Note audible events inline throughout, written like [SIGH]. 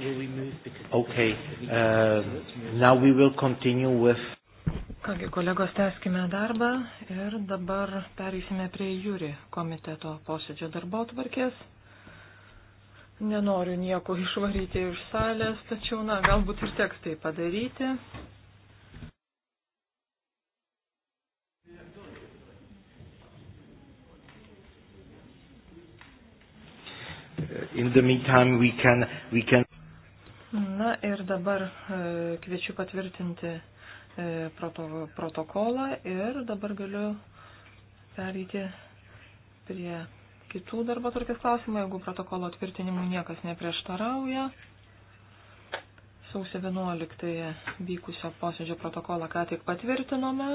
will we move because okay. Uh, now we will continue with. Kągi kolegos, tęskime darbą ir dabar perėsime prie jūri komiteto posėdžio darbo atvarkės. Nenoriu nieko išvaryti iš salės, tačiau, na, galbūt ir teks tai padaryti. in the meantime we can we can Ir dabar e, kviečiu patvirtinti e, protokolą ir dabar galiu pereiti prie kitų darbo turkės klausimų, jeigu protokolo tvirtinimui niekas neprieštarauja. Sausio 11 vykusio posėdžio protokolą ką tik patvirtinome.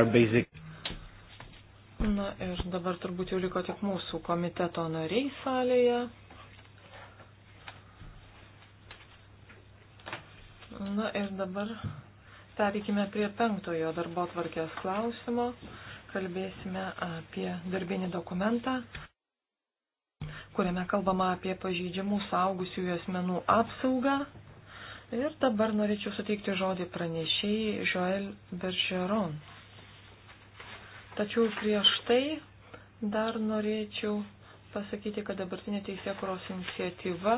are basic. Na ir dabar turbūt jau liko tik mūsų komiteto nariai salėje. Na ir dabar pereikime prie penktojo darbo tvarkės klausimo. Kalbėsime apie darbinį dokumentą, kuriame kalbama apie pažeidžiamų saugusiųjų asmenų apsaugą. Ir dabar norėčiau suteikti žodį pranešėjai Joel Bergeron. Tačiau prieš tai dar norėčiau pasakyti, kad dabartinė teisėkuros iniciatyva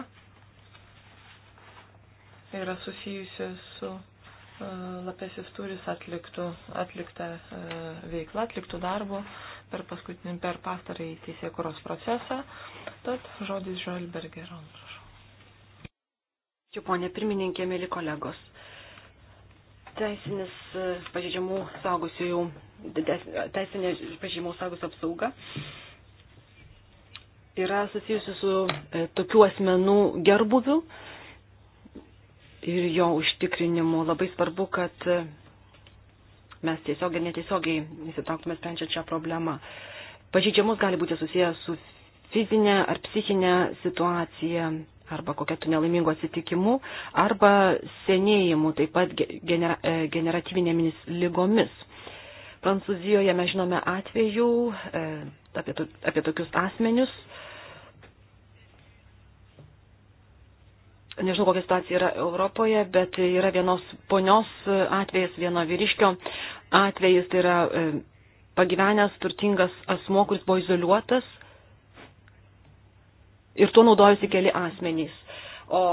yra susijusi su uh, Lapesis turis atliktų, atliktą uh, e, veiklą, atliktų darbo per, per pastarąjį teisėkuros procesą. Tad žodis Žalbergeron, prašau. Ačiū, ponė pirmininkė, mėly kolegos. Teisinis e, pažeidžiamų saugusiųjų teisinė pažymos saugos apsauga yra susijusi su e, tokių asmenų gerbuviu ir jo užtikrinimu. Labai svarbu, kad e, mes tiesiog ir netiesiogiai įsitrauktume sprendžiant šią problemą. Pažydžiamus gali būti susijęs su fizinė ar psichinė situacija arba kokia tu nelaimingo atsitikimu, arba senėjimu, taip pat genera, e, generatyvinėmis lygomis. Prancūzijoje mes žinome atvejų e, apie, to, apie tokius asmenius. Nežinau, kokia situacija yra Europoje, bet yra vienos ponios atvejas, vieno vyriškio atvejas, tai yra e, pagyvenęs turtingas asmo, kuris buvo izoliuotas ir tuo naudojusi keli asmenys. O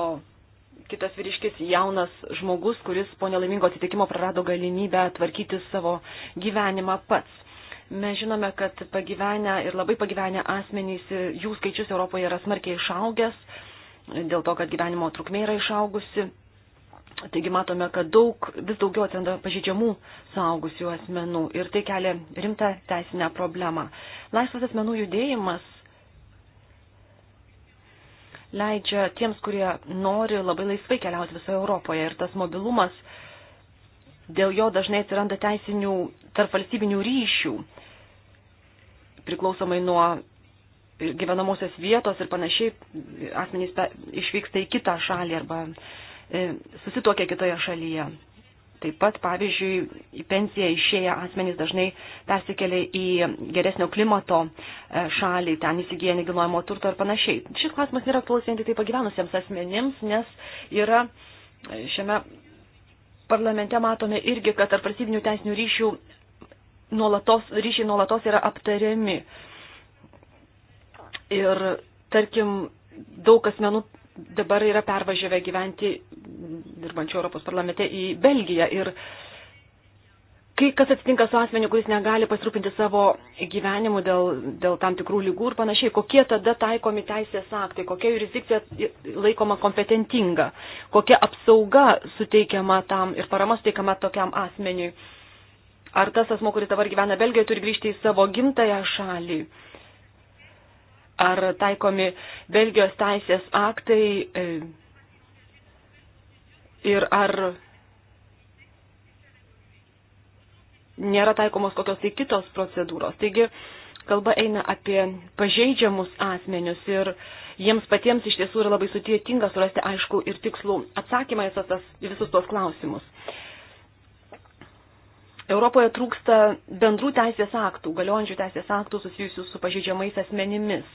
kitas vyriškis, jaunas žmogus, kuris po nelaimingo atsitikimo prarado galimybę tvarkyti savo gyvenimą pats. Mes žinome, kad pagyvenę ir labai pagyvenę asmenys, jų skaičius Europoje yra smarkiai išaugęs, dėl to, kad gyvenimo trukmė yra išaugusi. Taigi matome, kad daug, vis daugiau atsiranda pažydžiamų suaugusių asmenų ir tai kelia rimtą teisinę problemą. Laisvas asmenų judėjimas leidžia tiems, kurie nori labai laisvai keliauti visoje Europoje. Ir tas mobilumas, dėl jo dažnai atsiranda teisinių tarp valstybinių ryšių, priklausomai nuo gyvenamosios vietos ir panašiai, asmenys išvyksta į kitą šalį arba e, susitokia kitoje šalyje. Taip pat, pavyzdžiui, į pensiją išėję asmenys dažnai persikelia į geresnio klimato e, šalį, ten įsigyja negilnojamo turto ir panašiai. Šis klausimas nėra aktuolus vien tik tai pagyvenusiems asmenims, nes yra e, šiame parlamente matome irgi, kad tarp valstybinių teisinių ryšių nuolatos, ryšiai nuolatos yra aptariami. Ir, tarkim, daug asmenų dabar yra pervažiavę gyventi dirbančių Europos parlamente į Belgiją. Ir kai kas atsitinka su asmeniu, kuris negali pasirūpinti savo gyvenimu dėl, dėl tam tikrų lygų ir panašiai, kokie tada taikomi teisės aktai, kokia jurisdikcija laikoma kompetentinga, kokia apsauga suteikiama tam ir parama suteikiama tokiam asmeniui. Ar tas asmo, kuris dabar gyvena Belgijoje, turi grįžti į savo gimtają šalį? Ar taikomi Belgijos teisės aktai? E, ir ar nėra taikomos kokios tai kitos procedūros. Taigi, kalba eina apie pažeidžiamus asmenius ir jiems patiems iš tiesų yra labai sudėtinga surasti aišku ir tikslų atsakymą į visus tos klausimus. Europoje trūksta bendrų teisės aktų, galiojančių teisės aktų susijusių su pažeidžiamais asmenimis.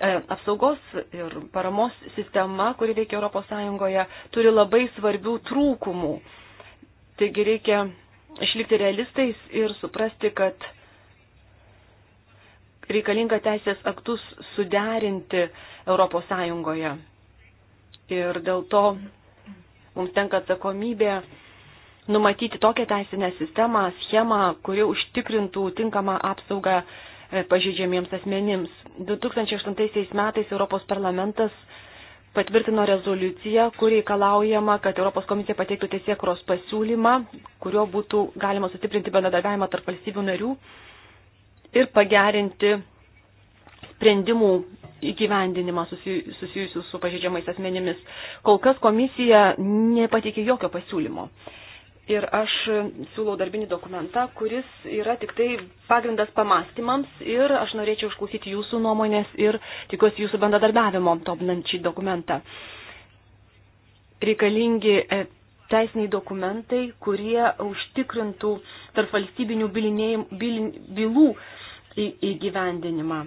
E, apsaugos ir paramos sistema, kuri veikia ES, turi labai svarbių trūkumų. Taigi reikia išlikti realistais ir suprasti, kad reikalinga teisės aktus suderinti ES. Ir dėl to mums tenka atsakomybė numatyti tokią teisinę sistemą, schemą, kuri užtikrintų tinkamą apsaugą E, pažydžiamiems asmenims. 2008 metais Europos parlamentas patvirtino rezoliuciją, kur reikalaujama, kad Europos komisija pateiktų tiesiekros pasiūlymą, kurio būtų galima sustiprinti bendradarbiavimą tarp valstybių narių ir pagerinti sprendimų įgyvendinimą susijusių su pažeidžiamais asmenimis. Kol kas komisija nepateikė jokio pasiūlymo. Ir aš siūlau darbinį dokumentą, kuris yra tik tai pagrindas pamastymams ir aš norėčiau išklausyti jūsų nuomonės ir tikiuosi jūsų bendradarbiavimo tobulinant šį dokumentą. Reikalingi e, teisiniai dokumentai, kurie užtikrintų tarp valstybinių bilin, bylų įgyvendinimą.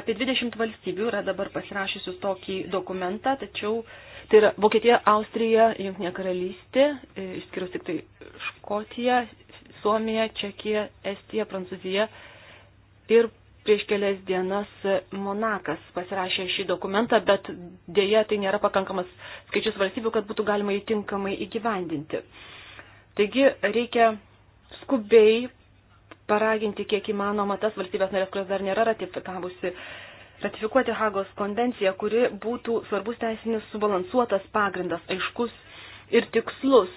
Apie 20 valstybių yra dabar pasirašysius tokį dokumentą, tačiau uh, Tai yra Vokietija, Austrija, Junktinė karalystė, e, išskirius tik tai Škotija, Suomija, Čekija, Estija, Prancūzija ir prieš kelias dienas Monakas pasirašė šį dokumentą, bet dėja tai nėra pakankamas skaičius valstybių, kad būtų galima jį tinkamai įgyvendinti. Taigi reikia skubiai paraginti kiek įmanoma tas valstybės narės, kurios dar nėra ratifikavusi ratifikuoti Hagos konvenciją, kuri būtų svarbus teisinis subalansuotas pagrindas, aiškus ir tikslus.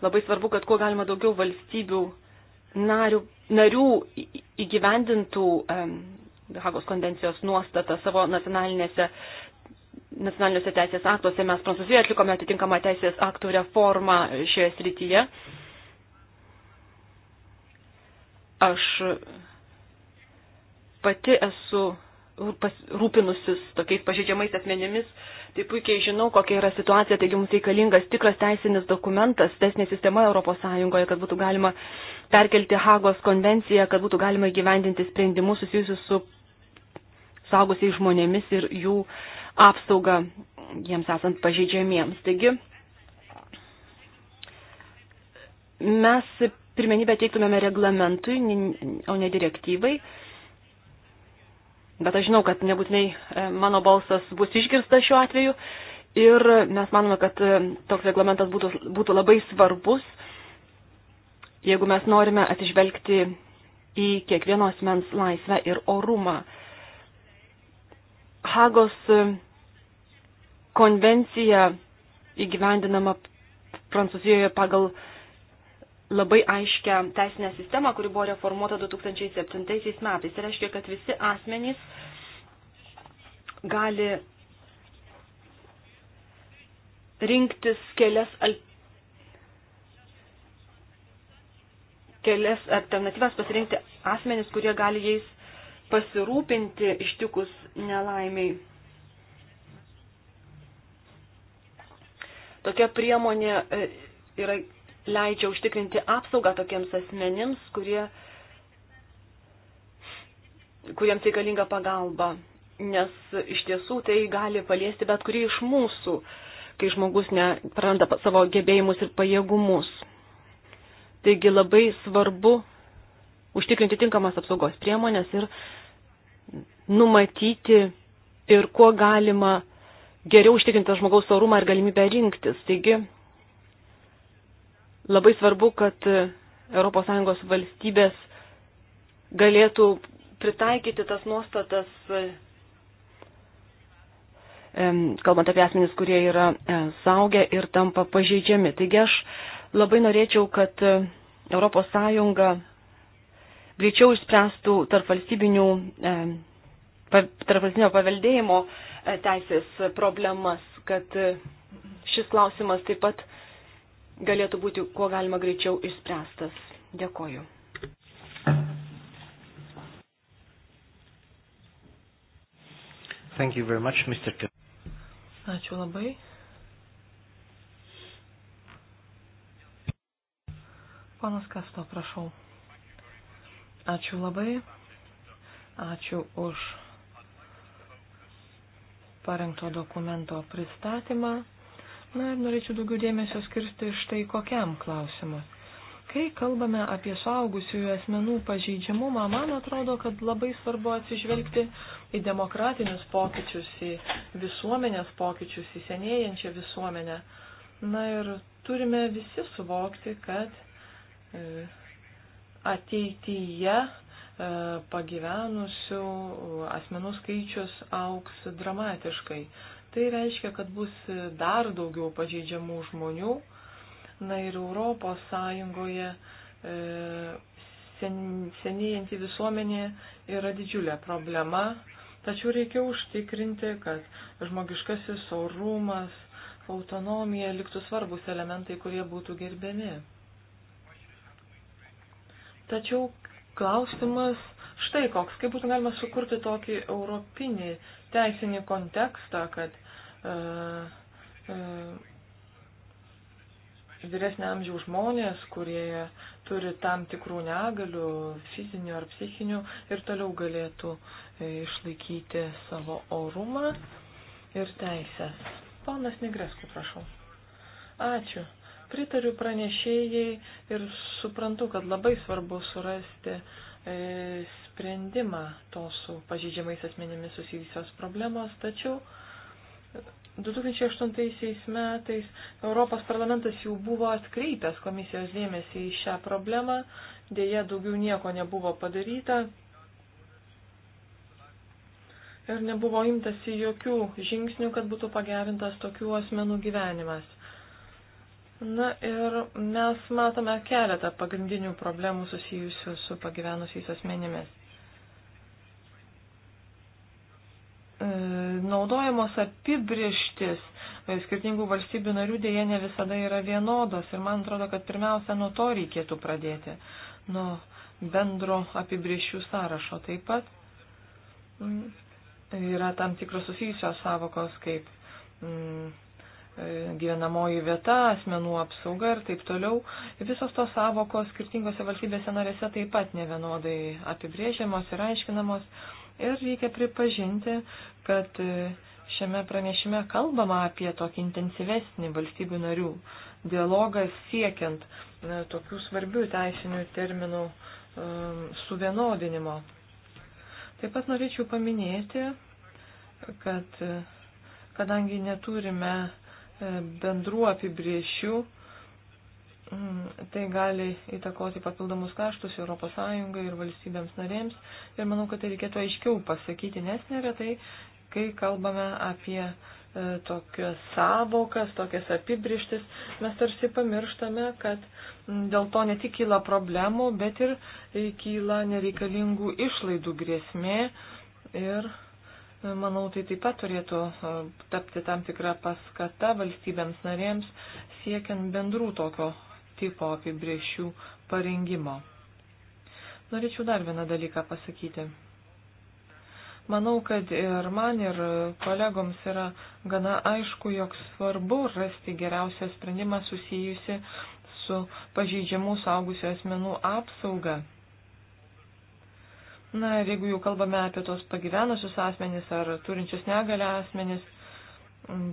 Labai svarbu, kad kuo galima daugiau valstybių narių, narių įgyvendintų um, Hagos konvencijos nuostatą savo nacionalinėse, nacionaliniuose teisės aktuose. Mes Prancūzijoje atlikome atitinkamą teisės aktų reformą šioje srityje. Aš pati esu rūpinusis tokiais pažeidžiamais asmenimis, tai puikiai žinau, kokia yra situacija, taigi mums reikalingas tikras teisinis dokumentas, teisinė sistema ES, kad būtų galima perkelti Hagos konvenciją, kad būtų galima įgyvendinti sprendimus susijusius su saugusiais žmonėmis ir jų apsauga jiems esant pažeidžiamiems. Taigi mes pirmenybę teiktumėme reglamentui, o ne direktyvai bet aš žinau, kad nebūtinai e, mano balsas bus išgirstas šiuo atveju ir mes manome, kad e, toks reglamentas būtų, būtų labai svarbus, jeigu mes norime atsižvelgti į kiekvienos mens laisvę ir orumą. Hagos e, konvencija įgyvendinama Prancūzijoje pagal labai aiškę teisinę sistemą, kuri buvo reformuota 2007 metais. Tai reiškia, kad visi asmenys gali rinktis kelias, al... kelias alternatyvas pasirinkti asmenys, kurie gali jais pasirūpinti ištikus nelaimiai. Tokia priemonė e, yra leidžia užtikrinti apsaugą tokiems asmenims, kurie, kuriems reikalinga pagalba. Nes iš tiesų tai gali paliesti bet kurį iš mūsų, kai žmogus nepraranda savo gebėjimus ir pajėgumus. Taigi labai svarbu užtikrinti tinkamas apsaugos priemonės ir numatyti ir kuo galima geriau užtikrinti žmogaus orumą ir galimybę rinktis. Taigi Labai svarbu, kad ES valstybės galėtų pritaikyti tas nuostatas, kalbant apie asmenys, kurie yra e, saugę ir tampa pažeidžiami. Taigi aš labai norėčiau, kad ES greičiau išspręstų tarp valstybinių e, tarpvalstinio paveldėjimo e, teisės problemas, kad šis klausimas taip pat galėtų būti kuo galima greičiau išspręstas. Dėkoju. Thank you very much, Mr. K. Ačiū labai. Panas Kasto, prašau. Ačiū labai. Ačiū už parengto dokumento pristatymą. Na ir norėčiau daugiau dėmesio skirti štai kokiam klausimui. Kai kalbame apie suaugusiųjų asmenų pažeidžiamumą, man atrodo, kad labai svarbu atsižvelgti į demokratinius pokyčius, į visuomenės pokyčius, į senėjančią visuomenę. Na ir turime visi suvokti, kad e, ateityje e, pagyvenusių asmenų skaičius auks dramatiškai. Tai reiškia, kad bus dar daugiau pažeidžiamų žmonių. Na ir Europos Sąjungoje e, sen, senėjanti visuomenė yra didžiulė problema, tačiau reikia užtikrinti, kad žmogiškasis orumas, autonomija liktų svarbus elementai, kurie būtų gerbiami. Tačiau klausimas štai koks, kaip būtų galima sukurti tokį europinį teisinį kontekstą, kad e, e, vyresnė amžiaus žmonės, kurie turi tam tikrų negalių, fizinių ar psichinių, ir toliau galėtų e, išlaikyti savo orumą ir teisės. Ponas Negresku, prašau. Ačiū. Pritariu pranešėjai ir suprantu, kad labai svarbu surasti uh, E, sprendimą tos su pažydžiamais asmenimis susijusios problemos, tačiau 2008 metais Europos parlamentas jau buvo atkreipęs komisijos dėmesį į šią problemą, dėja daugiau nieko nebuvo padaryta ir nebuvo imtasi jokių žingsnių, kad būtų pagerintas tokių asmenų gyvenimas. Na ir mes matome keletą pagrindinių problemų susijusių su pagyvenusiais asmenimis. E, naudojamos apibrieštis e, skirtingų valstybių narių dėje ne visada yra vienodos ir man atrodo, kad pirmiausia nuo to reikėtų pradėti, nuo bendro apibriešių sąrašo taip pat. Mm, yra tam tikros susijusios savokos kaip mm, E, gyvenamoji vieta, asmenų apsauga ir taip toliau. Visos tos savokos skirtingose valstybėse narėse taip pat nevienodai apibrėžiamos ir aiškinamos. Ir reikia pripažinti, kad e, šiame pranešime kalbama apie tokį intensyvesnį valstybių narių dialogą siekiant e, tokių svarbių teisinių terminų suvienodinimo. Taip pat norėčiau paminėti, kad kadangi neturime bendrų apibriešių, mm, tai gali įtakoti papildomus kaštus ES ir valstybėms narėms. Ir manau, kad tai reikėtų aiškiau pasakyti, nes neretai, kai kalbame apie e, tokias savokas, tokias apibrištis, mes tarsi pamirštame, kad mm, dėl to ne tik kyla problemų, bet ir e, kyla nereikalingų išlaidų grėsmė ir Manau, tai taip pat turėtų e, tapti tam tikrą paskatą valstybėms narėms siekiant bendrų tokio tipo apibriešių parengimo. Norėčiau dar vieną dalyką pasakyti. Manau, kad ir man ir kolegoms yra gana aišku, jog svarbu rasti geriausią sprendimą susijusi su pažeidžiamų saugusių asmenų apsauga Na ir jeigu jau kalbame apie tos pagyvenusius asmenys ar turinčius negalę asmenys,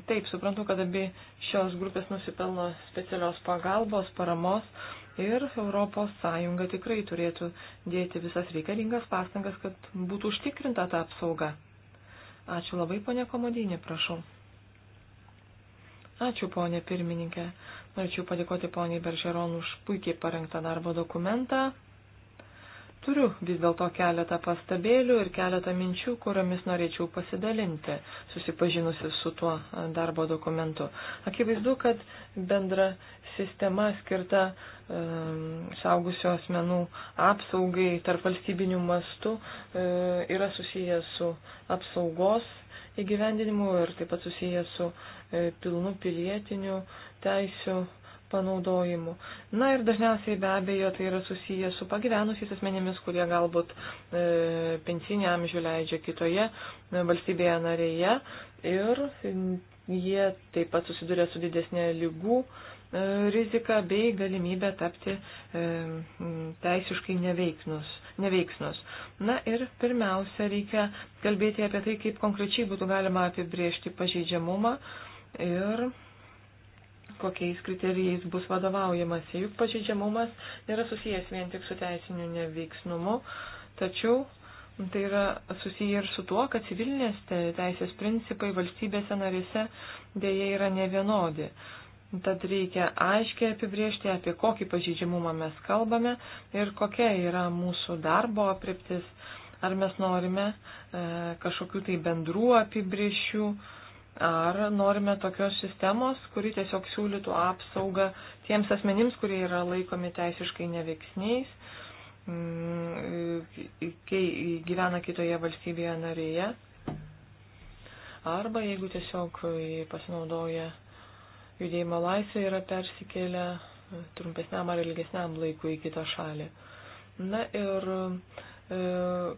taip, suprantu, kad abi šios grupės nusipelno specialios pagalbos, paramos ir ES tikrai turėtų dėti visas reikalingas pastangas, kad būtų užtikrinta ta apsauga. Ačiū labai, ponė Komodinė, prašau. Ačiū, ponė pirmininkė. Norėčiau padėkoti poniai Beržeron už puikiai parengtą darbo dokumentą turiu vis dėlto keletą pastabėlių ir keletą minčių, kuriomis norėčiau pasidalinti, susipažinusi su tuo e, darbo dokumentu. Akivaizdu, kad bendra sistema skirta e, saugusio asmenų apsaugai tarp valstybinių mastų e, yra susijęs su apsaugos įgyvendinimu ir taip pat susijęs su e, pilnu pilietiniu teisiu panaudojimu. Na ir dažniausiai be abejo tai yra susiję su pagyvenusiais asmenėmis, kurie galbūt e, pensinį amžių leidžia kitoje e, valstybėje narėje ir jie taip pat susiduria su didesnė lygų e, rizika bei galimybė tapti e, teisiškai neveiksnus. neveiksnus. Na ir pirmiausia, reikia kalbėti apie tai, kaip konkrečiai būtų galima apibriežti pažeidžiamumą ir kokiais kriterijais bus vadovaujamasi. Juk pažeidžiamumas nėra susijęs vien tik su teisiniu neveiksnumu, tačiau tai yra susiję ir su tuo, kad civilinės teisės principai valstybėse narėse dėja yra nevienodi. Tad reikia aiškiai apibriežti, apie kokį pažeidžiamumą mes kalbame ir kokia yra mūsų darbo apriptis, ar mes norime e, kažkokių tai bendrų apibriešių, e, Ar norime tokios sistemos, kuri tiesiog siūlytų apsaugą tiems asmenims, kurie yra laikomi teisiškai neveiksniais, mm, kai gyvena kitoje valstybėje narėje. Arba jeigu tiesiog pasinaudoja judėjimo laisvę yra persikėlę trumpesniam ar ilgesniam laikui į kitą šalį. Na ir e,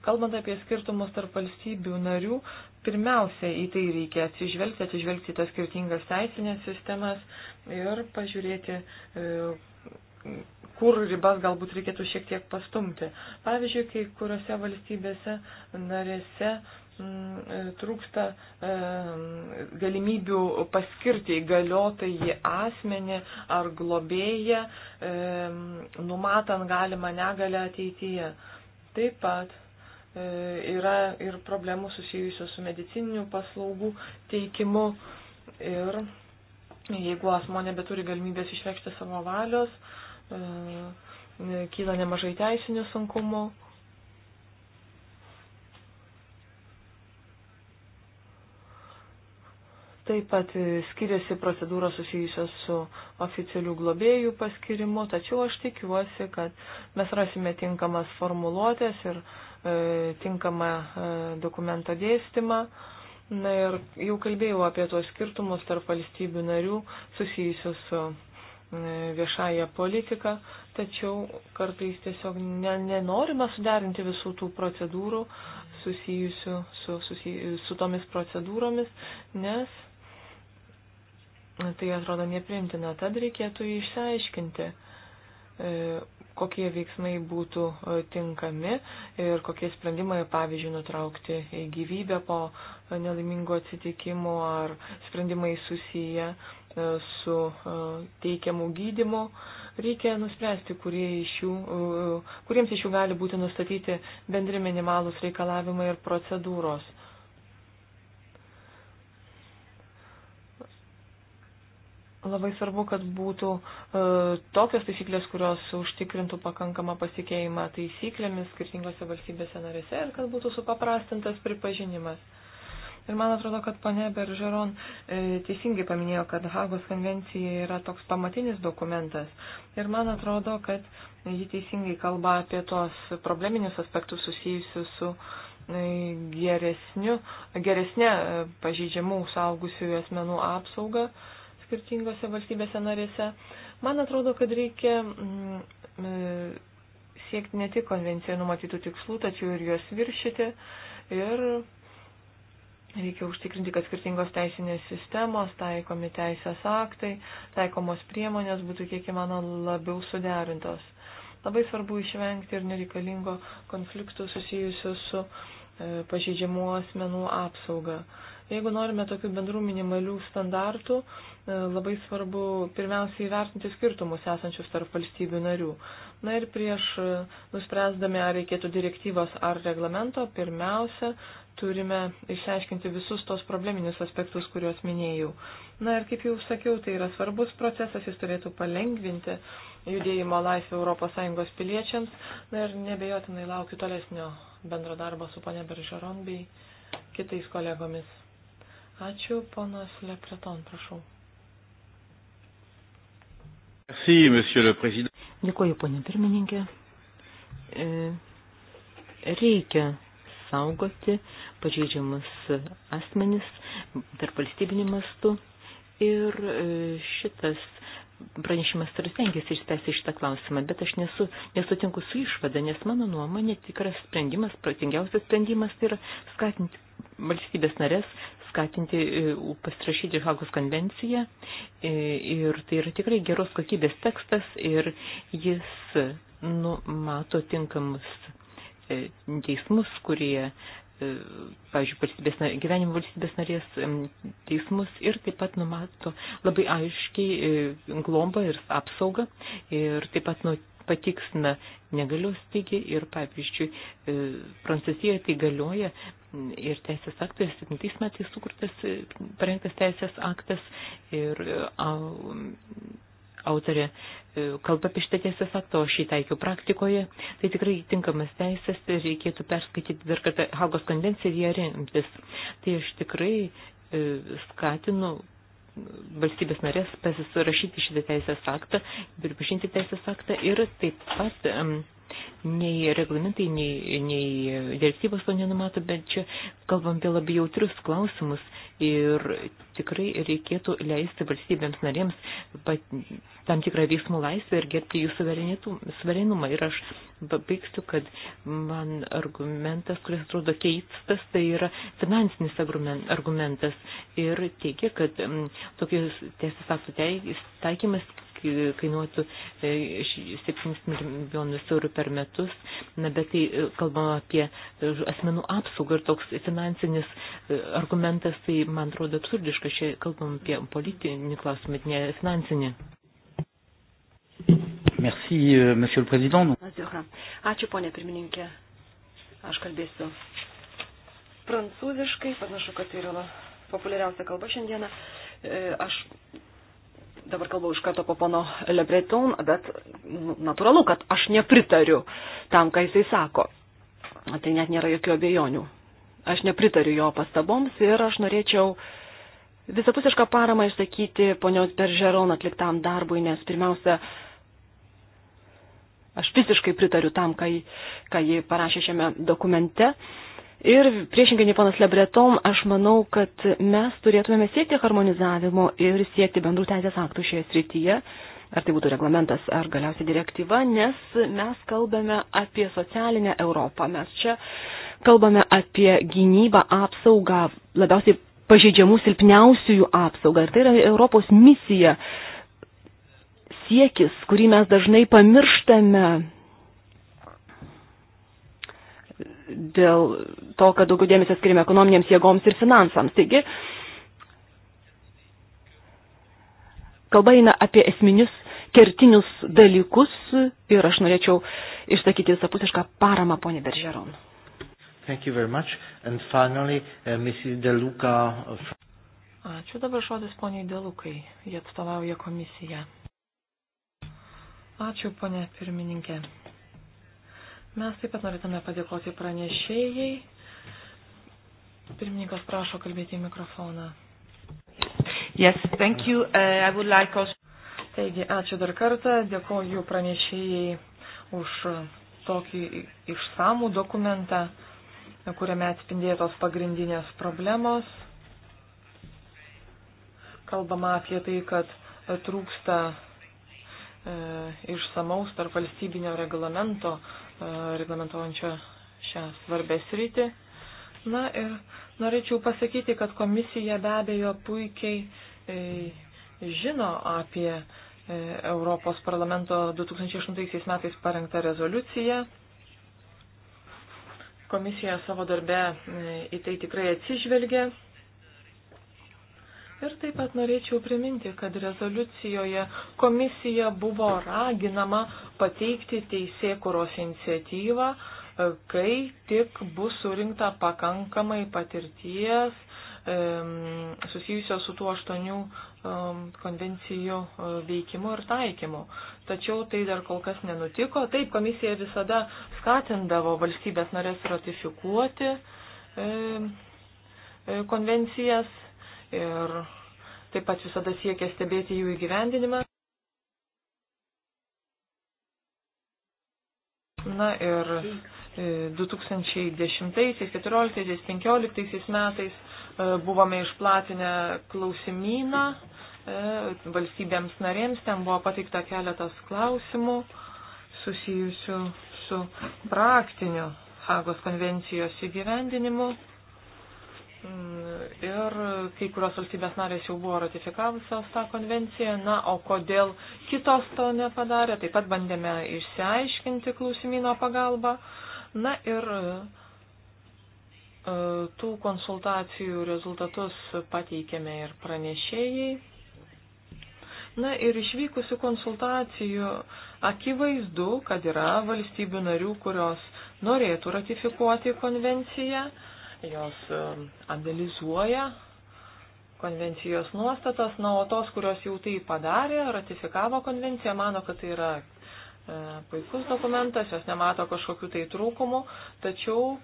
Kalbant apie skirtumus tarp valstybių narių, pirmiausia į tai reikia atsižvelgti, atsižvelgti tas skirtingas teisinės sistemas ir pažiūrėti, e, kur ribas galbūt reikėtų šiek tiek pastumti. Pavyzdžiui, kai kuriuose valstybėse narėse m, mm, e, trūksta e, galimybių paskirti įgaliotai į asmenį ar globėją, e, numatant galimą negalę ateityje. Taip pat E, yra ir problemų susijusių su medicininių paslaugų teikimu. Ir jeigu asmo nebeturi galimybės išreikšti savo valios, e, e, kyla nemažai teisinių sunkumų. Taip pat skiriasi procedūros susijusios su oficialių globėjų paskirimu, tačiau aš tikiuosi, kad mes rasime tinkamas formuluotės ir uh, E, tinkamą e, dokumento dėstymą. Na ir jau kalbėjau apie tuos skirtumus tarp valstybių narių susijusius su e, viešąją politiką, tačiau kartais tiesiog ne, nenorima suderinti visų tų procedūrų susijusių su, susij, su tomis procedūromis, nes tai atrodo nepriimtina. Tad reikėtų išsiaiškinti, kokie veiksmai būtų e, tinkami ir kokie sprendimai, pavyzdžiui, nutraukti gyvybę po nelaimingo atsitikimo ar sprendimai susiję e, su e, teikiamu gydimu. Reikia nuspręsti, kurie iš jų, kuriems iš jų gali būti nustatyti bendri minimalūs reikalavimai ir procedūros. Labai svarbu, kad būtų e, tokios taisyklės, kurios užtikrintų pakankamą pasikeimą taisyklėmis skirtingose valstybėse narėse ir kad būtų supaprastintas pripažinimas. Ir man atrodo, kad pane Beržeron e, teisingai paminėjo, kad Hagos konvencija yra toks pamatinis dokumentas. Ir man atrodo, kad ji teisingai kalba apie tos probleminius aspektus susijusius su e, geresniu, geresnė e, pažydžiamų saugusiųjų asmenų apsauga. E, skirtingose valstybėse narėse. Man atrodo, kad reikia mm, e, siekti ne tik konvencijoje numatytų tikslų, tačiau ir juos viršyti. Ir reikia užtikrinti, kad skirtingos teisinės sistemos, taikomi teisės aktai, taikomos priemonės būtų kiek įmano labiau suderintos. Labai svarbu išvengti ir nereikalingo konfliktų susijusiu su e, pažeidžiamų asmenų apsauga. Jeigu norime tokių bendrų minimalių standartų, e, labai svarbu pirmiausiai įvertinti skirtumus esančius tarp valstybių narių. Na ir prieš e, nuspręsdami, ar reikėtų direktyvos ar reglamento, pirmiausia, turime išsiaiškinti visus tos probleminius aspektus, kuriuos minėjau. Na ir kaip jau sakiau, tai yra svarbus procesas, jis turėtų palengvinti judėjimo laisvę ES piliečiams. Na ir nebejotinai laukiu tolesnio bendro darbo su ponia Beržeron bei kitais kolegomis. Ačiū, ponas Lepreton, prašau. Merci, monsieur le président. Dėkuoju, ponė pirmininkė. E, reikia saugoti pažeidžiamus asmenis tarp valstybinį mastų ir e, šitas pranešimas turi stengiasi išspręsti šitą klausimą, bet aš nesu, nesutinku su išvada, nes mano nuomonė tikras sprendimas, protingiausias sprendimas tai yra skatinti valstybės narės skatinti e, pasirašyti Hagos konvenciją e, ir tai yra tikrai geros kokybės tekstas ir jis numato tinkamus e, teismus, kurie pavyzdžiui, valstybės, gyvenimo valstybės narės teismus ir taip pat numato labai aiškiai globą ir apsaugą ir taip pat nu, patiksina negalios tygį ir, pavyzdžiui, Prancūzijoje tai galioja ir teisės aktas, 7 metais sukurtas, parengtas teisės aktas ir au, autorė e, kalba apie šitą teisės aktą, o šį taikiu praktikoje, tai tikrai tinkamas teisės ir tai reikėtų perskaityti dar kartą Hagos konvenciją ir ją remtis. Tai aš tikrai e, skatinu valstybės narės pasirašyti šitą teisės aktą, pripažinti teisės aktą ir taip pat Nei reglamentai, nei, nei direktyvos to nenumato, bet čia kalbam apie labai jautrius klausimus ir tikrai reikėtų leisti valstybėms narėms pat, tam tikrą veiksmų laisvę ir gerbti jų suverenumą. Ir aš baigsiu, kad man argumentas, kuris atrodo keistas, tai yra finansinis argumentas ir teigia, kad mm, tokius teisės aktų taikymas kainuotų 7 e, milijonus eurų per metus, na, bet tai e, kalbama apie e, asmenų apsaugą ir toks finansinis argumentas, tai man atrodo absurdiška, čia kalbam apie politinį klausimą, bet ne finansinį. Merci, euh, monsieur le président. Ačiū, ponė pirmininkė. Aš kalbėsiu prancūziškai, panašu, kad tai yra populiariausia kalba šiandieną. Aš dabar kalbu iš karto po pono Lebreton, bet natūralu, kad aš nepritariu tam, ką jisai sako. Tai net nėra jokių abejonių. Aš nepritariu jo pastaboms ir aš norėčiau visapusišką paramą išsakyti ponios Beržeron atliktam darbui, nes pirmiausia, aš visiškai pritariu tam, ką, ką ji parašė šiame dokumente. Uh, Ir priešingai nei ponas Lebreton, aš manau, kad mes turėtumėme siekti harmonizavimo ir siekti bendrų teisės aktų šioje srityje, ar tai būtų reglamentas ar galiausiai direktyva, nes mes kalbame apie socialinę Europą. Mes čia kalbame apie gynybą, apsaugą, labiausiai pažeidžiamų silpniausiųjų apsaugą. Ir tai yra Europos misija, siekis, kurį mes dažnai pamirštame dėl to, kad daugiau dėmesio skiriame ekonominėms jėgoms ir finansams. Taigi, kalba eina apie esminius kertinius dalykus ir aš norėčiau išsakyti visapusišką paramą, ponė Beržeron. Thank you very much. And finally, uh, Mrs. Deluca. Uh, Ačiū dabar žodis poniai Delukai. Jie atstovauja komisiją. Ačiū, ponė pirmininkė. Mes taip pat norėtume padėkoti pranešėjai. Pirmininkas prašo kalbėti į mikrofoną. Yes, thank you. Uh, I would like also... Taigi, ačiū dar kartą. Dėkoju pranešėjai už tokį išsamų dokumentą, kuriame atspindėtos pagrindinės problemos. Kalbama apie tai, kad trūksta e, išsamaus tarp valstybinio reglamento reglamentuojančio šią svarbę sritį. Na ir norėčiau pasakyti, kad komisija be abejo puikiai e, žino apie e, Europos parlamento 2008 metais parengtą rezoliuciją. Komisija savo darbe e, į tai tikrai atsižvelgia. Ir taip pat norėčiau priminti, kad rezoliucijoje komisija buvo raginama pateikti teisėkuros iniciatyvą, e, kai tik bus surinkta pakankamai patirties e, susijusios su tuo aštuonių e, konvencijų veikimu ir taikymu. Tačiau tai dar kol kas nenutiko. Taip, komisija visada skatindavo valstybės norės ratifikuoti konvencijas ir taip pat visada siekia stebėti jų įgyvendinimą. Na ir 2010, 2014, 2015 metais e, buvome išplatinę klausimyną e, valstybėms narėms, ten buvo pateikta keletas klausimų susijusių su praktiniu Hagos konvencijos įgyvendinimu. Mm, ir kai kurios valstybės narės jau buvo ratifikavusios tą konvenciją, na, o kodėl kitos to nepadarė, taip pat bandėme išsiaiškinti klausimino pagalbą. Na ir e, tų konsultacijų rezultatus pateikėme ir pranešėjai. Na ir išvykusių konsultacijų akivaizdu, kad yra valstybių narių, kurios norėtų ratifikuoti konvenciją Jos analizuoja konvencijos nuostatas, na, o tos, kurios jau tai padarė, ratifikavo konvenciją, mano, kad tai yra e, puikus dokumentas, jos nemato kažkokių tai trūkumų, tačiau e,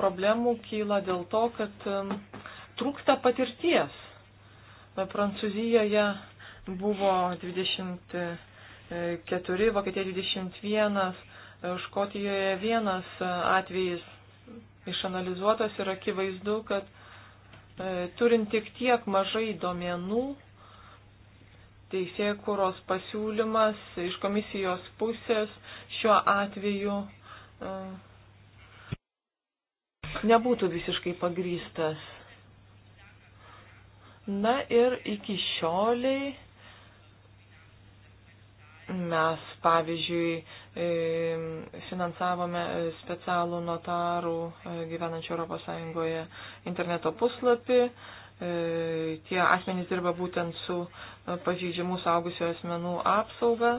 problemų kyla dėl to, kad trūksta patirties. E, Prancūzijoje buvo 24, Vokietija 21, Škotijoje vienas atvejis išanalizuotas ir akivaizdu, kad e, turint tik tiek mažai domenų, teisėjų kūros pasiūlymas iš komisijos pusės šiuo atveju e, nebūtų visiškai pagrystas. Na ir iki šioliai Mes, pavyzdžiui, finansavome specialų notarų e, gyvenančių ES interneto puslapį. E, tie asmenys dirba būtent su e, pažydžiamų saugusių asmenų apsauga.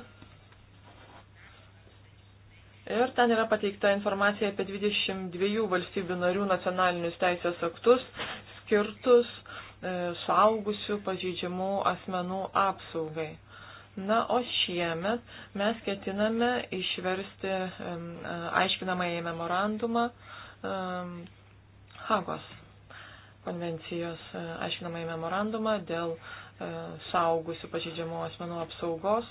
Ir ten yra pateikta informacija apie 22 valstybių narių nacionalinius teisės aktus skirtus suaugusių pažydžiamų asmenų apsaugai. Na, o šiemet mes ketiname išversti aiškinamąjį memorandumą Hagos konvencijos e, aiškinamąjį memorandumą dėl e, saugusių pažeidžiamų asmenų apsaugos.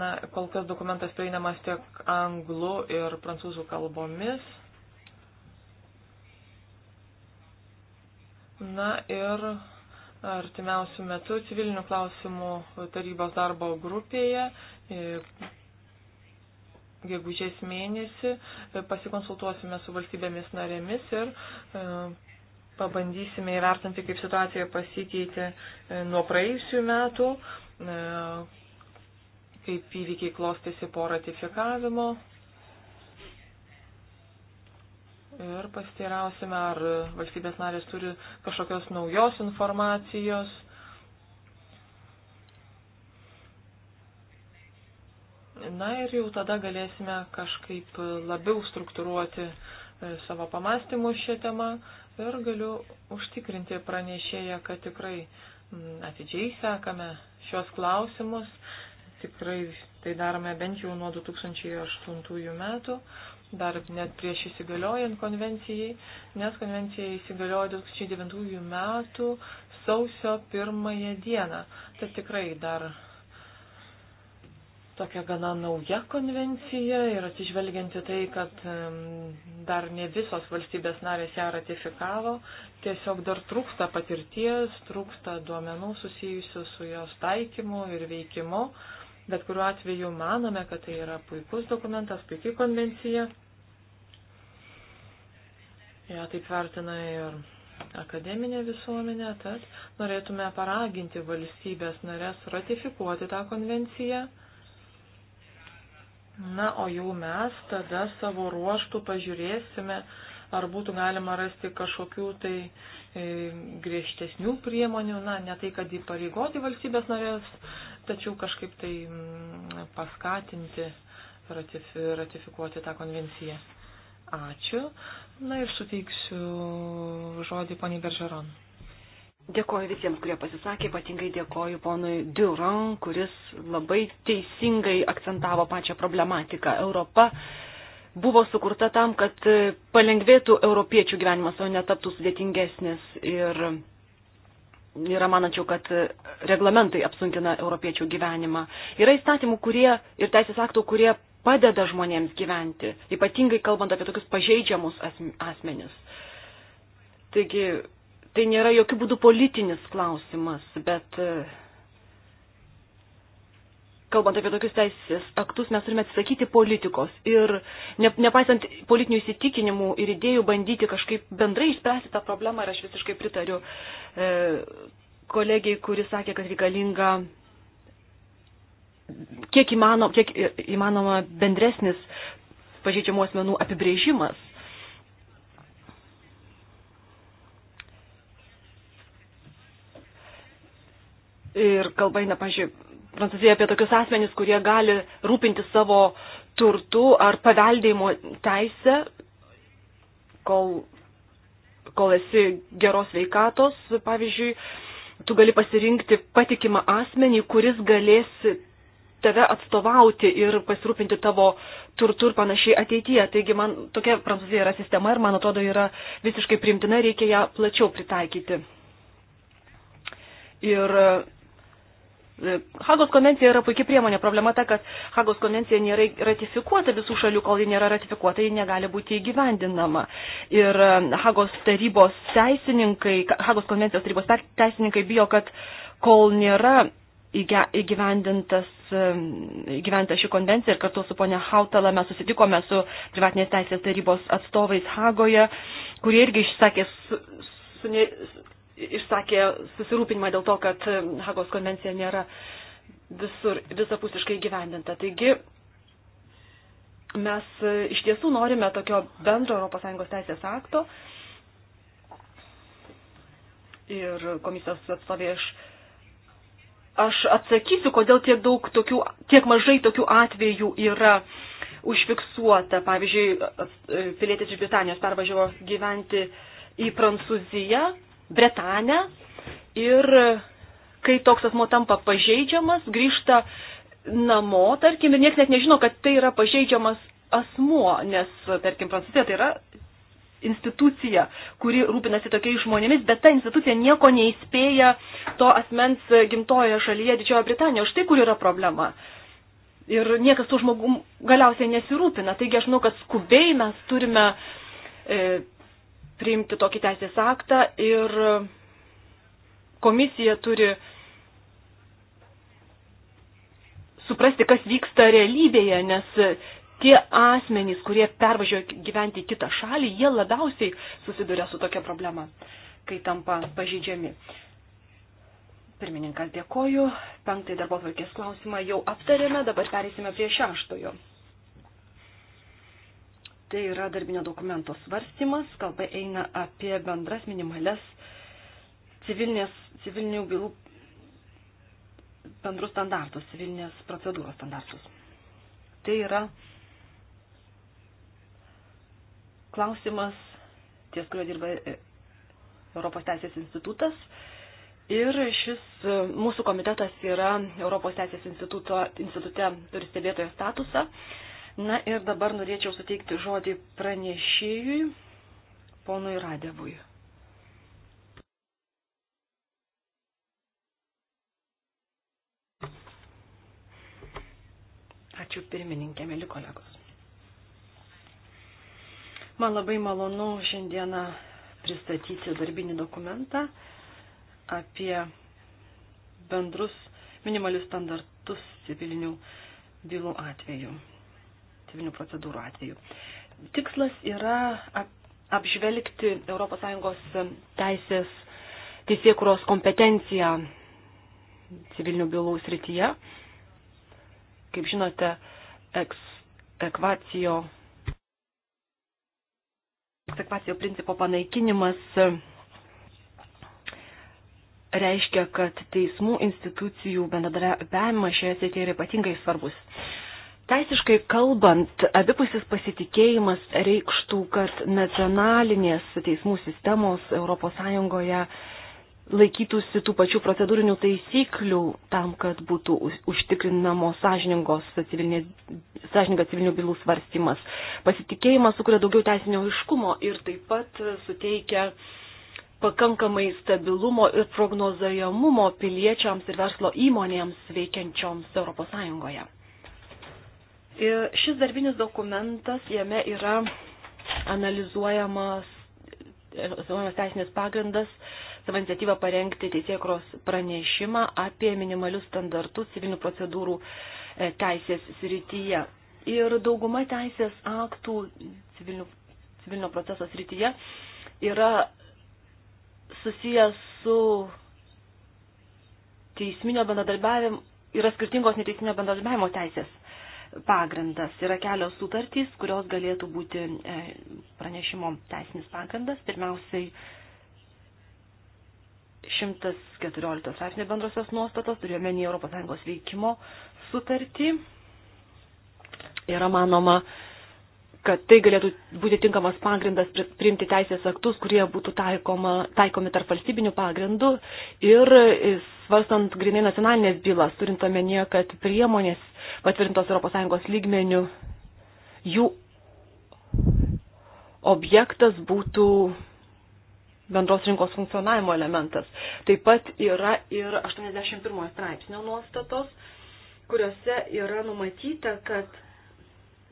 Na, kol kas dokumentas prieinamas tiek anglų ir prancūzų kalbomis. Na ir artimiausių metų civilinių klausimų tarybos darbo grupėje. E, gegužės mėnesį e, pasikonsultuosime su valstybėmis narėmis ir e, pabandysime įvertinti, kaip situacija pasikeitė nuo praėjusių metų, kaip įvykiai klostėsi po ratifikavimo ir pasiteirausime, ar valstybės narės turi kažkokios naujos informacijos. Na ir jau tada galėsime kažkaip labiau struktūruoti e, savo pamastymus šią temą ir galiu užtikrinti pranešėją, kad tikrai mm, atidžiai sekame šios klausimus. Tikrai tai darome bent jau nuo 2008 metų dar net prieš įsigaliojant konvencijai, nes konvencija įsigaliojo 2009 metų sausio pirmąją dieną. Tai tikrai dar tokia gana nauja konvencija ir atsižvelgianti tai, kad dar ne visos valstybės narės ją ratifikavo, tiesiog dar trūksta patirties, trūksta duomenų susijusių su jos taikymu ir veikimu. Bet kuriuo atveju manome, kad tai yra puikus dokumentas, puikiai konvencija. Ja taip vertina ir akademinė visuomenė, tad norėtume paraginti valstybės narės ratifikuoti tą konvenciją. Na, o jau mes tada savo ruoštų pažiūrėsime, ar būtų galima rasti kažkokių tai e, griežtesnių priemonių, na, ne tai, kad įpareigoti valstybės norės tačiau kažkaip tai mm, paskatinti ratifikuoti tą konvenciją. Ačiū. Na ir suteiksiu žodį poniai Beržeron. Dėkoju visiems, kurie pasisakė, ypatingai dėkoju ponui Duron, kuris labai teisingai akcentavo pačią problematiką. Europa buvo sukurta tam, kad palengvėtų europiečių gyvenimas, o netaptų sudėtingesnis. Ir yra manančių, kad reglamentai apsunkina europiečių gyvenimą. Yra įstatymų kurie, ir teisės aktų, kurie padeda žmonėms gyventi, ypatingai kalbant apie tokius pažeidžiamus asmenis. Taigi, tai nėra jokių būdų politinis klausimas, bet kalbant apie tokius teisės aktus, mes turime atsisakyti politikos ir ne, nepaisant politinių įsitikinimų ir idėjų bandyti kažkaip bendrai išspręsti tą problemą ir aš visiškai pritariu e, kolegiai, kuri sakė, kad reikalinga kiek, įmano, kiek įmanoma bendresnis pažeidžiamų asmenų apibrėžimas. Ir kalba eina, pažiūrėjau, Prancūzijoje apie tokius asmenys, kurie gali rūpinti savo turtų ar paveldėjimo teisę, kol, kol esi geros veikatos, pavyzdžiui, tu gali pasirinkti patikimą asmenį, kuris galės tave atstovauti ir pasirūpinti tavo turtų ir panašiai ateityje. Taigi man tokia Prancūzija yra sistema ir man atrodo yra visiškai primtina, reikia ją plačiau pritaikyti. Ir Hagos konvencija yra puikia priemonė. Problema ta, kad Hagos konvencija nėra ratifikuota visų šalių, kol ji nėra ratifikuota, ji negali būti įgyvendinama. Ir um, Hagos tarybos teisininkai, Hagos konvencijos tarybos teisininkai bijo, kad kol nėra įgyvendintas, um, įgyvendinta ši konvencija ir kartu su ponia Hautala mes susitikome su privatinės teisės tarybos atstovais Hagoje, kurie irgi išsakė su, su, išsakė susirūpinimą dėl to, kad Hagos konvencija nėra visur visapusiškai gyvendinta. Taigi mes iš tiesų norime tokio bendro ES teisės akto ir komisijos atstovė iš. Aš atsakysiu, kodėl tiek, daug tokių, tiek mažai tokių atvejų yra užfiksuota. Pavyzdžiui, pilietis iš Britanijos pervažiavo gyventi į Prancūziją Bretanę ir kai toks asmo tampa pažeidžiamas, grįžta namo, tarkim, ir niekas net nežino, kad tai yra pažeidžiamas asmuo, nes, tarkim, Prancūzija tai yra institucija, kuri rūpinasi tokiais žmonėmis, bet ta institucija nieko neįspėja to asmens gimtojoje šalyje, Didžiojo Britanijoje. Štai kur yra problema. Ir niekas tų žmogų galiausiai nesirūpina. Taigi aš manau, kad skubiai mes turime e, priimti tokį teisės aktą ir komisija turi suprasti, kas vyksta realybėje, nes tie asmenys, kurie pervažiuoja gyventi į kitą šalį, jie labiausiai susiduria su tokia problema, kai tampa pažydžiami. Pirmininkas dėkoju. Penktąjį darbo tvarkės klausimą jau aptarėme, dabar perėsime prie šeštojo. Tai yra darbinio dokumento svarstymas, kalba eina apie bendras minimales civilinės, civilinių bylų bendrus standartus, civilinės procedūros standartus. Tai yra klausimas ties, kurio dirba e, Europos Teisės institutas. Ir šis e, mūsų komitetas yra Europos Teisės instituto, institute turi stebėtojo statusą. Na ir dabar norėčiau suteikti žodį pranešėjui, ponui Radevui. Ačiū pirmininkė, mėly kolegos. Man labai malonu šiandieną pristatyti darbinį dokumentą apie bendrus minimalius standartus civilinių bylų atveju civilinių procedūrų atveju. Tikslas yra apžvelgti ES teisės teisėkuros kompetenciją civilinių bylų srityje. Kaip žinote, eks, ekvacijo, ekvacijo principo panaikinimas e, reiškia, kad teismų institucijų bendradarbiavimas šioje srityje yra ypatingai svarbus. Teisiškai kalbant, abipusis pasitikėjimas reikštų, kad nacionalinės teismų sistemos ES laikytųsi tų pačių procedūrinių taisyklių tam, kad būtų užtikrinamos sąžiningos sąžiningas civilinių bylų svarstymas. Pasitikėjimas sukuria daugiau teisinio iškumo ir taip pat suteikia pakankamai stabilumo ir prognozajamumo piliečiams ir verslo įmonėms veikiančioms ES. Ir e, šis darbinis dokumentas, jame yra analizuojamas, analizuojamas teisinės pagrindas savo iniciatyvą parengti teisėkros pranešimą apie minimalius standartus civilinių procedūrų e, teisės srityje. Ir dauguma teisės aktų civilinių, civilinio proceso srityje yra susijęs su teisminio bendradarbiavimo, yra skirtingos neteisminio bendradarbiavimo teisės pagrindas. Yra kelios sutartys, kurios galėtų būti e, pranešimo teisinis pagrindas. Pirmiausiai 114 straipsnio bendrosios nuostatos, turiuomenį ES veikimo sutartį. Yra manoma, kad tai galėtų būti tinkamas pagrindas priimti teisės aktus, kurie būtų taikoma, taikomi tarp valstybinių pagrindų ir e, svarstant grinai nacionalinės bylas, turint omenyje, kad priemonės patvirtintos ES lygmenių, jų objektas būtų bendros rinkos funkcionavimo elementas. Taip pat yra ir 81 straipsnio nuostatos, kuriuose yra numatyta, kad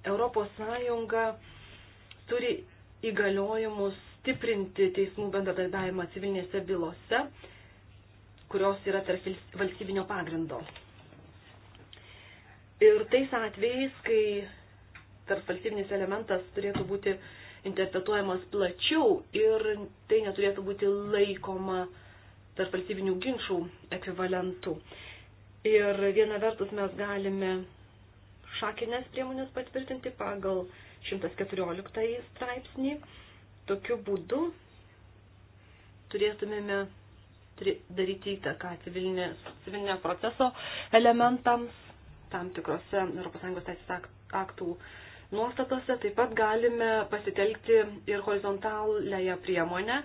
Europos Sąjunga turi įgaliojimus stiprinti teismų bendradarbiavimą civilinėse bylose, kurios yra tarp valstybinio pagrindo. Ir tais atvejais, kai tarp valstybinis elementas turėtų būti interpretuojamas plačiau ir tai neturėtų būti laikoma tarp valstybinių ginčių ekvivalentu. Ir viena vertus mes galime šakinės priemonės patvirtinti pagal 114 straipsnį. Tokiu būdu turėtumėme daryti įtaką civilinio proceso elementams tam tikrose ES teisės aktų nuostatose. Taip pat galime pasitelkti ir horizontalėje priemonę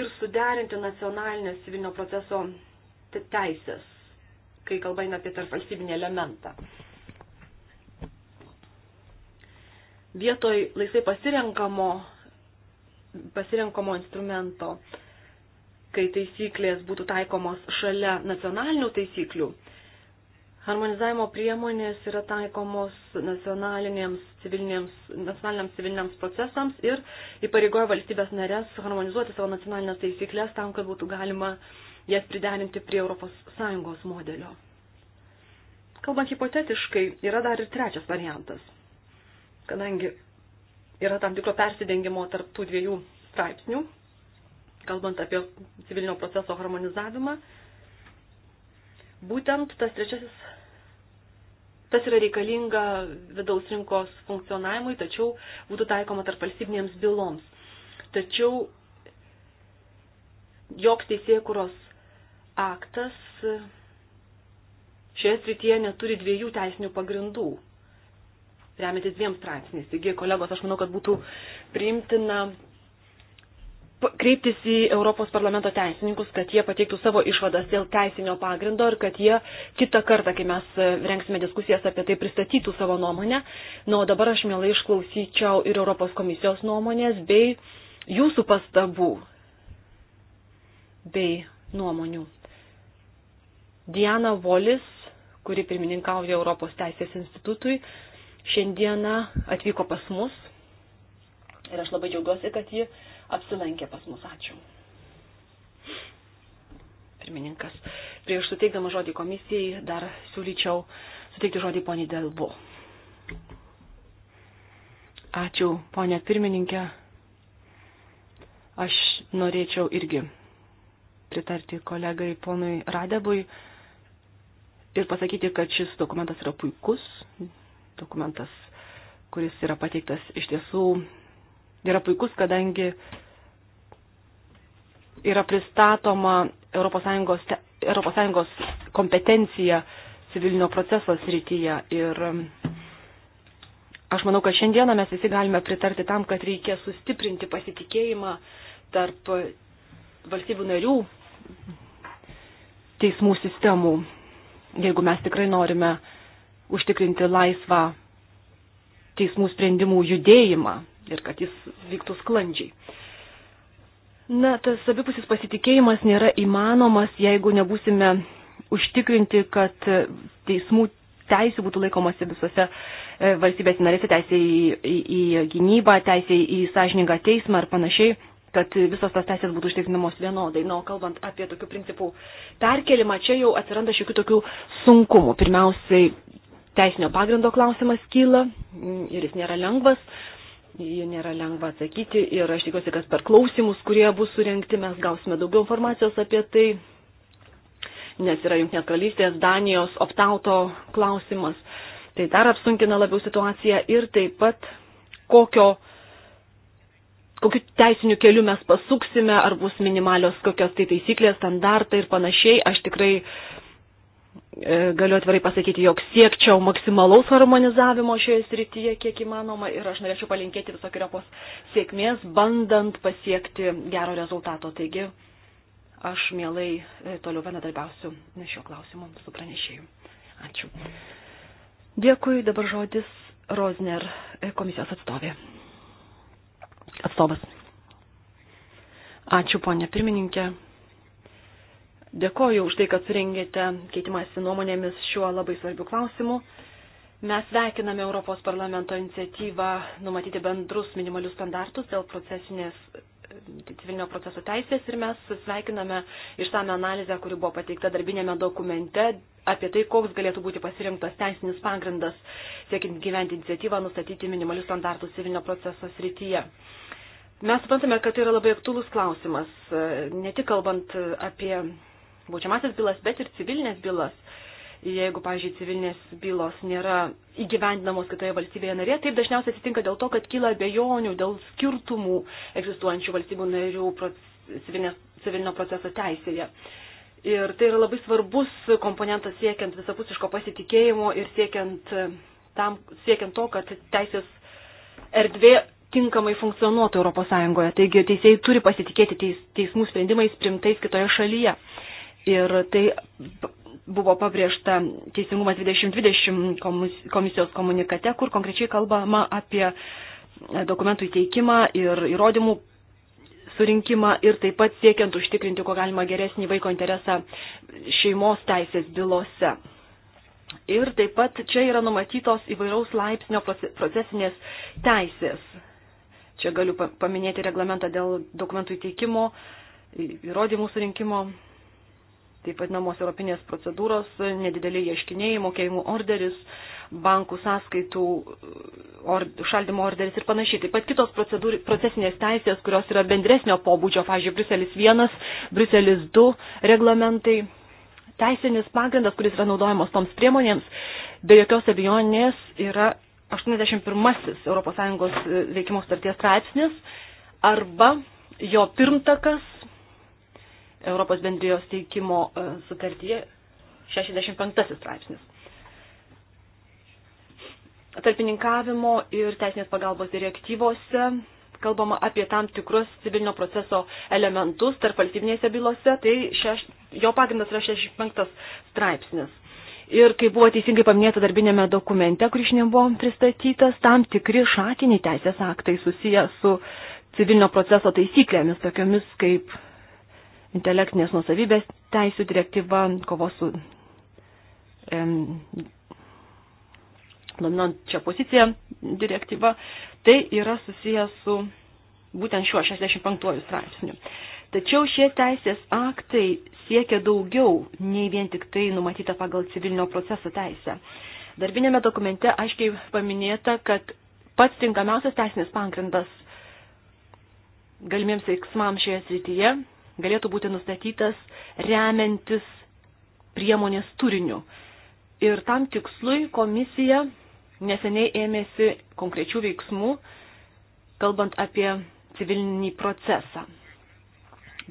ir suderinti nacionalinės civilinio proceso teisės, kai kalba eina apie tarpvalstybinį elementą. vietoj laisvai pasirenkamo, pasirenkamo instrumento, kai taisyklės būtų taikomos šalia nacionalinių taisyklių, harmonizavimo priemonės yra taikomos nacionaliniams civiliniams, nacionaliniams civiliniams procesams ir įpareigoja valstybės narės harmonizuoti savo nacionalinės taisyklės tam, kad būtų galima jas priderinti prie ES modelio. Kalbant hipotetiškai, yra dar ir trečias variantas – kadangi yra tam tikro persidengimo tarp tų dviejų straipsnių, kalbant apie civilinio proceso harmonizavimą, būtent tas trečiasis, tas yra reikalinga vidaus rinkos funkcionavimui, tačiau būtų taikoma tarp valstybinėms byloms. Tačiau joks teisėkuros aktas šioje srityje neturi dviejų teisinių pagrindų remiantis dviem straipsniais. Taigi, kolegos, aš manau, kad būtų priimtina kreiptis į Europos parlamento teisininkus, kad jie pateiktų savo išvadas dėl teisinio pagrindo ir kad jie kitą kartą, kai mes e, rengsime diskusijas apie tai, pristatytų savo nuomonę. Na, o dabar aš mielai išklausyčiau ir Europos komisijos nuomonės bei jūsų pastabų bei nuomonių. Diana Volis, kuri pirmininkauja Europos teisės institutui, šiandieną atvyko pas mus ir aš labai džiaugiuosi, kad ji apsilankė pas mus. Ačiū. Pirmininkas, prieš suteikdama žodį komisijai dar siūlyčiau suteikti žodį poniai Delbu. Ačiū, ponė pirmininkė. Aš norėčiau irgi pritarti kolegai ponui Radebui ir pasakyti, kad šis dokumentas yra puikus, dokumentas, kuris yra pateiktas iš tiesų, yra puikus, kadangi yra pristatoma ES, ES kompetencija civilinio proceso srityje. Ir aš manau, kad šiandieną mes visi galime pritarti tam, kad reikia sustiprinti pasitikėjimą tarp valstybių narių teismų sistemų, jeigu mes tikrai norime užtikrinti laisvą teismų sprendimų judėjimą ir kad jis vyktų sklandžiai. Na, tas abipusis pasitikėjimas nėra įmanomas, jeigu nebūsime užtikrinti, kad teismų teisų būtų laikomasi visose e, valstybės narėse, teisė į, į, į gynybą, teisė į sąžiningą teismą ir panašiai, kad visos tas teisės būtų užtikrinamos vienodai. Na, nu, kalbant apie tokių principų perkelimą, čia jau atsiranda šiokių tokių sunkumų. Pirmiausiai, teisinio pagrindo klausimas kyla mm, ir jis nėra lengvas, jį nėra lengva atsakyti ir aš tikiuosi, kad per klausimus, kurie bus surenkti, mes gausime daugiau informacijos apie tai, nes yra Junktinės karalystės, Danijos, optauto klausimas. Tai dar apsunkina labiau situaciją ir taip pat kokio kokiu teisiniu keliu mes pasuksime, ar bus minimalios kokios tai taisyklės, standartai ir panašiai. Aš tikrai E, galiu atvirai pasakyti, jog siekčiau maksimalaus harmonizavimo šioje srityje, kiek įmanoma, ir aš norėčiau palinkėti visokiojopos sėkmės, bandant pasiekti gero rezultato. Taigi, aš mielai e, toliau bendradarbiausiu šiuo klausimu su pranešėju. Ačiū. Dėkui, dabar žodis Rozner e, komisijos atstovė. Atstovas. Ačiū, ponė pirmininkė. Dėkoju už tai, kad surengėte keitimąsi nuomonėmis šiuo labai svarbiu klausimu. Mes sveikiname Europos parlamento iniciatyvą numatyti bendrus minimalius standartus dėl procesinės tai civilinio proceso teisės ir mes sveikiname išsame analizę, kuri buvo pateikta darbinėme dokumente apie tai, koks galėtų būti pasirinktas teisinis pagrindas, siekiant gyventi iniciatyvą, nustatyti minimalius standartus civilinio proceso srityje. Mes suprantame, kad tai yra labai aktuolus klausimas, ne tik kalbant apie baudžiamasias bylas, bet ir civilinės bylas. Jeigu, pavyzdžiui, civilinės bylos nėra įgyvendinamos kitoje valstybėje narėje, taip dažniausiai atsitinka dėl to, kad kyla abejonių dėl skirtumų egzistuojančių valstybių narių civilinės, civilinio proceso teisėje. Ir tai yra labai svarbus komponentas siekiant visapusiško pasitikėjimo ir siekiant, e, tam, siekiant to, kad teisės erdvė tinkamai funkcionuotų ES. Taigi teisėjai turi pasitikėti teis, teismų sprendimais primtais kitoje šalyje. Ir tai buvo pabrėžta Teisingumas 2020 komisijos komunikate, kur konkrečiai kalbama apie dokumentų įteikimą ir įrodymų surinkimą ir taip pat siekiant užtikrinti, ko galima geresnį vaiko interesą šeimos teisės bylose. Ir taip pat čia yra numatytos įvairaus laipsnio procesinės teisės. Čia galiu paminėti reglamentą dėl dokumentų įteikimo, įrodymų surinkimo taip vadinamos europinės procedūros, nedideliai ieškiniai, mokėjimų orderis, bankų sąskaitų or, šaldimo orderis ir panašiai. Taip pat kitos procesinės teisės, kurios yra bendresnio pobūdžio, pavyzdžiui, Bruselis 1, Bruselis 2 reglamentai. Teisinis pagrindas, kuris yra naudojamas toms priemonėms, be jokios abejonės yra 81 ES veikimo starties straipsnis arba jo pirmtakas Europos bendrijos teikimo e, sutartyje 65 straipsnis. Tarpininkavimo ir teisinės pagalbos direktyvose kalbama apie tam tikrus civilinio proceso elementus tarp valstybinėse bylose, tai šeš, jo pagrindas yra 65 straipsnis. Ir kaip buvo teisingai paminėta darbinėme dokumente, kuris šiandien buvo pristatytas, tam tikri šakiniai teisės aktai susiję su civilinio proceso taisyklėmis, tokiamis kaip intelektinės nusavybės teisų direktyva, kovos su em, dominančia pozicija direktyva, tai yra susijęs su būtent šiuo 65 straipsniu. Tačiau šie teisės aktai siekia daugiau nei vien tik tai numatyta pagal civilinio proceso teisę. Darbinėme dokumente aiškiai paminėta, kad pats tinkamiausias teisinis pankrindas galimiems veiksmams šioje srityje galėtų būti nustatytas remiantis priemonės turiniu. Ir tam tikslui komisija neseniai ėmėsi konkrečių veiksmų, kalbant apie civilinį procesą.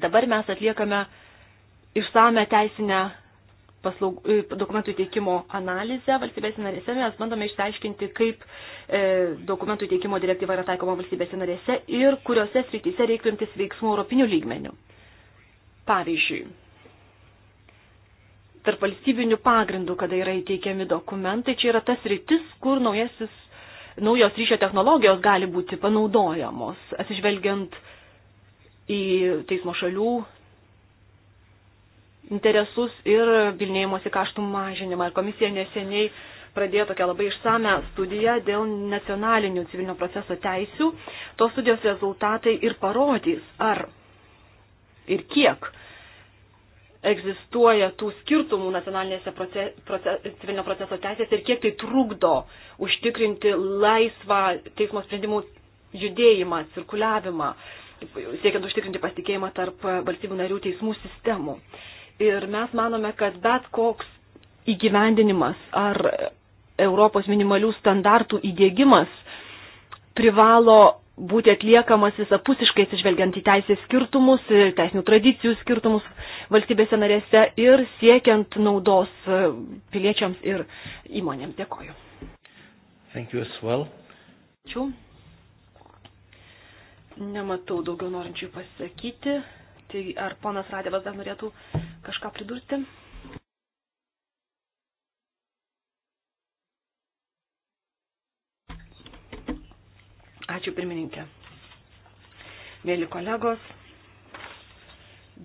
Dabar mes atliekame išsame teisinę paslaug, e, dokumentų teikimo analizę valstybėse narėse, mes bandome išsiaiškinti, kaip e, dokumentų teikimo direktyva yra taikoma valstybėse narėse ir kuriuose srityse reiktų imtis veiksmų europinių lygmenių. Pavyzdžiui, tarp valstybinių pagrindų, kada yra įteikiami dokumentai, čia yra tas rytis, kur naujasis, naujos ryšio technologijos gali būti panaudojamos, atsižvelgiant į teismo šalių interesus ir bilnėjimuose kaštų mažinimą. Ir komisija neseniai pradėjo tokią labai išsame studiją dėl nacionalinių civilinio proceso teisių. Tos studijos rezultatai ir parodys, ar ir kiek egzistuoja tų skirtumų nacionalinėse proces, proces, civilinio proceso teisės ir kiek tai trukdo užtikrinti laisvą teismo sprendimų judėjimą, cirkuliavimą, siekiant užtikrinti pasitikėjimą tarp valstybių narių teismų sistemų. Ir mes manome, kad bet koks įgyvendinimas ar Europos minimalių standartų įdėgymas privalo būti atliekamas visapusiškai atsižvelgiant į teisės skirtumus, teisinių tradicijų skirtumus valstybėse narėse ir siekiant naudos e, piliečiams ir įmonėms. Dėkoju. Well. Ačiū. Nematau daugiau norinčių pasakyti. Tai ar ponas Radėvas dar norėtų kažką pridurti? mėly kolegos.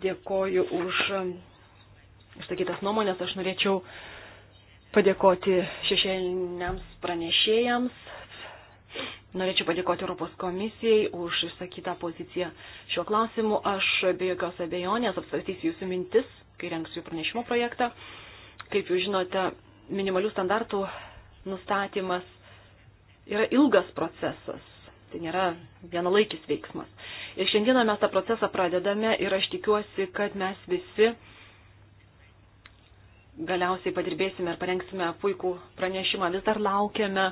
Dėkoju už išsakytas nuomonės. Aš norėčiau padėkoti šešėliniams pranešėjams. Norėčiau padėkoti Europos komisijai už išsakytą poziciją šiuo klausimu. Aš be jokios abejonės apsvarstysiu jūsų mintis, kai renksiu pranešimo projektą. Kaip jūs žinote, minimalių standartų nustatymas yra ilgas procesas tai nėra vienalaikis veiksmas. Ir šiandieną mes tą procesą pradedame ir aš tikiuosi, kad mes visi galiausiai padirbėsime ir parengsime puikų pranešimą. Vis dar laukiame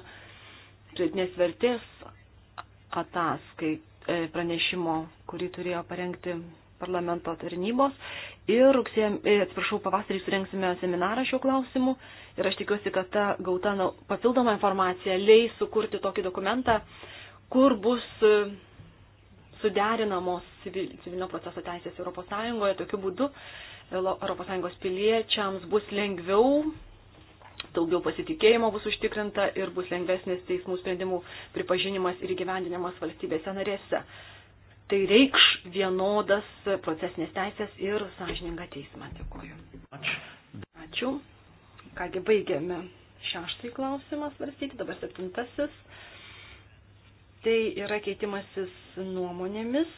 pridėtinės vertės ataskait e, pranešimo, kurį turėjo parengti parlamento tarnybos. Ir rugsėjo, e, atsiprašau, pavasarį surengsime seminarą šiuo klausimu. Ir aš tikiuosi, kad ta gauta papildoma informacija leis sukurti tokį dokumentą, kur bus e, suderinamos civilinio proceso teisės ES, tokiu būdu ES piliečiams bus lengviau, daugiau pasitikėjimo bus užtikrinta ir bus lengvesnis teismų sprendimų pripažinimas ir įgyvendinimas valstybėse narėse. Tai reikš vienodas procesinės teisės ir sąžiningą teismą. Dėkuoju. Ačiū. Ačiū. Kągi baigėme šeštąjį klausimą svarstyti, dabar septintasis Tai yra keitimasis nuomonėmis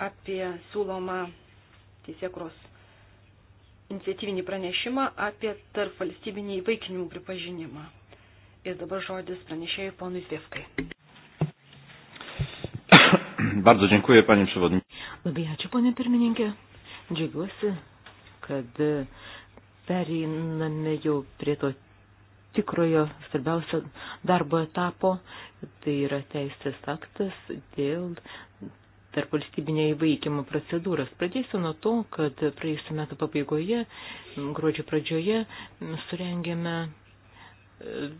apie siūlomą teisėkros iniciatyvinį pranešimą apie tarp valstybinį įvaikinimų pripažinimą. Ir dabar žodis pranešėjai ponui Zviefkai. [COUGHS] Bardzo dziękuję, panie przewodniczący. Labai ačiū, ponė pirmininkė. Džiaugiuosi, kad pereiname jau prie to tikrojo svarbiausio darbo etapo, tai yra teisės aktas dėl tarp valstybinio įvaikymo procedūros. Pradėsiu nuo to, kad praėjusiu metu pabaigoje, gruodžio pradžioje, surengėme e,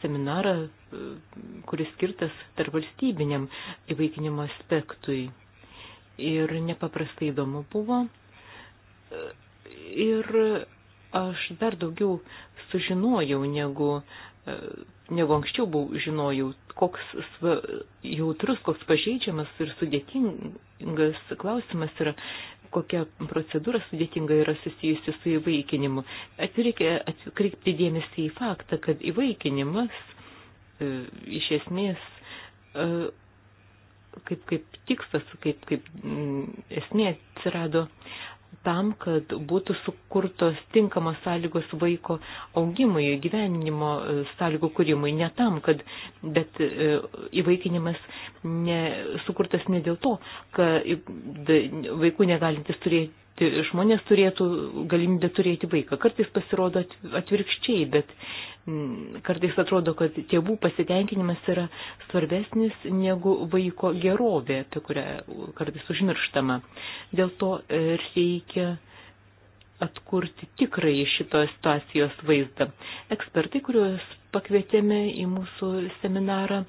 seminarą, e, kuris skirtas tarp valstybiniam įvaikinimo aspektui. Ir nepaprastai įdomu buvo. E, ir aš dar daugiau sužinojau, negu, e, negu anksčiau buvau žinojau, koks jautrus, koks pažeidžiamas ir sudėtingas klausimas yra, kokia procedūra sudėtinga yra susijusi su įvaikinimu. Reikia atkreipti dėmesį į faktą, kad įvaikinimas e, iš esmės e, kaip, kaip tikslas, kaip, kaip esmė atsirado tam, kad būtų sukurtos tinkamos sąlygos vaiko augimui, gyvenimo e, sąlygų kūrimui, ne tam, kad, bet e, įvaikinimas ne, sukurtas ne dėl to, kad vaikų negalintis turėti Tai žmonės turėtų galimybę turėti vaiką. Kartais pasirodo atvirkščiai, bet mm, kartais atrodo, kad tėvų pasitenkinimas yra svarbesnis negu vaiko gerovė, apie kurią kartais užmirštama. Dėl to e, reikia atkurti tikrai šitos situacijos vaizdą. Ekspertai, kuriuos pakvietėme į mūsų seminarą,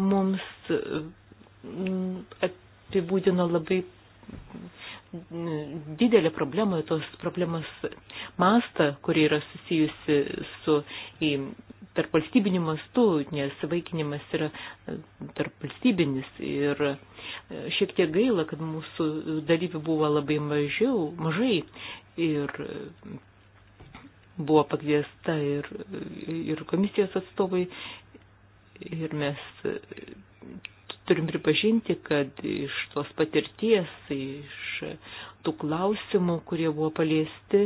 mums mm, apibūdino labai didelę problemą, tos problemas mastą, kuri yra susijusi su į, tarp valstybinių mastų, nes vaikinimas yra e, tarp valstybinis ir e, šiek tiek gaila, kad mūsų dalyvių buvo labai mažiau, mažai ir e, buvo pakviesta ir, ir komisijos atstovai ir mes turim pripažinti, kad iš tos patirties, iš tų klausimų, kurie buvo paliesti,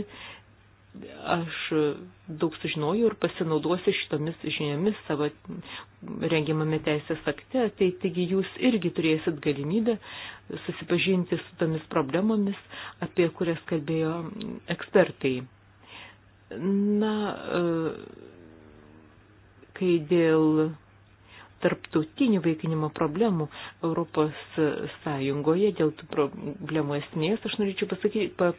aš daug sužinojau ir pasinaudosiu šitomis žiniomis savo rengiamame teisės akte, tai taigi jūs irgi turėsit galimybę susipažinti su tomis problemomis, apie kurias kalbėjo ekspertai. Na, e, kai dėl tarptautinių vaikinimo problemų Europos Sąjungoje, dėl tų problemų esmės, aš norėčiau pasakyti, pa,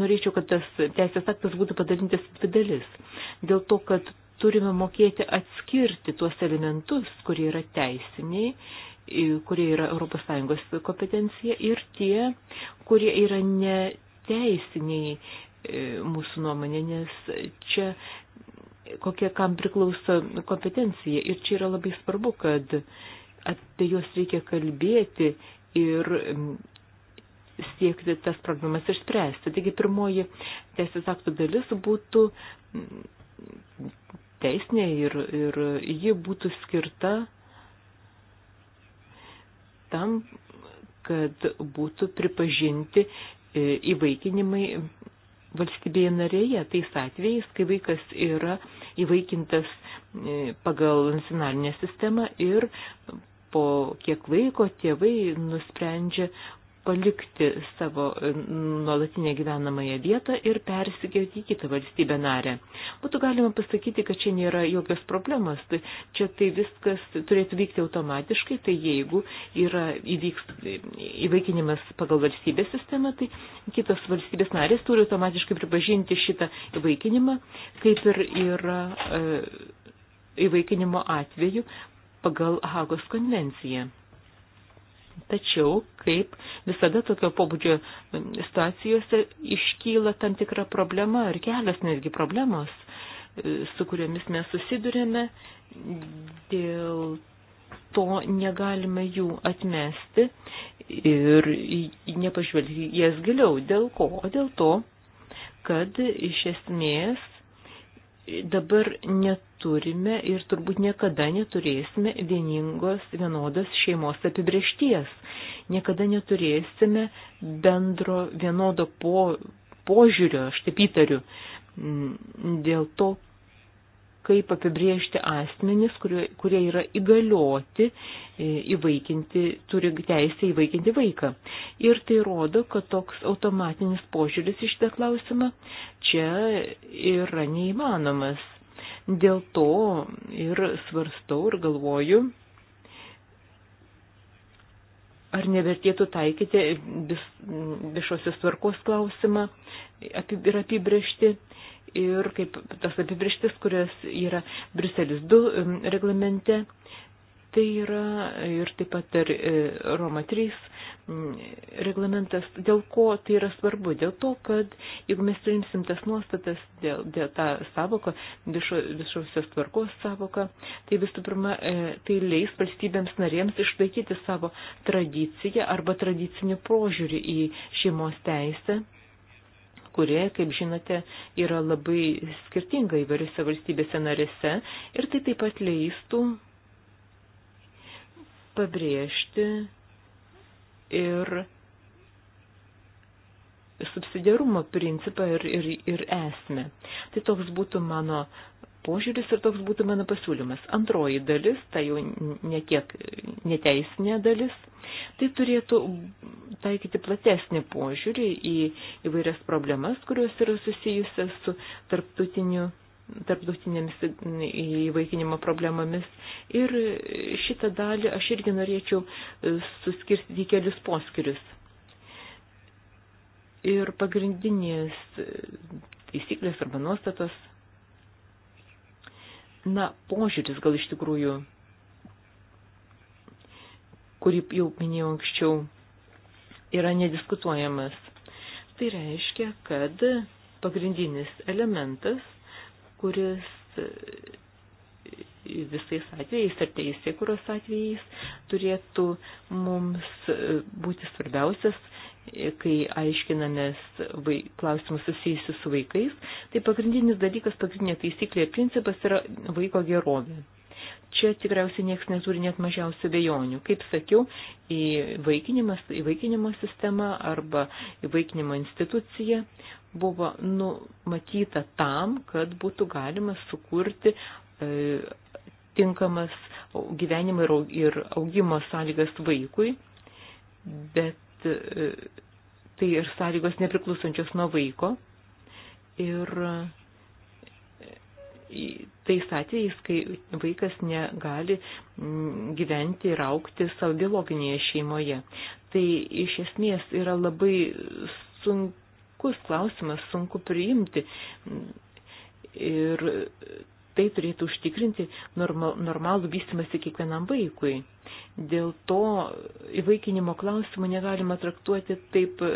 norėčiau, kad tas teisės aktas būtų padalintas į dalis. Dėl to, kad turime mokėti atskirti tuos elementus, kurie yra teisiniai, kurie yra Europos Sąjungos kompetencija ir tie, kurie yra neteisiniai e, mūsų nuomonė, nes čia kokie kam priklauso kompetencija. Ir čia yra labai svarbu, kad apie juos reikia kalbėti ir mm, siekti tas problemas išspręsti. Taigi pirmoji teisės aktų dalis būtų mm, teisinė ir, ir ji būtų skirta tam, kad būtų pripažinti e, įvaikinimai valstybėje narėje tais atvejais, kai vaikas yra įvaikintas e, pagal nacionalinę sistemą ir po kiek laiko tėvai nusprendžia palikti savo e, nuolatinę gyvenamąją vietą ir persikelti į kitą valstybę narę. Būtų galima pasakyti, kad čia nėra jokios problemos, tai čia tai viskas turėtų vykti automatiškai, tai jeigu yra įvyks, įvaikinimas pagal valstybės sistemą, tai kitos valstybės narės turi automatiškai pripažinti šitą įvaikinimą, kaip ir yra e, įvaikinimo atveju pagal Hagos konvenciją. Tačiau, kaip visada tokio pobūdžio situacijose iškyla tam tikra problema ar kelias netgi problemos, e, su kuriomis mes susidurėme, dėl to negalime jų atmesti ir nepažvelgti jas giliau. Dėl ko? Dėl to, kad iš esmės dabar neturime ir turbūt niekada neturėsime vieningos vienodos šeimos apibriešties. Niekada neturėsime bendro vienodo po, požiūrio, aš taip įtariu, dėl to, kaip apibriežti asmenis, kurie, kurie yra įgalioti e, įvaikinti, turi teisę įvaikinti vaiką. Ir tai rodo, kad toks automatinis požiūris iš tą klausimą čia yra neįmanomas. Dėl to ir svarstau ir galvoju, ar nevertėtų taikyti viešosios tvarkos klausimą ir apibriežti ir kaip tas apibrištis, kurios yra Briselis 2 reglamente, tai yra ir taip pat ir e, Roma 3 reglamentas. Dėl ko tai yra svarbu? Dėl to, kad jeigu mes turimsim tas nuostatas, dėl, dėl tą savoką, viešosios tvarkos savoką, tai visų pirma, e, tai leis valstybėms narėms išlaikyti savo tradiciją arba tradicinį požiūrį į šeimos teisę kuri, kaip žinote, yra labai skirtinga įvairiose valstybėse narėse ir tai taip pat leistų pabrėžti ir subsidiarumo principą ir, ir, ir esmę. Tai toks būtų mano požiūris ir toks būtų mano pasiūlymas. Antroji dalis, tai jau netiek neteisinė dalis, tai turėtų taikyti platesnį požiūrį į įvairias problemas, kurios yra susijusias su tarptautiniu tarptautinėmis įvaikinimo problemomis. Ir šitą dalį aš irgi norėčiau e, suskirstyti į kelius poskirius. Ir pagrindinės e, taisyklės arba nuostatos na, požiūris gal iš tikrųjų, kurį jau minėjau anksčiau, yra nediskutuojamas. Tai reiškia, kad pagrindinis elementas, kuris visais atvejais ar teisėkuros atvejais turėtų mums būti svarbiausias kai aiškinamės klausimus susijusius su vaikais, tai pagrindinis dalykas, pagrindinė taisyklė ir principas yra vaiko gerovė. Čia tikriausiai niekas neturi net mažiausių bejonių. Kaip sakiau, įvaikinimas, įvaikinimo sistema arba įvaikinimo institucija buvo numatyta tam, kad būtų galima sukurti e, tinkamas gyvenimo ir augimo sąlygas vaikui, bet E, tai ir sąlygos nepriklausančios nuo vaiko. Ir e, tais atvejais, kai vaikas negali gyventi ir aukti savo biologinėje šeimoje. Tai iš esmės yra labai sunkus klausimas, sunku priimti. Ir tai turėtų užtikrinti normal, normalų vystimąsi kiekvienam vaikui. Dėl to įvaikinimo klausimų negalima traktuoti taip e,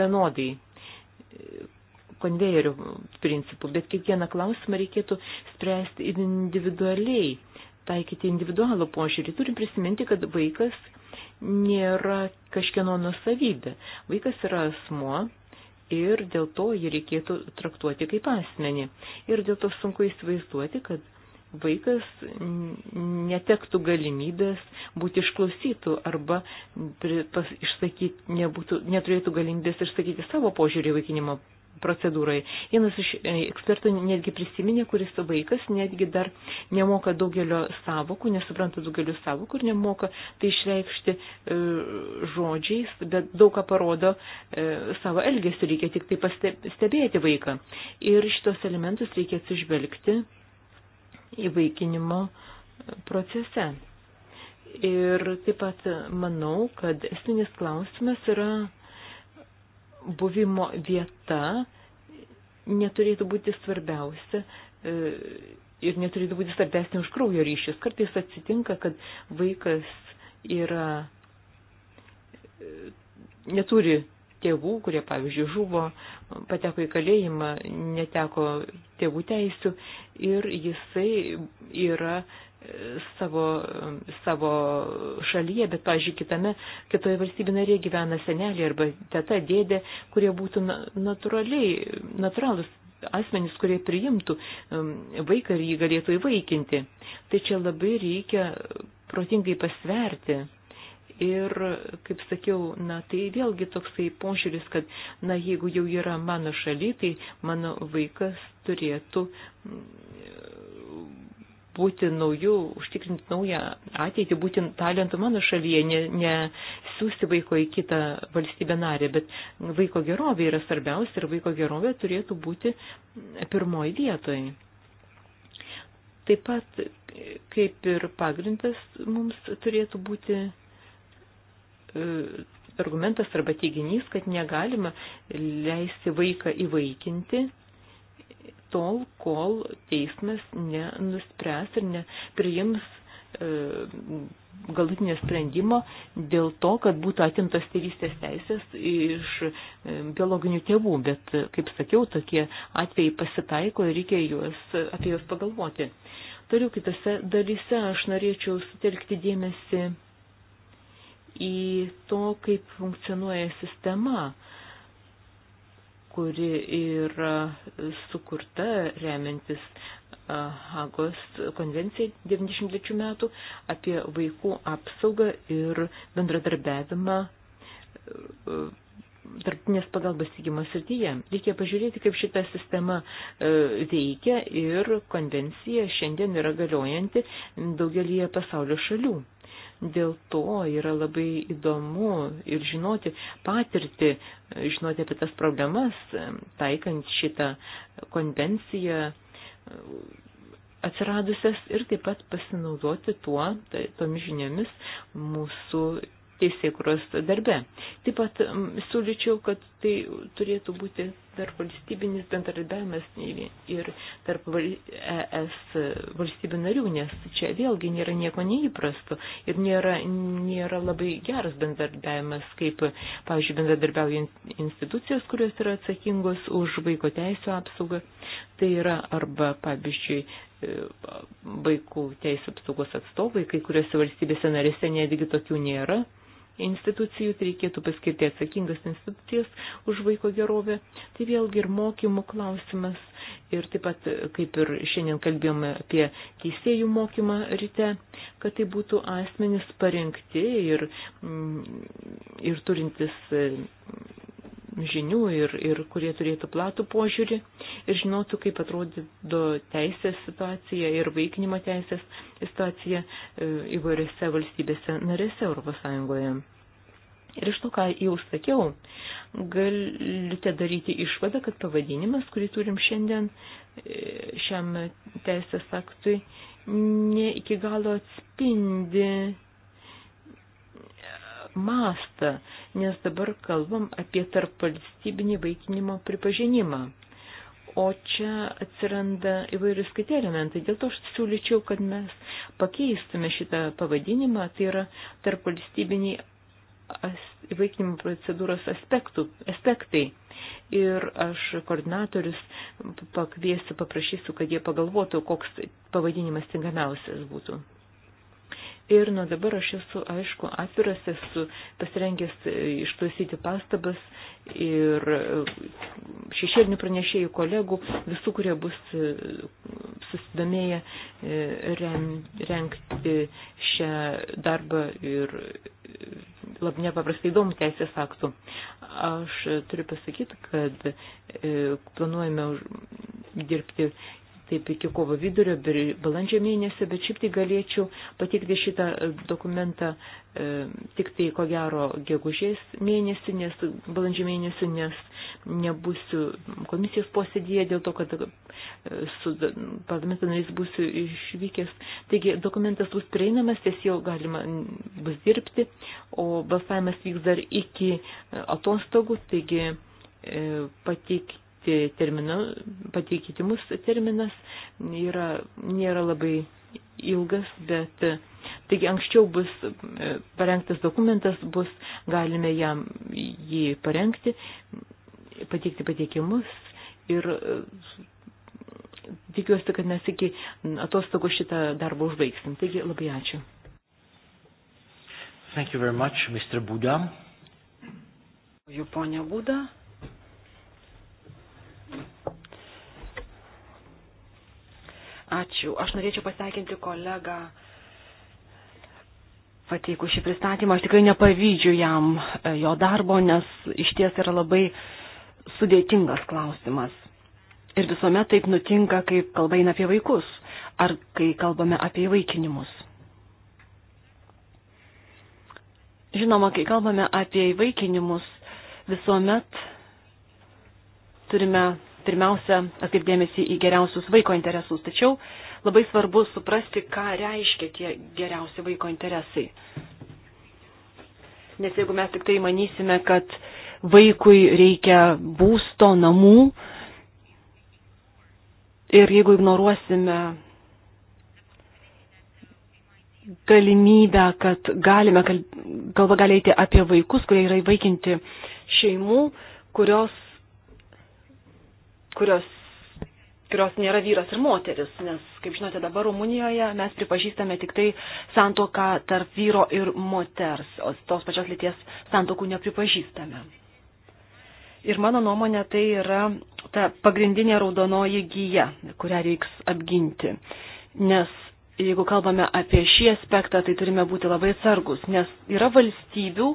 vienodai e, konvejerio principų, bet kiekvieną klausimą reikėtų spręsti individualiai, taikyti individualų požiūrį. Turim prisiminti, kad vaikas nėra kažkieno nusavybė. Vaikas yra asmuo, ir dėl to jį reikėtų traktuoti kaip asmenį. Ir dėl to sunku įsivaizduoti, kad vaikas netektų galimybės būti išklausytų arba išsakyti, nebūtų, neturėtų galimybės išsakyti savo požiūrį vaikinimo procedūrai. Vienas iš e, ekspertų netgi prisiminė, kuris vaikas netgi dar nemoka daugelio savokų, nesupranta daugelio savokų ir nemoka tai išreikšti e, žodžiais, bet daug ką parodo e, savo elgesiu, reikia tik tai pastebėti vaiką. Ir šitos elementus reikia atsižvelgti įvaikinimo procese. Ir taip pat manau, kad esminis klausimas yra buvimo vieta neturėtų būti svarbiausia e, ir neturėtų būti svarbesnė už kraujo ryšius. Kartais atsitinka, kad vaikas yra, e, neturi tėvų, kurie, pavyzdžiui, žuvo, pateko į kalėjimą, neteko tėvų teisių ir jisai yra savo, savo šalyje, bet, pažiūrėjau, kitame, kitoje valstybė narėje gyvena senelė arba teta, dėdė, kurie būtų natūraliai, natūralus asmenys, kurie priimtų um, vaiką ir jį galėtų įvaikinti. Tai čia labai reikia protingai pasverti. Ir, kaip sakiau, na, tai vėlgi toksai požiūris, kad, na, jeigu jau yra mano šaly, tai mano vaikas turėtų būti naujų, užtikrinti naują ateitį, būti talentų mano šalyje, ne, ne siūsti vaiko į kitą valstybę narę, bet vaiko gerovė yra svarbiausia ir vaiko gerovė turėtų būti pirmoji vietoje. Taip pat, kaip ir pagrindas, mums turėtų būti e, argumentas arba teiginys, kad negalima leisti vaiką įvaikinti tol, kol teismas nenuspręs ir nepriims e, galutinio sprendimo dėl to, kad būtų atimtos tėvystės teisės iš e, biologinių tėvų, bet, kaip sakiau, tokie atvejai pasitaiko ir reikia juos, apie juos pagalvoti. Toliau kitose dalyse aš norėčiau sutelkti dėmesį į to, kaip funkcionuoja sistema, kuri yra sukurta remiantis Hagos konvencija 93 metų apie vaikų apsaugą ir bendradarbiavimą tarptinės pagalbos teikimo srityje. Reikia pažiūrėti, kaip šita sistema veikia ir konvencija šiandien yra galiojanti daugelį pasaulio šalių. Dėl to yra labai įdomu ir žinoti patirtį, žinoti apie tas problemas, taikant šitą konvenciją atsiradusias ir taip pat pasinaudoti tuo, tai, tomis žiniomis mūsų teisėkuros darbe. Taip pat siūlyčiau, kad tai turėtų būti tarp valstybinis bendradarbiavimas ir tarp ES valstybių narių, nes čia vėlgi nėra nieko neįprasto ir nėra, nėra labai geras bendradarbiavimas, kaip, pavyzdžiui, bendradarbiaujant institucijas, kurios yra atsakingos už vaiko teisų apsaugą. Tai yra arba, pavyzdžiui, e, vaikų teisų apsaugos atstovai, kai kuriuose valstybėse narėse netgi tokių nėra institucijų, tai reikėtų paskirti atsakingas institucijas už vaiko gerovę. Tai vėlgi ir mokymų klausimas. Ir taip pat, kaip ir šiandien kalbėjome apie teisėjų mokymą ryte, kad tai būtų asmenys parengti ir, mm, ir turintis žinių ir, ir kurie turėtų platų požiūrį ir žinotų, kaip atrodo teisės situacija ir vaikinimo teisės situacija e, įvairiose valstybėse narėse Europos Sąjungoje. Ir iš to, ką jau sakiau, galite daryti išvadą, kad pavadinimas, kurį turim šiandien e, šiam teisės aktui, ne iki galo atspindi mastą, nes dabar kalbam apie tarpvalstybinį vaikinimo pripažinimą. O čia atsiranda įvairius kiti elementai. Dėl to aš siūlyčiau, kad mes pakeistume šitą pavadinimą, tai yra tarpvalstybiniai įvaikinimo procedūros aspektų, aspektai. Ir aš koordinatorius pakviesiu, paprašysiu, kad jie pagalvotų, koks pavadinimas tinkamiausias būtų. Ir nuo dabar aš esu, aišku, atviras, esu pasirengęs e, išklausyti pastabas ir e, šešėlinių pranešėjų kolegų, visų, kurie bus e, susidomėję renkti šią darbą ir labai nepaprastai įdomų teisės aktų. Aš turiu pasakyti, kad planuojame dirbti taip iki kovo vidurio, balandžio mėnesio, bet šiaip tai galėčiau patikti šitą e, dokumentą e, tik tai ko gero gegužės mėnesį, nes balandžio mėnesį, nes nebūsiu komisijos posėdėje dėl to, kad e, su parlamento nariais būsiu išvykęs. Taigi dokumentas bus prieinamas, ties jau galima bus dirbti, o balsavimas vyks dar iki e, atostogų, taigi e, pateikti pateikti terminal, pateikimus terminas yra, nėra labai ilgas, bet taigi anksčiau bus e, parengtas dokumentas, bus galime jam jį parengti, pateikti pateikimus ir e, tikiuosi, kad mes iki atostogų šitą darbą užbaigsim. Taigi labai ačiū. Thank you very much, Mr. Buda. Jų ponia Buda. Ačiū. Aš norėčiau pasveikinti kolegą pateikų šį pristatymą. Aš tikrai nepavydžiu jam e, jo darbo, nes iš ties yra labai sudėtingas klausimas. Ir visuomet taip nutinka, kai kalba eina apie vaikus ar kai kalbame apie įvaikinimus. Žinoma, kai kalbame apie įvaikinimus, visuomet turime pirmiausia atkreipdėmėsi į geriausius vaiko interesus. Tačiau labai svarbu suprasti, ką reiškia tie geriausi vaiko interesai. Nes jeigu mes tik tai manysime, kad vaikui reikia būsto, namų ir jeigu ignoruosime galimybę, kad galime, kalba gali eiti apie vaikus, kurie yra įvaikinti šeimų, kurios kurios, kurios nėra vyras ir moteris, nes, kaip žinote, dabar Rumunijoje mes pripažįstame tik tai santoką tarp vyro ir moters, o tos pačios lyties santokų nepripažįstame. Ir mano nuomonė tai yra ta pagrindinė raudonoji gyja, kurią reiks apginti. Nes jeigu kalbame apie šį aspektą, tai turime būti labai sargus, nes yra valstybių,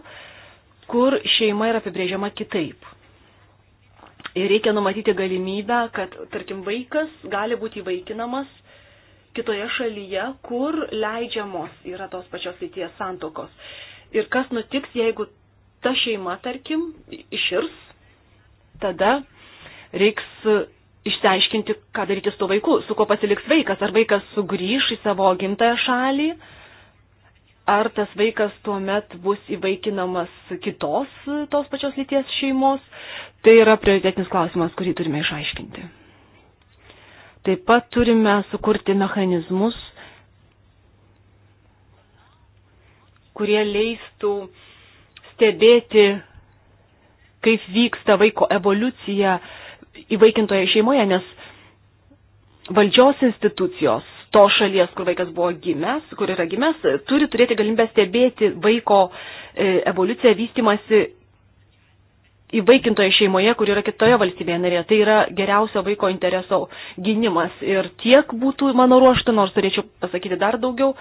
kur šeima yra apibrėžiama kitaip. Ir reikia numatyti galimybę, kad, tarkim, vaikas gali būti įvaikinamas kitoje šalyje, kur leidžiamos yra tos pačios lyties santokos. Ir kas nutiks, jeigu ta šeima, tarkim, iširs, tada reiks išsiaiškinti, ką daryti su tuo vaiku, su kuo pasiliks vaikas, ar vaikas sugrįš į savo gimtąją šalį, uh, ar tas vaikas tuo met bus įvaikinamas kitos tos pačios lyties šeimos, tai yra prioritetinis klausimas, kurį turime išaiškinti. Taip pat turime sukurti mechanizmus, kurie leistų stebėti, kaip vyksta vaiko evoliucija įvaikintoje šeimoje, nes valdžios institucijos to šalies, kur vaikas buvo gimęs, kur yra gimęs, turi turėti galimybę stebėti vaiko e, evoliuciją, vystimasi įvaikintoje šeimoje, kur yra kitoje valstybėje narėje. Tai yra geriausio vaiko intereso gynimas. Ir tiek būtų mano ruoštų, nors turėčiau pasakyti dar daugiau.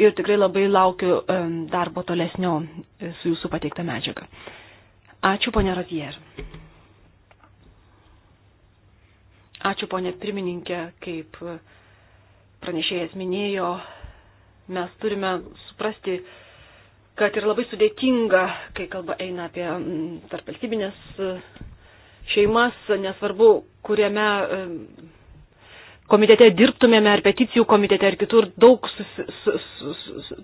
Ir tikrai labai laukiu e, darbo tolesnio e, su jūsų pateikta medžiaga. Ačiū, ponė Rozier. Ačiū, ponė pirmininkė, kaip pranešėjas minėjo, mes turime suprasti, kad ir labai sudėtinga, kai kalba eina apie mm, tarpvalstybinės e, šeimas, nesvarbu, kuriame e, komitete dirbtumėme, ar peticijų komitete, ar kitur, daug susi, su, su, su,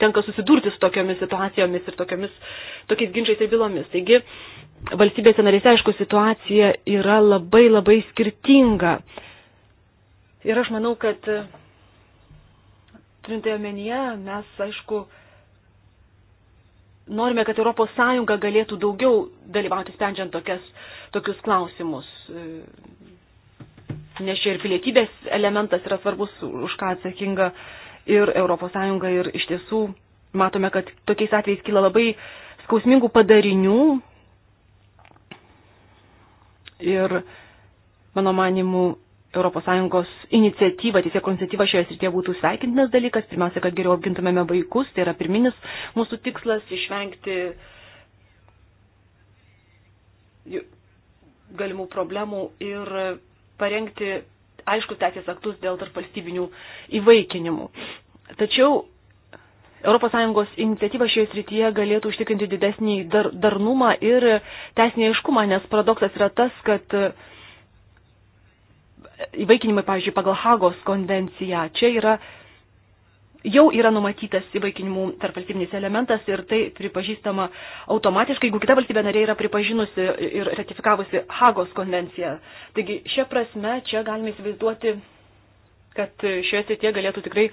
tenka susidurti su tokiomis situacijomis ir tokiomis, tokiais ginčiais ir bylomis. Taigi, valstybėse narėse, aišku, situacija yra labai labai skirtinga. Ir aš manau, kad e, turintai omenyje mes, aišku, norime, kad ES galėtų daugiau dalyvauti sprendžiant tokias, tokius klausimus. E, nes čia ir pilietybės elementas yra svarbus, už ką atsakinga ir ES. Ir iš tiesų matome, kad tokiais atvejais kyla labai skausmingų padarinių. Ir mano manimu, ES iniciatyva, tiesiog iniciatyva šioje srityje būtų sveikintinas dalykas. Pirmiausia, kad geriau apgintumėme vaikus, tai yra pirminis mūsų tikslas išvengti galimų problemų ir parengti aišku teisės aktus dėl tarp valstybinių įvaikinimų. Tačiau ES iniciatyva šioje srityje galėtų užtikrinti didesnį dar, darnumą ir teisinį aiškumą, nes paradoksas yra tas, kad uh, įvaikinimai, pavyzdžiui, pagal Hagos konvenciją. Čia yra, jau yra numatytas įvaikinimų tarpvalstybinis elementas ir tai pripažįstama automatiškai, jeigu kita valstybė narė yra pripažinusi ir ratifikavusi Hagos konvenciją. Taigi, šia prasme, čia galime įsivaizduoti, kad šioje srityje galėtų tikrai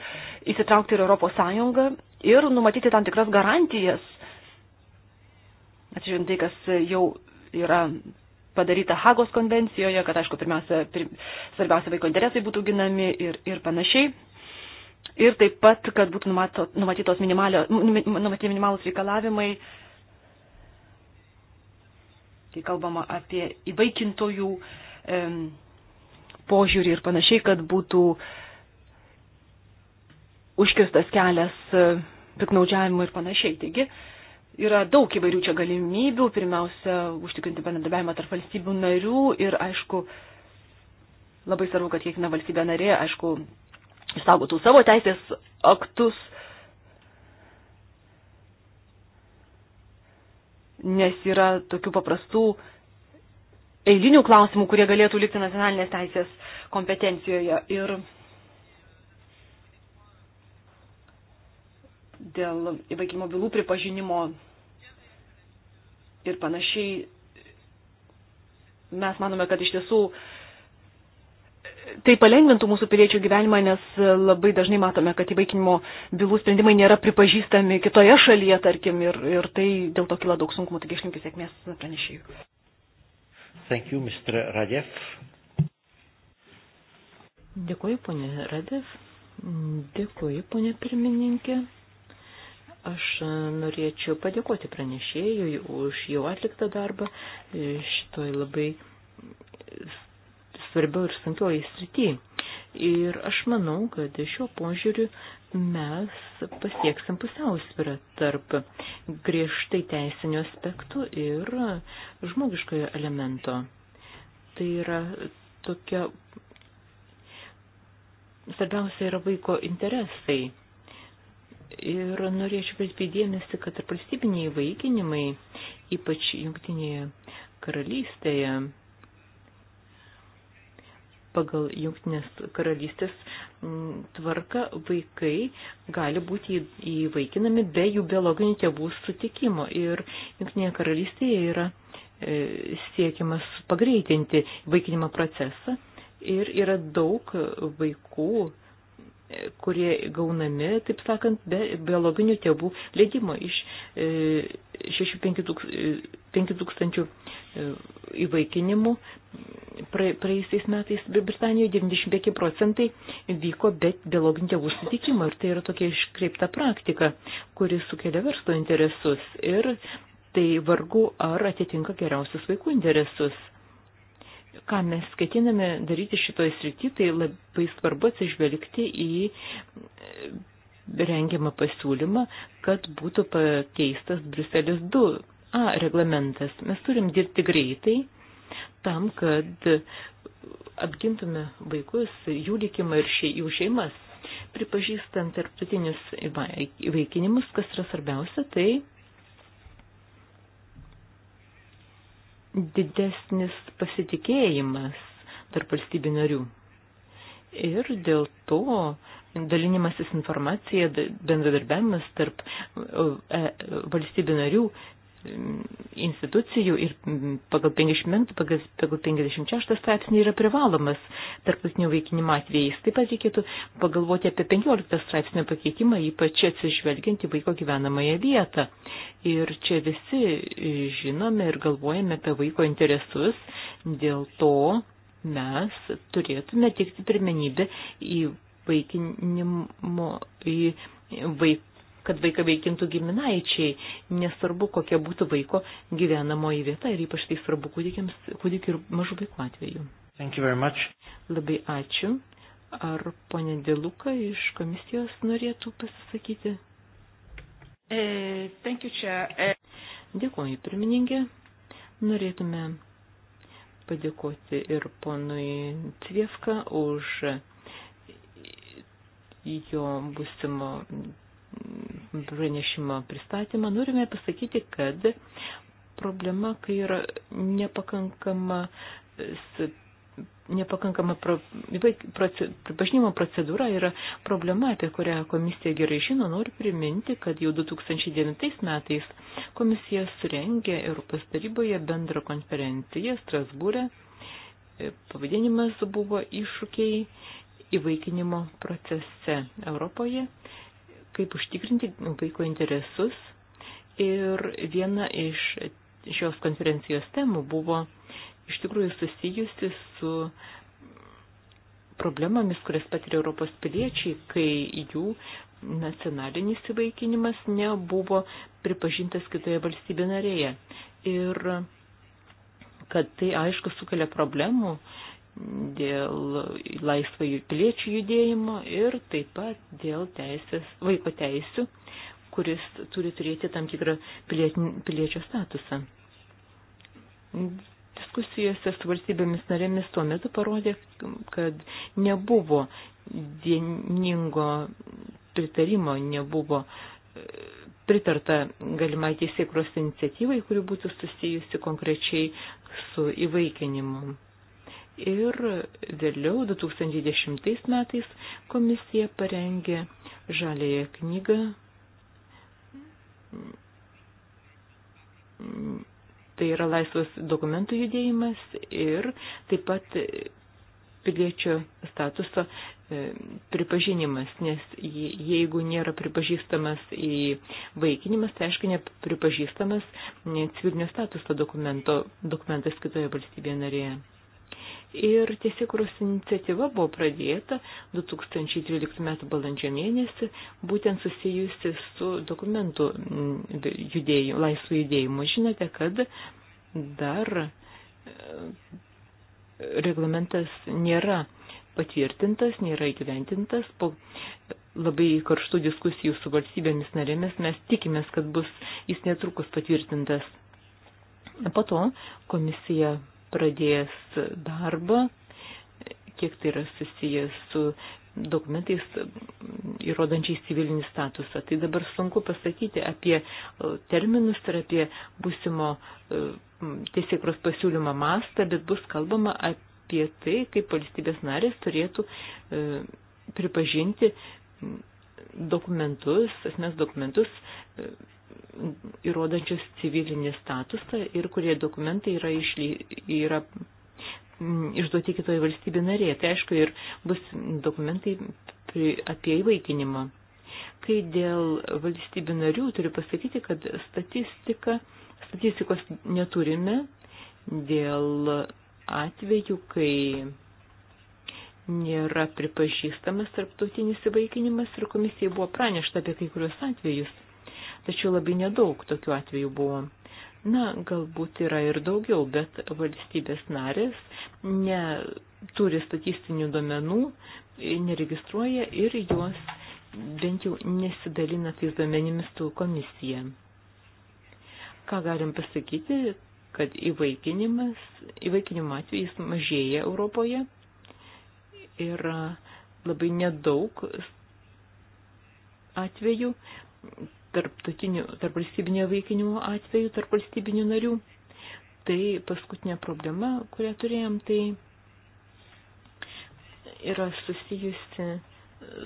įsitraukti ir Europos Sąjunga ir numatyti tam tikras garantijas, atsižiūrint tai, kas jau yra padaryta Hagos konvencijoje, kad, aišku, pirmiausia, pir, svarbiausia vaiko interesai būtų ginami ir, ir panašiai. Ir taip pat, kad būtų numato, numatytos nu, numatyti minimalus reikalavimai, kai kalbama apie įvaikintojų e, požiūrį ir panašiai, kad būtų užkirstas kelias e, piknaudžiavimui ir panašiai. Taigi, e, Yra daug įvairių čia galimybių, pirmiausia, užtikrinti bendradarbiavimą tarp valstybių narių ir, aišku, labai svarbu, kad kiekviena valstybė narė, aišku, išsaugotų savo teisės aktus, nes yra tokių paprastų eilinių klausimų, kurie galėtų likti nacionalinės teisės kompetencijoje. Ir dėl įvaikinimo bylų pripažinimo ir panašiai. Mes manome, kad iš tiesų tai palengvintų mūsų piliečių gyvenimą, nes labai dažnai matome, kad įvaikinimo bylų sprendimai nėra pripažįstami kitoje šalyje, tarkim, ir, ir tai dėl to kila daug sunkumų. Taigi aš linkiu sėkmės pranešėjų. Thank you, Mr. Radev. Dėkuoju, ponė Radev. Dėkuoju, ponė pirmininkė. Aš e, norėčiau padėkoti pranešėjui už jau atliktą darbą e, šitoj labai svarbiau ir sunkioj srity. Ir aš manau, kad šiuo požiūriu mes pasieksim pusiausvyrą tarp griežtai teisinio aspektų ir žmogiškojo elemento. Tai yra tokia. Svarbiausia yra vaiko interesai. Ir norėčiau pasbėdėmėsi, kad ir valstybiniai vaikinimai, ypač jungtinėje karalystėje, pagal jungtinės karalystės tvarka vaikai gali būti įvaikinami be jų biologinių tėvų sutikimo. Ir jungtinėje karalystėje yra e, siekiamas pagreitinti vaikinimo procesą ir yra daug vaikų kurie gaunami, taip sakant, be biologinių tėvų leidimo iš 6-5 e, e, tūkstančių e, įvaikinimų. Praėjusiais metais Britanijoje 95 procentai vyko be biologinių tėvų sutikimo ir tai yra tokia iškreipta praktika, kuri sukelia verslo interesus ir tai vargu ar atitinka geriausius vaikų interesus ką mes ketiname daryti šitoje srityje, tai labai svarbu atsižvelgti į e, rengiamą pasiūlymą, kad būtų pakeistas Bruselis 2A reglamentas. Mes turim dirbti greitai tam, kad apgintume vaikus, jų likimą ir šie, jų šeimas. Pripažįstant tarptautinius įvaikinimus, kas yra svarbiausia, tai didesnis pasitikėjimas tarp valstybių narių. Ir dėl to dalinimasis informacija, bendradarbiavimas tarp e, valstybių narių institucijų ir pagal 50, pagal, pagal 56 straipsnį yra privalomas tarptautinių vaikinimo atvejais. Taip pat reikėtų pagalvoti apie 15 straipsnio pakeitimą, ypač atsižvelgiant į vaiko gyvenamąją vietą. Ir čia visi žinome ir galvojame apie vaiko interesus, dėl to mes turėtume teikti pirmenybę į vaikinimo, į vaikų kad vaiką veikintų giminaičiai, nesvarbu, kokia būtų vaiko gyvenamoji vieta ir ypač tai svarbu kūdikių ir mažų vaikų atveju. Labai ačiū. Ar ponė Dėluka iš komisijos norėtų pasisakyti? E, e, Dėkuoju, pirmininkė. Norėtume padėkoti ir ponui Cvievka už jo būsimo pranešimo pristatymą, norime pasakyti, kad problema, kai yra nepakankama nepakankama pripažinimo procedūra yra problema, apie kurią komisija gerai žino. Noriu priminti, kad jau 2009 metais komisija surengė Europos taryboje bendrą konferenciją Strasbūrę. Pavadinimas buvo iššūkiai įvaikinimo procese Europoje kaip užtikrinti vaiko interesus. Ir viena iš šios konferencijos temų buvo iš tikrųjų susijusi su problemomis, kurias patiria Europos piliečiai, kai jų nacionalinis įvaikinimas nebuvo pripažintas kitoje valstybė narėje. Ir kad tai aišku sukelia problemų, uh, dėl laisvo piliečių judėjimo ir taip pat dėl teisės, vaiko teisų, kuris turi turėti tam tikrą piliečio statusą. Diskusijose su valstybėmis narėmis tuo metu parodė, kad nebuvo vieningo pritarimo, nebuvo e, pritarta galimai teisėkros iniciatyvai, kuri būtų susijusi konkrečiai su įvaikinimu ir vėliau 2010 metais komisija parengė žalėją knygą tai yra laisvas dokumentų judėjimas ir taip pat piliečio statuso e, pripažinimas, nes jeigu nėra pripažįstamas į vaikinimas, tai aišku, nepripažįstamas civilinio statuso dokumento, dokumentas kitoje valstybėje narėje ir tiesiekuros iniciatyva buvo pradėta 2013 m. balandžio mėnesį, būtent susijusi su dokumentų judėjimu, laisvų judėjimu. Žinote, kad dar e, reglamentas nėra patvirtintas, nėra įgyventintas. Po labai karštų diskusijų su valstybėmis narėmis mes tikimės, kad bus jis netrukus patvirtintas. Po to komisija pradės darbą, kiek tai yra susijęs su dokumentais įrodančiais civilinį statusą. Tai dabar sunku pasakyti apie e, terminus ir apie būsimo e, tiesiekros pasiūlymą mastą, bet bus kalbama apie tai, kaip valstybės narės turėtų e, pripažinti dokumentus, asmens dokumentus įrodančius civilinį statusą ir kurie dokumentai yra, išly, yra mm, išduoti kitoje valstybė narėje. Tai aišku, ir bus dokumentai apie įvaikinimą. Kai dėl valstybių narių turiu pasakyti, kad statistika, statistikos neturime dėl atvejų, kai nėra pripažįstamas tarptautinis įvaikinimas ir komisijai buvo pranešta apie kai kurios atvejus tačiau labai nedaug tokių atvejų buvo. Na, galbūt yra ir daugiau, bet valstybės narės neturi statistinių duomenų, neregistruoja ir jos bent jau nesidalina tais duomenimis su komisija. Ką galim pasakyti, kad įvaikinimas, įvaikinimo atvejais mažėja Europoje ir labai nedaug atvejų, tarptautinių, tarp valstybinio veikinimo atveju, tarp valstybinių narių. Tai paskutinė problema, kurią turėjom, tai yra susijusi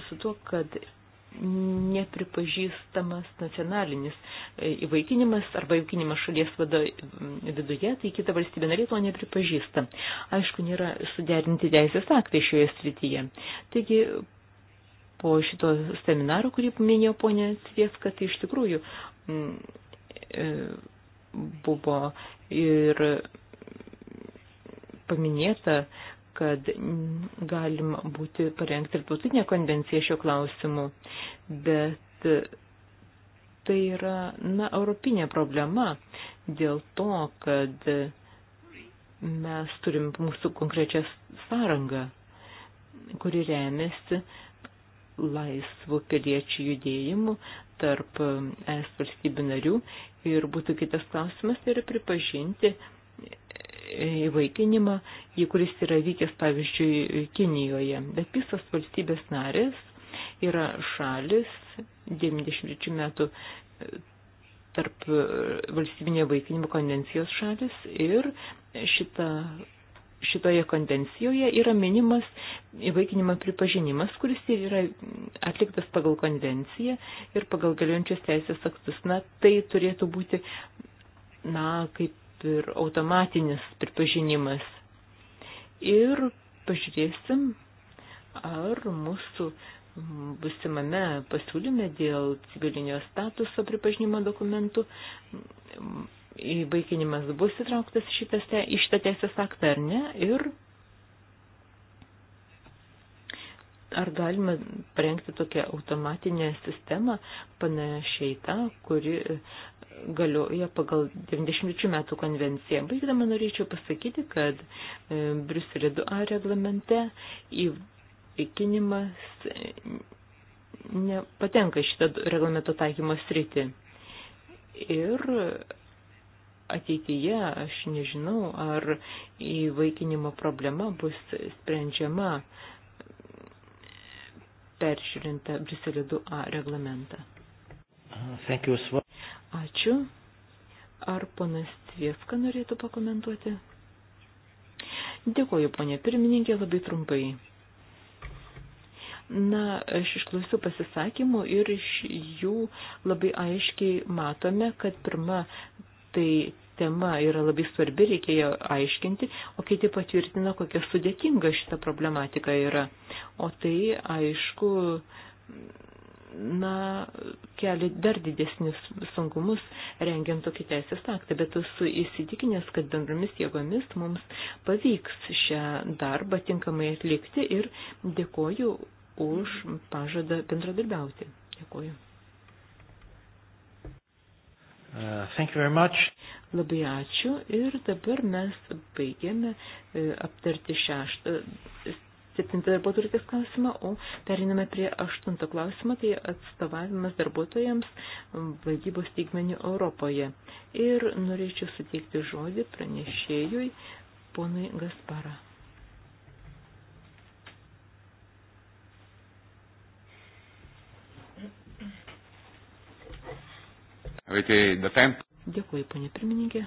su tuo, kad nepripažįstamas nacionalinis įvaikinimas arba įvaikinimas šalies vado, viduje, tai kita valstybė narė to nepripažįsta. Aišku, nėra suderinti teisės aktai šioje srityje. Taigi po šito seminaro, kurį minėjo ponė Svieska, tai iš tikrųjų mm, e, buvo ir paminėta, kad galima būti parengti ir tautinė konvencija šio klausimu, bet tai yra, na, europinė problema dėl to, kad mes turim mūsų konkrečią sąrangą, kuri remiasi laisvų piliečių judėjimų tarp es valstybių narių. Ir būtų kitas klausimas, tai yra pripažinti įvaikinimą, kuris yra vykęs, pavyzdžiui, Kinijoje. Bet visos valstybės narės yra šalis 93 metų tarp valstybinio vaikinimo konvencijos šalis ir šita šitoje konvencijoje yra minimas įvaikinimo pripažinimas, kuris ir yra atliktas pagal konvenciją ir pagal galiojančius teisės aktus. Na, tai turėtų būti, na, kaip ir automatinis pripažinimas. Ir pažiūrėsim, ar mūsų busimame pasiūlyme dėl civilinio statuso pripažinimo dokumentų įvaikinimas bus įtrauktas šitą, į šitą teisės aktą ar ne ir ar galime parengti tokią automatinę sistemą panašiai tą, kuri galioja pagal 90 metų konvenciją. Baigdama norėčiau pasakyti, kad e, Briuselė 2A reglamente įvaikinimas nepatenka šitą reglamento taikymo sritį. Ir ateityje aš nežinau, ar įvaikinimo problema bus sprendžiama peržiūrintą Briselio 2A reglamentą. Ačiū. Ar ponas Tvieska norėtų pakomentuoti? Dėkoju, ponė pirmininkė, labai trumpai. Na, aš išklausiu pasisakymų ir iš jų labai aiškiai matome, kad pirma tai tema yra labai svarbi, reikia ją aiškinti, o kiti patvirtina, kokia sudėtinga šita problematika yra. O tai, aišku, na, kelia dar didesnius sunkumus rengiant tokį teisės aktą, bet esu įsitikinęs, kad bendromis jėgomis mums pavyks šią darbą tinkamai atlikti ir dėkoju už pažadą bendradarbiauti. Dėkoju. Uh, thank you very much. Labai ačiū ir dabar mes baigėme e, aptarti šeštą, e, septintą darbuotojų klausimą, o periname prie aštuntą klausimą, tai atstovavimas darbuotojams valdybos teigmenių Europoje. Ir norėčiau suteikti žodį pranešėjui ponui Gasparą. Dėkuoju, panė pirmininkė.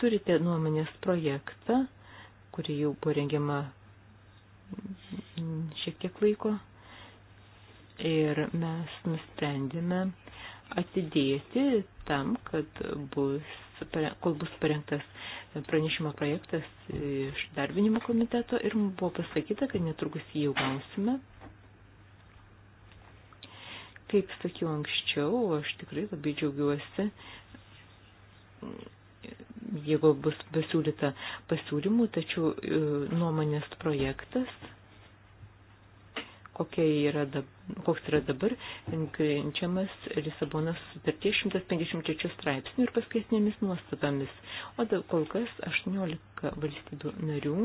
Turite nuomonės projektą, kuri jau buvo rengiama šiek tiek laiko ir mes nusprendėme atidėti tam, kad bus, kol bus parengtas pranešimo projektas iš darbinimo komiteto ir buvo pasakyta, kad netrukus jį jau gausime. Kaip sakiau anksčiau, aš tikrai labai džiaugiuosi, jeigu bus pasiūlyta pasiūlymų, tačiau e, nuomonės projektas, yra dab, koks yra dabar, kenčiamas Lisabonos sutarties 153 straipsnių ir paskaitinėmis nuostatomis, o kol kas 18 valstybių narių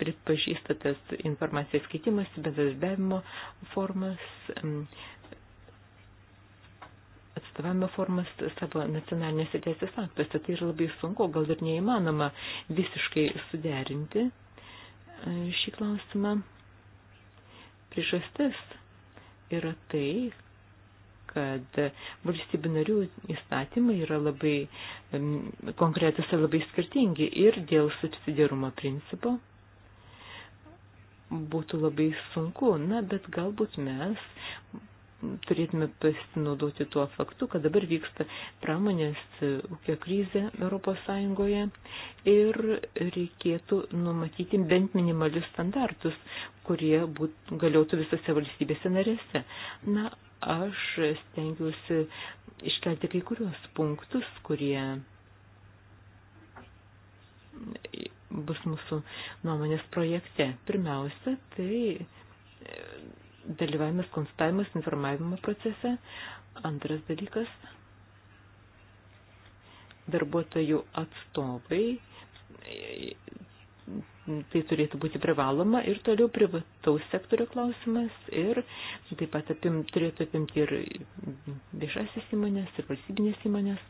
pripažįsta tas informacijos keitimas, bendradarbiavimo formas, mm, atstovavimo formas savo nacionalinėse teisės aktuose. Tai yra labai sunku, gal ir neįmanoma visiškai suderinti e, šį klausimą. Priežastis yra tai, kad valstybių narių įstatymai yra labai konkretus ir labai skirtingi ir dėl subsidiarumo principo būtų labai sunku, na, bet galbūt mes turėtume pasinaudoti tuo faktu, kad dabar vyksta pramonės ūkio krizė Europos Sąjungoje ir reikėtų numatyti bent minimalius standartus, kurie būt, galiotų visose valstybėse narėse. Na, aš stengiuosi iškelti kai kurios punktus, kurie bus mūsų nuomonės projekte. Pirmiausia, tai e, dalyvavimas, konstatavimas, informavimo procese. Antras dalykas - darbuotojų atstovai tai turėtų būti privaloma ir toliau privataus sektorio klausimas ir taip pat apim, turėtų apimti ir viešasis įmonės, ir valstybinės įmonės.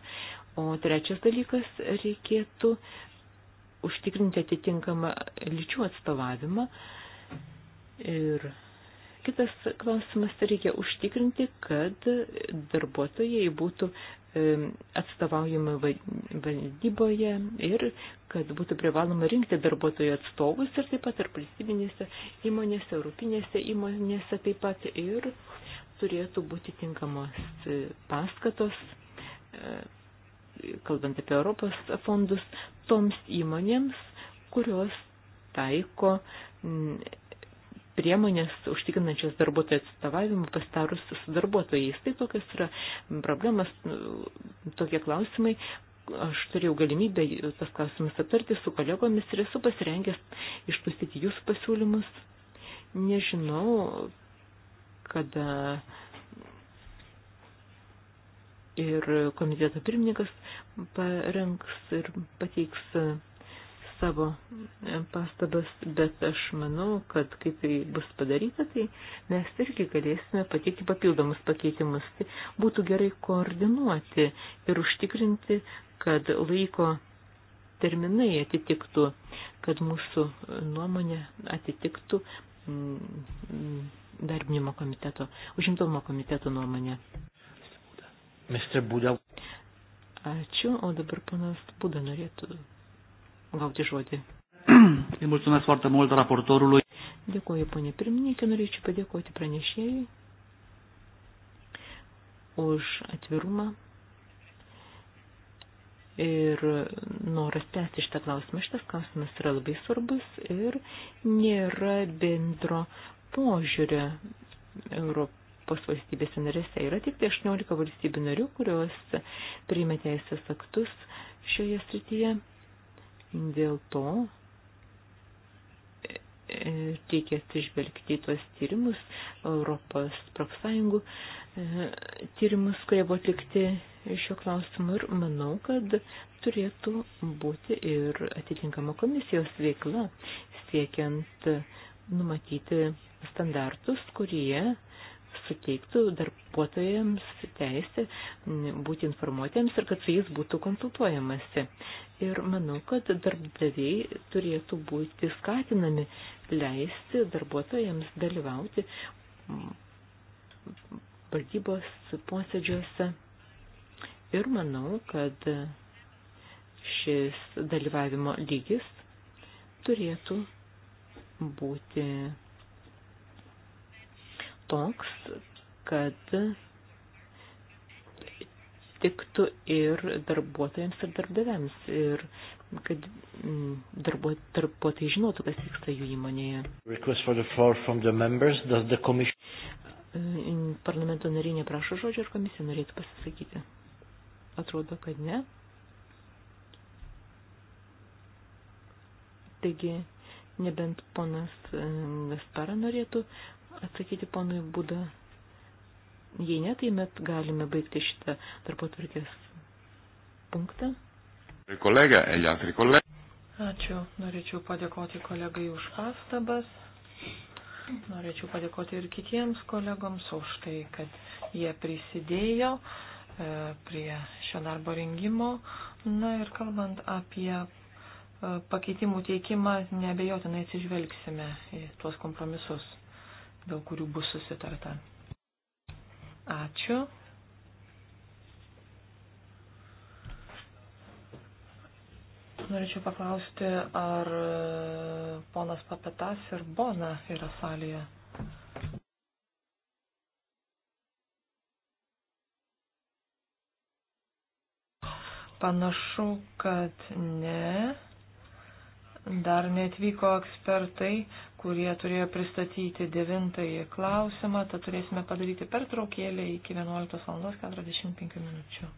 O trečias dalykas reikėtų užtikrinti atitinkamą lyčių atstovavimą. Ir kitas klausimas, tai reikia užtikrinti, kad darbuotojai būtų atstovaujama valdyboje ir kad būtų privaloma rinkti darbuotojų atstovus ir taip pat ir valstybinėse įmonėse, europinėse įmonėse taip pat ir turėtų būti tinkamos e, paskatos, e, kalbant apie Europos fondus, toms įmonėms, kurios taiko priemonės užtikrinančios darbuotojų atstovavimą pastarus su darbuotojais. Tai tokios yra problemas, tokie klausimai. Aš turėjau galimybę tas klausimas aptarti su kolegomis ir esu pasirengęs išpustyti jūsų pasiūlymus. Nežinau, kada ir komiteto pirmininkas parengs ir pateiks savo e, pastabas, bet aš manau, kad kaip tai bus padaryta, tai mes irgi galėsime pateikti papildomus pakeitimus. Tai būtų gerai koordinuoti ir užtikrinti, kad laiko terminai atitiktų, kad mūsų nuomonė atitiktų mm, darbinimo komiteto, užimtumo komiteto nuomonė. Mr. Buda. Ačiū, o dabar panas Buda norėtų gauti žodį. [CLEARS THROAT] Îi mulțumesc foarte mult raportorului. Dėkuoju, ponė pirmininkė, norėčiau padėkoti pranešėjai už atvirumą ir noras tęsti šitą klausimą. Šitas klausimas yra labai svarbus ir nėra bendro požiūrio Europos Europos valstybėse narėse. Yra tik 18 tai valstybių narių, kurios priimė teisės aktus šioje srityje. Dėl to e, reikia atsižvelgti į tuos tyrimus, Europos profsąjungų e, tyrimus, kurie buvo atlikti šio klausimu ir manau, kad turėtų būti ir atitinkama komisijos veikla, siekiant numatyti standartus, kurie suteiktų darbuotojams teisę būti informuotėms ir kad su jais būtų konsultuojamasi. Ir manau, kad darbdaviai turėtų būti skatinami leisti darbuotojams dalyvauti valdybos posėdžiuose. Ir manau, kad šis dalyvavimo lygis turėtų būti toks, kad tiktų ir darbuotojams ir darbdaviams ir kad mm, darbu, darbuotojai žinotų, kas vyksta jų įmonėje. Members, commission... E, parlamento nariai neprašo žodžio ir komisija norėtų pasisakyti. Atrodo, kad ne. Taigi, nebent ponas e, Gaspara norėtų atsakyti ponui Būdą. Jei ne, tai met galime baigti šitą darbo tvarkės punktą. Kolega, Eliatri kolega. Ačiū. Norėčiau padėkoti kolegai už pastabas. Norėčiau padėkoti ir kitiems kolegoms už tai, kad jie prisidėjo e, prie šio darbo rengimo. Na ir kalbant apie e, pakeitimų teikimą, nebejotinai atsižvelgsime į tuos kompromisus dėl kurių bus susitarta. Ačiū. Norėčiau paklausti, ar e, ponas Papetas ir Bona yra salėje. Panašu, kad ne. Dar netvyko ekspertai, kurie turėjo pristatyti devintąjį klausimą, tad turėsime padaryti pertraukėlę iki 11.45 minučių.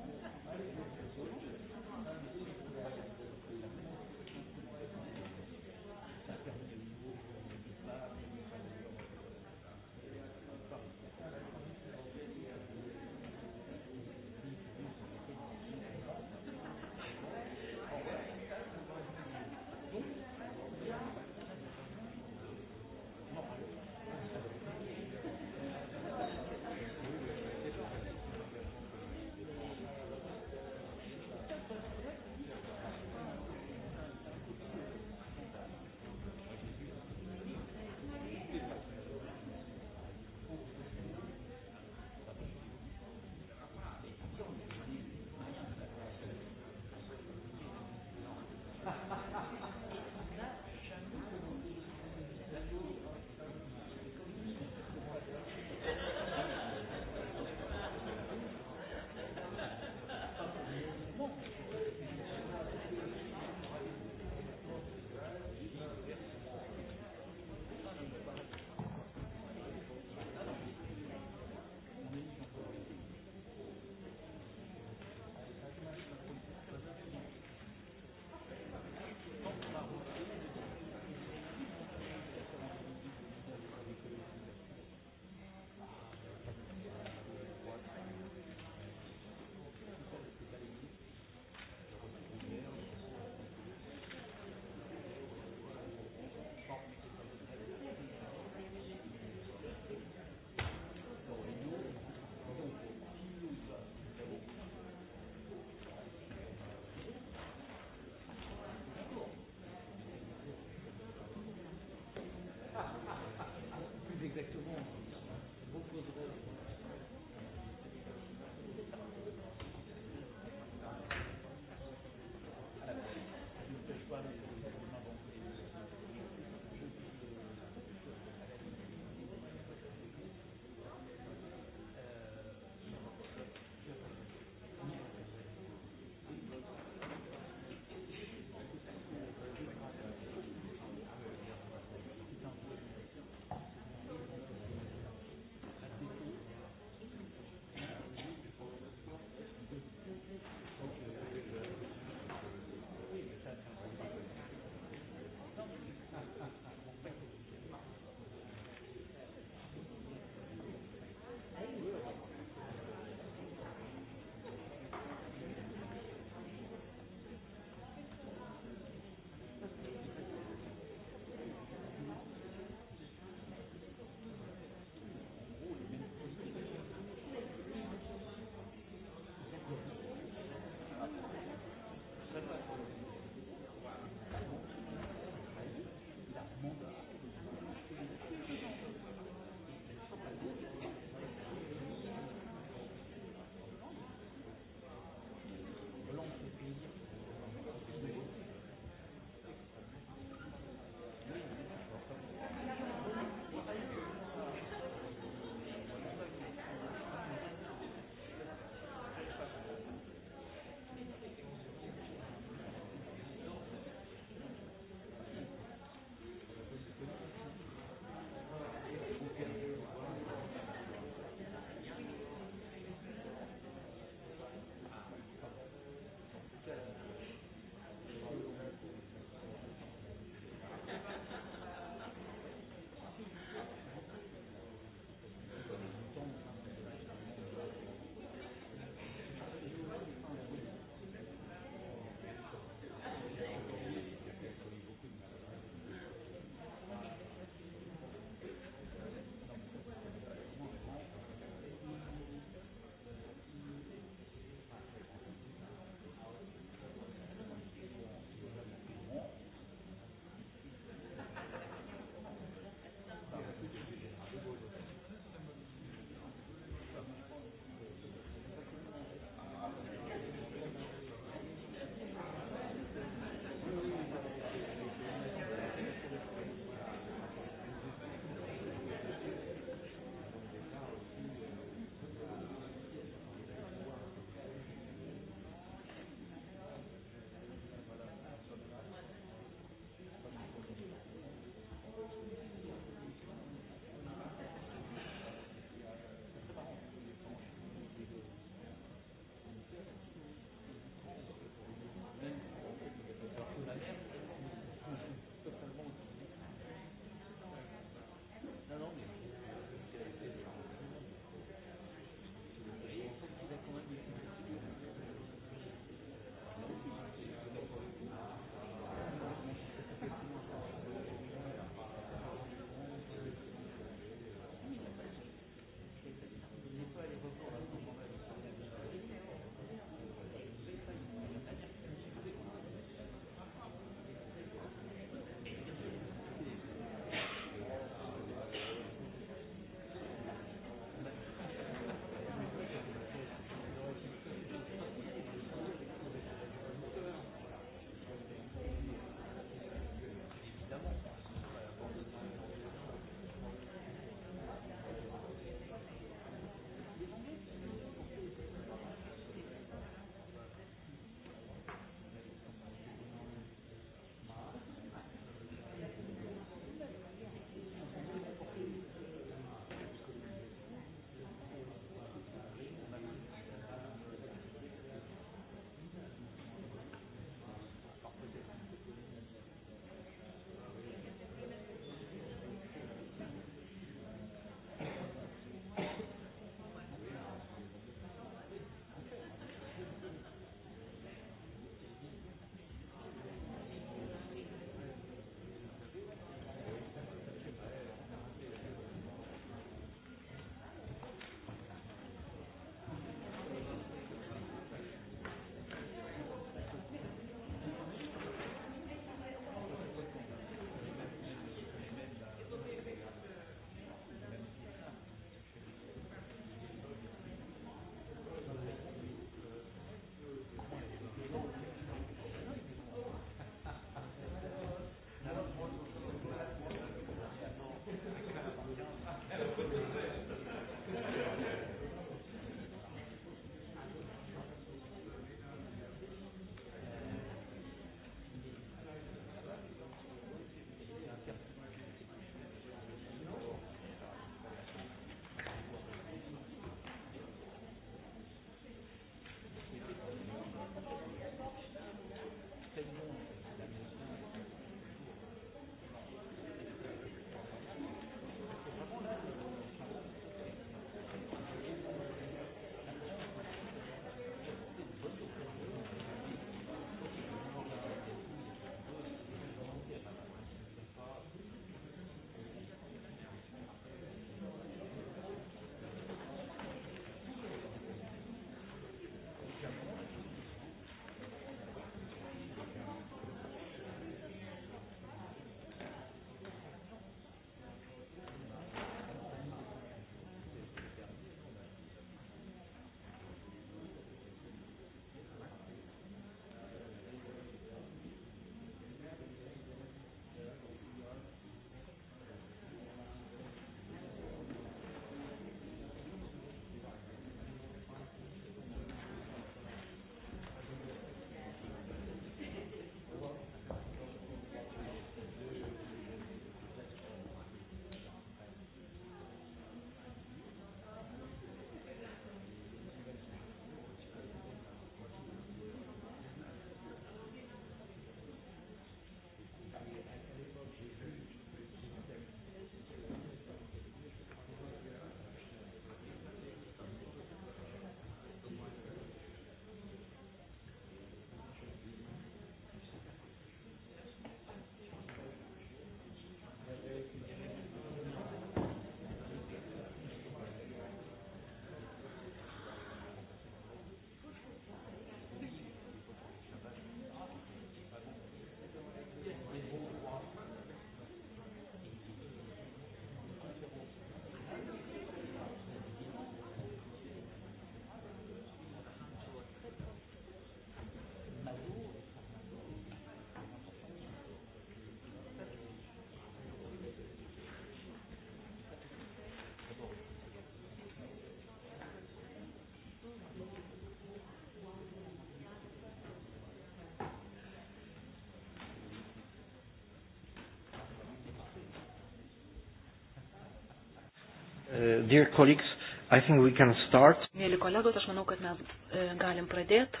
Uh, dear colleagues, I think we can start. Mėly kolegos, aš manau, kad mes e, galim pradėti.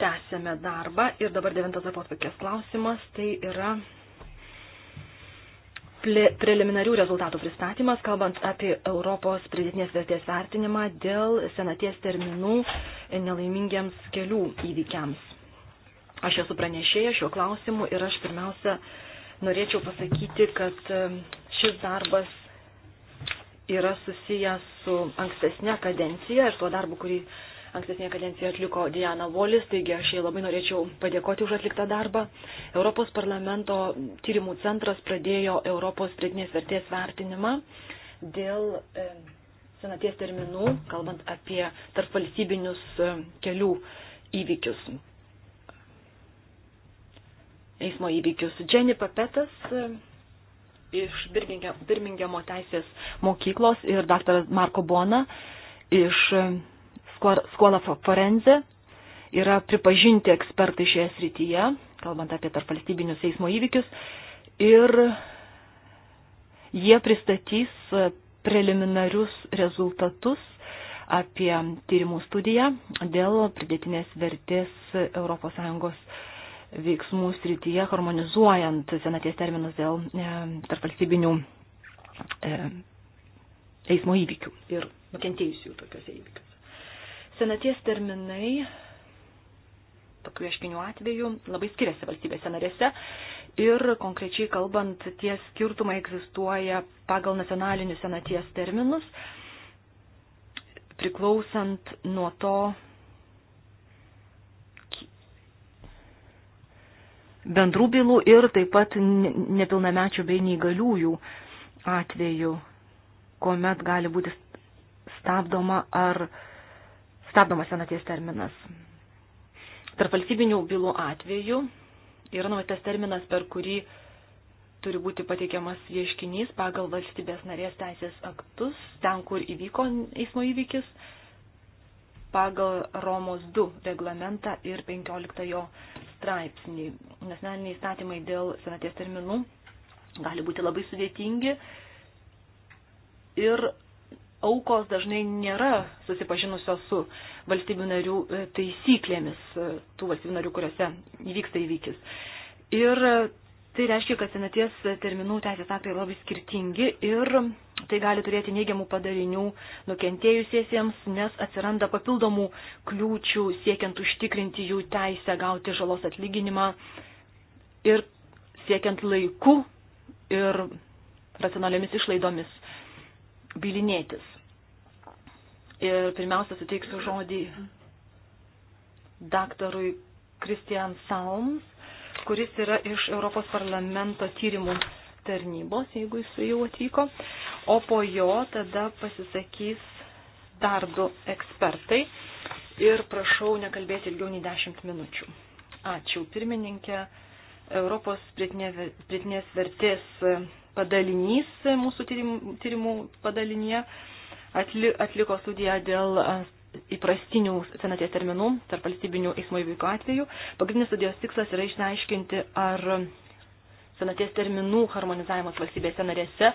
Tęsėme darbą ir dabar devintas apotvekės klausimas, tai yra preliminarių rezultatų pristatymas, kalbant apie Europos pridėtinės vertės vertinimą dėl senaties terminų nelaimingiams kelių įvykiams. Aš esu pranešėja šiuo klausimu ir aš pirmiausia norėčiau pasakyti, kad e, šis darbas yra susijęs su ankstesnė kadencija ir tuo darbu, kurį ankstesnėje kadencijoje atliko Diana Volis, taigi aš jai labai norėčiau padėkoti už atliktą darbą. Europos parlamento tyrimų centras pradėjo Europos pridinės vertės vertinimą dėl e, senaties terminų, kalbant apie tarp valstybinius e, kelių įvykius. Eismo įvykius. Jenny Papetas e, iš Birmingemo teisės mokyklos ir daktaras Marko Bona iš e, Skola Forenze yra pripažinti ekspertai šioje srityje, kalbant apie tarpvalstybinius eismo įvykius, ir jie pristatys e, preliminarius rezultatus apie tyrimų studiją dėl pridėtinės vertės ES veiksmų srityje, harmonizuojant senaties terminus dėl e, tarpvalstybinių e, eismo įvykių ir nukentėjusių tokiuose įvykiuose. Senaties terminai tokių ieškinių atveju labai skiriasi valstybėse narėse ir konkrečiai kalbant, tie skirtumai egzistuoja pagal nacionalinius senaties terminus, priklausant nuo to, bendrų bylų ir taip pat nepilnamečių bei neįgaliųjų atveju, kuomet gali būti stabdoma ar stabdomas senaties terminas. Tarp valstybinių bylų atveju yra numatytas terminas, per kurį turi būti pateikiamas ieškinys pagal valstybės narės teisės aktus, ten, kur įvyko eismo įvykis, pagal Romos 2 reglamentą ir 15 jo straipsnį. Nacionaliniai įstatymai dėl senaties terminų gali būti labai sudėtingi ir aukos dažnai nėra susipažinusios su valstybių narių e, taisyklėmis, e, tų valstybių narių, kuriuose įvyksta įvykis. Ir tai reiškia, kad senaties terminų teisės aktai labai skirtingi ir Tai gali turėti neigiamų padarinių nukentėjusiesiems, nes atsiranda papildomų kliūčių siekiant užtikrinti jų teisę gauti žalos atlyginimą ir siekiant laiku ir racionaliomis išlaidomis bylinėtis. Ir pirmiausia, suteiksiu žodį daktarui Kristian Salms, kuris yra iš Europos parlamento tyrimų tarnybos, jeigu jis jau atvyko o po jo tada pasisakys dar du ekspertai ir prašau nekalbėti ilgiau nei 10 minučių. Ačiū, pirmininkė. Europos pritinės vertės padalinys mūsų tyrimų, tyrimų padalinyje atliko studiją dėl įprastinių senaties terminų tarp valstybinių eismo įvykių atveju. Pagrindinis studijos tikslas yra išsiaiškinti, ar senaties terminų harmonizavimas valstybėse narėse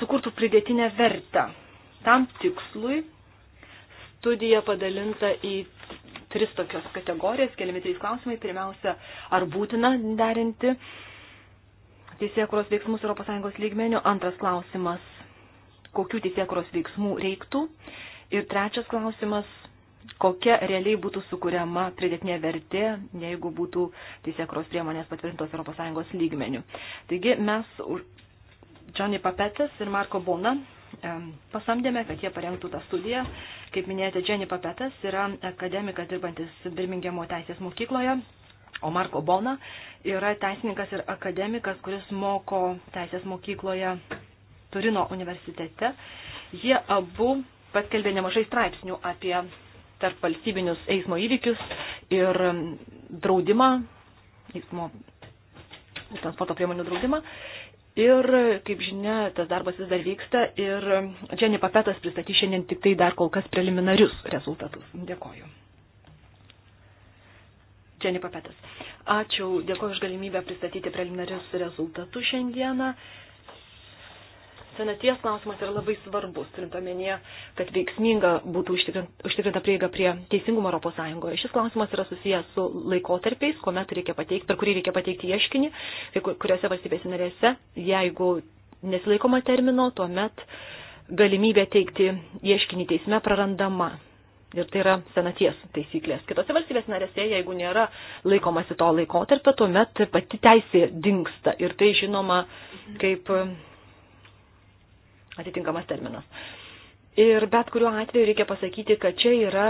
sukurtų pridėtinę vertę. Tam tikslui studija padalinta į tris tokias kategorijas, keliami trys klausimai. Pirmiausia, ar būtina derinti teisėkuros veiksmus ES lygmenių. Antras klausimas, kokių teisėkuros veiksmų reiktų. Ir trečias klausimas, kokia realiai būtų sukūriama pridėtinė vertė, jeigu būtų teisėkuros priemonės patvirtintos ES lygmenių. Taigi mes Johnny Papetis ir Marko Bona pasamdėme, kad jie parengtų tą studiją. Kaip minėjote, Jenny Papetas yra akademikas dirbantis Birmingemo teisės mokykloje, o Marko Bona yra teisininkas ir akademikas, kuris moko teisės mokykloje Turino universitete. Jie abu paskelbė nemažai straipsnių apie tarp valstybinius eismo įvykius ir draudimą, eismo transporto priemonių draudimą. Ir, kaip žinia, tas darbas vis dar vyksta ir Dženė Papetas pristatys šiandien tik tai dar kol kas preliminarius rezultatus. Dėkoju. Dženė Papetas. Ačiū, dėkoju už galimybę pristatyti preliminarius rezultatus šiandieną senaties klausimas yra labai svarbus, turint omenyje, kad veiksminga būtų užtikrinta prieiga prie teisingumo Europos Sąjungoje. Šis klausimas yra susijęs su laikotarpiais, kuomet reikia pateikti, per kurį reikia pateikti ieškinį, kuriuose valstybėse narėse, jeigu nesilaikoma termino, tuomet galimybė teikti ieškinį teisme prarandama. Ir tai yra senaties taisyklės. Kitose valstybės narėse, jeigu nėra laikomasi to laikotarpio, tuomet pati teisė dinksta. Ir tai žinoma kaip atitinkamas terminas. Ir bet kuriuo atveju reikia pasakyti, kad čia yra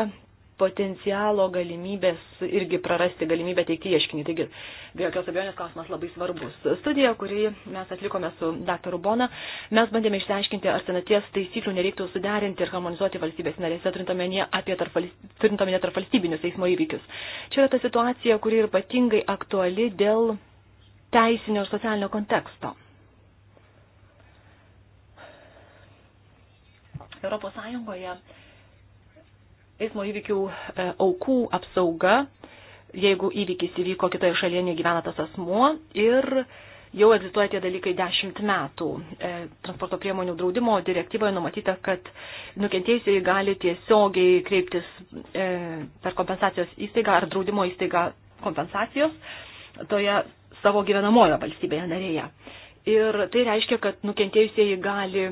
potencialo galimybės irgi prarasti galimybę teikti ieškinį. Taigi, be jokios abejonės klausimas labai svarbus. Studija, kurį mes atlikome su dr. Bona, mes bandėme išsiaiškinti, ar senaties taisyklių nereiktų suderinti ir harmonizuoti valstybės narėse, turint omenyje tarp, tarp valstybinius eismo įvykius. Čia yra ta situacija, kuri ir ypatingai aktuali dėl teisinio ir socialinio konteksto. Europos Sąjungoje eismo įvykių e, aukų apsauga, jeigu įvykis įvyko kitoje šalyje, negyvena tas asmuo ir jau egzistuoja tie dalykai dešimt metų. E, transporto priemonių draudimo direktyvoje numatyta, kad nukentėjusiai gali tiesiogiai kreiptis e, per kompensacijos įstaigą ar draudimo įstaigą kompensacijos toje savo gyvenamojo valstybėje narėje. Ir tai reiškia, kad nukentėjusieji gali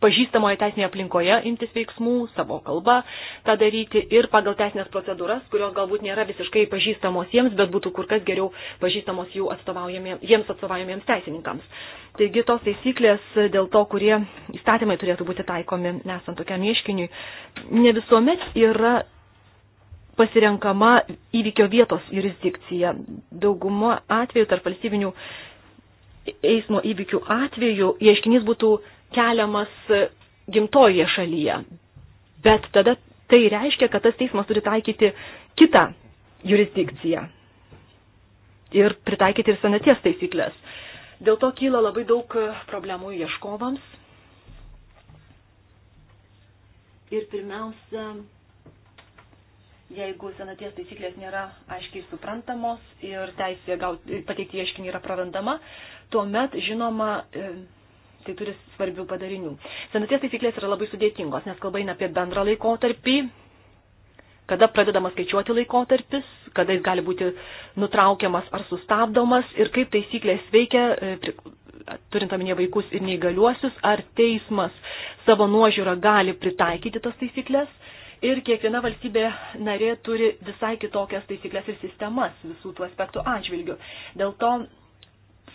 pažįstamoje teisinėje aplinkoje imtis veiksmų, savo kalbą tą daryti ir pagal teisinės procedūras, kurios galbūt nėra visiškai pažįstamos jiems, bet būtų kur kas geriau pažįstamos jų atstovaujamiems, jiems atstovaujamiems teisininkams. Taigi tos taisyklės dėl to, kurie įstatymai turėtų būti taikomi, nesant tokiam ieškiniui, ne visuomet yra pasirenkama įvykio vietos jurisdikcija. Daugumo atveju tarp valstybinių eismo įvykių atveju ieškinys būtų keliamas e, gimtoje šalyje. Bet tada tai reiškia, kad tas teismas turi taikyti kitą jurisdikciją ir pritaikyti ir senaties taisyklės. Dėl to kyla labai daug e, problemų ieškovams. Ir pirmiausia, jeigu senaties taisyklės nėra aiškiai suprantamos ir teisė gauti, pateikti ieškinį yra prarandama, tuomet, žinoma, e, tai turi svarbių padarinių. Senaties taisyklės yra labai sudėtingos, nes kalba eina apie bendrą laikotarpį, kada pradedama skaičiuoti laikotarpis, kada jis gali būti nutraukiamas ar sustabdomas ir kaip taisyklės veikia, e, turint omenyje vaikus ir neįgaliuosius, ar teismas savo nuožiūrą gali pritaikyti tas taisyklės. Ir kiekviena valstybė narė turi visai kitokias taisyklės ir sistemas visų tų aspektų atžvilgių. Dėl to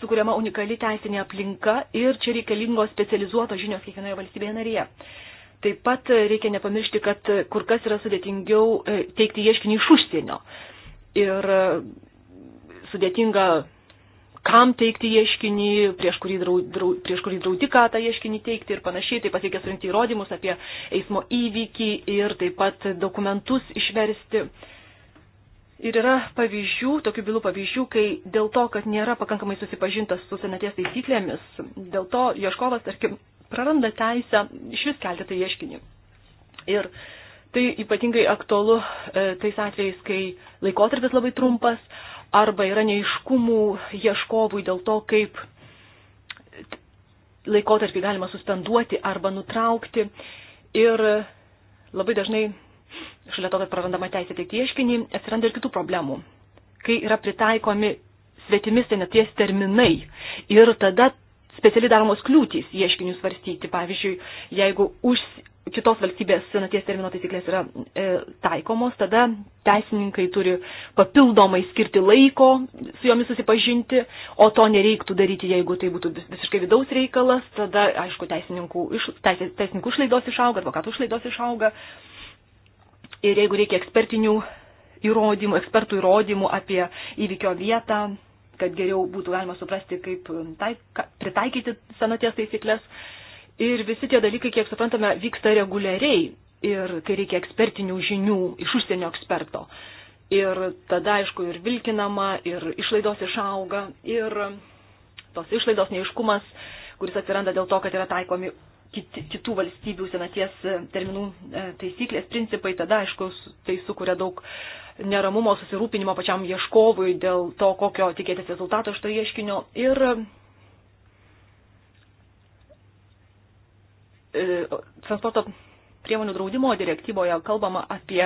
sukūriama unikali teisinė aplinka ir čia reikalingos specializuotos žinios kiekvienoje valstybėje narėje. Taip pat e, reikia nepamiršti, kad e, kur kas yra sudėtingiau e, teikti ieškinį iš užsienio. Ir sudėtinga, kam teikti ieškinį, prieš kurį, draud, prieš kurį draudiką tą ieškinį teikti ir panašiai. Taip pat reikia surinkti įrodymus apie eismo įvykį ir taip pat dokumentus išversti. Uh, Ir yra pavyzdžių, tokių bylų pavyzdžių, kai dėl to, kad nėra pakankamai susipažintas su senaties taisyklėmis, dėl to ieškovas, tarkim, praranda teisę iš vis kelti tai ieškinį. Ir tai ypatingai aktualu e, tais atvejais, kai laikotarpis labai trumpas arba yra neiškumų ieškovui dėl to, kaip laikotarpį galima suspenduoti arba nutraukti. Ir labai dažnai šalia to, kad prarandama teisė teikti ieškinį, atsiranda ir kitų problemų. Kai yra pritaikomi svetimis senaties terminai ir tada specialiai daromos kliūtys ieškinius svarstyti. Pavyzdžiui, jeigu už kitos valstybės senaties termino taisyklės yra e, taikomos, tada teisininkai turi papildomai skirti laiko su jomis susipažinti, o to nereiktų daryti, jeigu tai būtų visiškai vidaus reikalas, tada, aišku, teisininkų, iš, teisės, teisininkų išlaidos išauga, advokatų išlaidos išauga. E, ir jeigu reikia ekspertinių įrodymų, ekspertų įrodymų apie įvykio vietą, kad geriau būtų galima suprasti, kaip um, taik, pritaikyti senaties taisyklės. Ir visi tie dalykai, kiek suprantame, vyksta reguliariai ir kai reikia ekspertinių žinių iš užsienio eksperto. Ir tada, aišku, ir vilkinama, ir išlaidos išauga, ir um, tos išlaidos neiškumas, kuris atsiranda dėl to, kad yra taikomi kit, kitų valstybių senaties e, terminų e, taisyklės principai, tada, aišku, tai sukuria daug neramumo, susirūpinimo pačiam ieškovui dėl to, kokio tikėtis rezultato iš to ieškinio. Ir e, transporto priemonių draudimo direktyvoje kalbama apie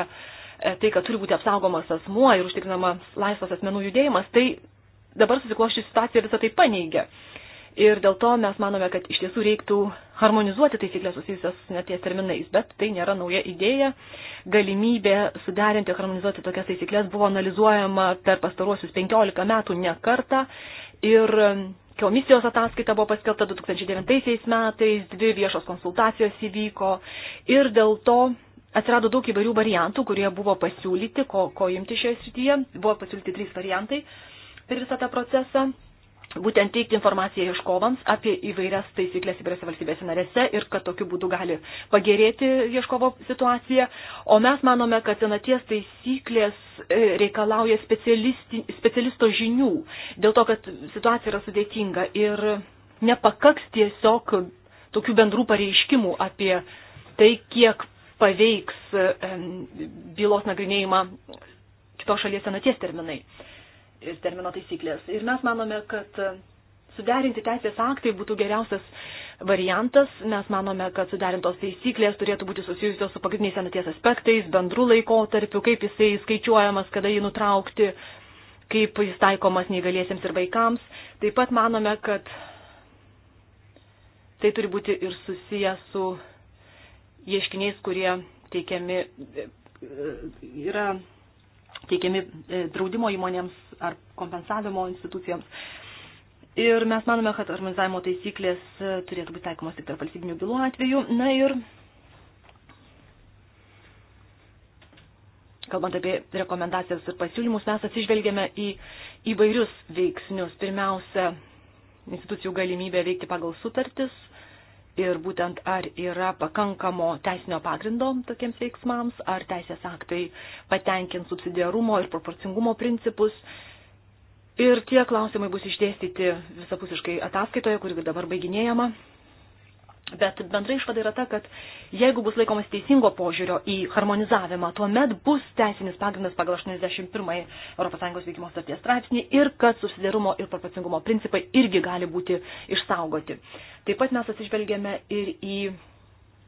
tai, kad turi būti apsaugomas asmuo ir užtikrinamas laisvas asmenų judėjimas, tai dabar susikloščių situacija visą tai paneigia. Ir dėl to mes manome, kad iš tiesų reiktų harmonizuoti taisyklės susijusios neties terminais, bet tai nėra nauja idėja. Galimybė suderinti, harmonizuoti tokias taisyklės buvo analizuojama per pastaruosius 15 metų ne kartą. Ir um, komisijos ataskaita buvo paskelbta 2009 metais, dvi viešos konsultacijos įvyko ir dėl to atsirado daug įvairių variantų, kurie buvo pasiūlyti, ko, ko imti šioje srityje. Buvo pasiūlyti trys variantai per visą tą procesą būtent teikti informaciją ieškovams apie įvairias taisyklės įvairiose valstybėse narėse ir kad tokiu būdu gali pagerėti ieškovo situacija. O mes manome, kad senaties taisyklės e, reikalauja specialisto žinių, dėl to, kad situacija yra sudėtinga ir nepakaks tiesiog tokių bendrų pareiškimų apie tai, kiek paveiks bylos nagrinėjimą kitos šalies senaties terminai ir termino taisyklės. Ir mes manome, kad suderinti teisės aktai būtų geriausias variantas. Mes manome, kad suderintos taisyklės turėtų būti susijusios su pagrindiniais senaties aspektais, bendru laikotarpiu, kaip jisai skaičiuojamas, kada jį nutraukti, kaip jis taikomas neįgaliesiems ir vaikams. Taip pat manome, kad tai turi būti ir susiję su ieškiniais, kurie teikiami yra teikiami e, draudimo įmonėms ar kompensavimo institucijoms. Ir mes manome, kad harmonizavimo taisyklės e, turėtų būti taikomos tik tarp valstybinių bylų atveju. Na ir kalbant apie rekomendacijas ir pasiūlymus, mes atsižvelgiame į įvairius veiksnius. Pirmiausia, institucijų galimybę veikti pagal sutartis, ir būtent ar yra pakankamo teisinio pagrindo tokiems veiksmams, ar teisės aktai patenkins subsidiarumo ir proporcingumo principus. Ir tie klausimai bus išdėstyti visapusiškai ataskaitoje, kuri dabar baiginėjama. Bet bendra išvada yra ta, kad jeigu bus laikomas teisingo požiūrio į harmonizavimą, tuomet bus teisinis pagrindas pagal 81 ES veikimo starties straipsnį ir kad susidarumo ir proporcingumo principai irgi gali būti išsaugoti. Taip pat mes atsižvelgėme ir į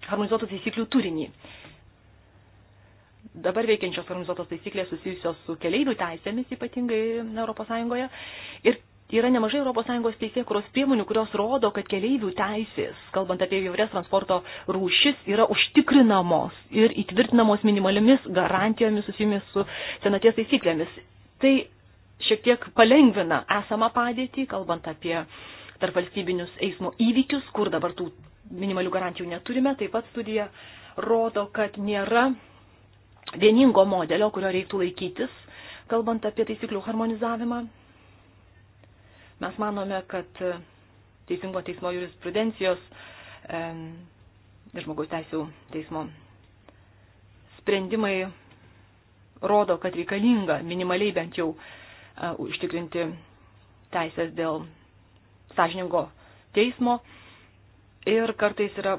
harmonizuotų taisyklių turinį. Dabar veikiančios harmonizuotos taisyklės susijusios su keleivių teisėmis ypatingai ES ir Tai yra nemažai ES teisėkuros priemonių, kurios rodo, kad keleivių teisės, kalbant apie įvairias transporto rūšis, yra užtikrinamos ir įtvirtinamos minimaliomis garantijomis susijomis su senaties taisyklėmis. Tai šiek tiek palengvina esamą padėtį, kalbant apie tarp valstybinius eismo įvykius, kur dabar tų minimalių garantijų neturime. Taip pat studija rodo, kad nėra vieningo modelio, kurio reiktų laikytis, kalbant apie taisyklių harmonizavimą Mes manome, kad e, Teisingo teismo jurisprudencijos e, ir žmogaus teisų teismo sprendimai rodo, kad reikalinga minimaliai bent jau e, užtikrinti teisės dėl sąžiningo teismo ir kartais yra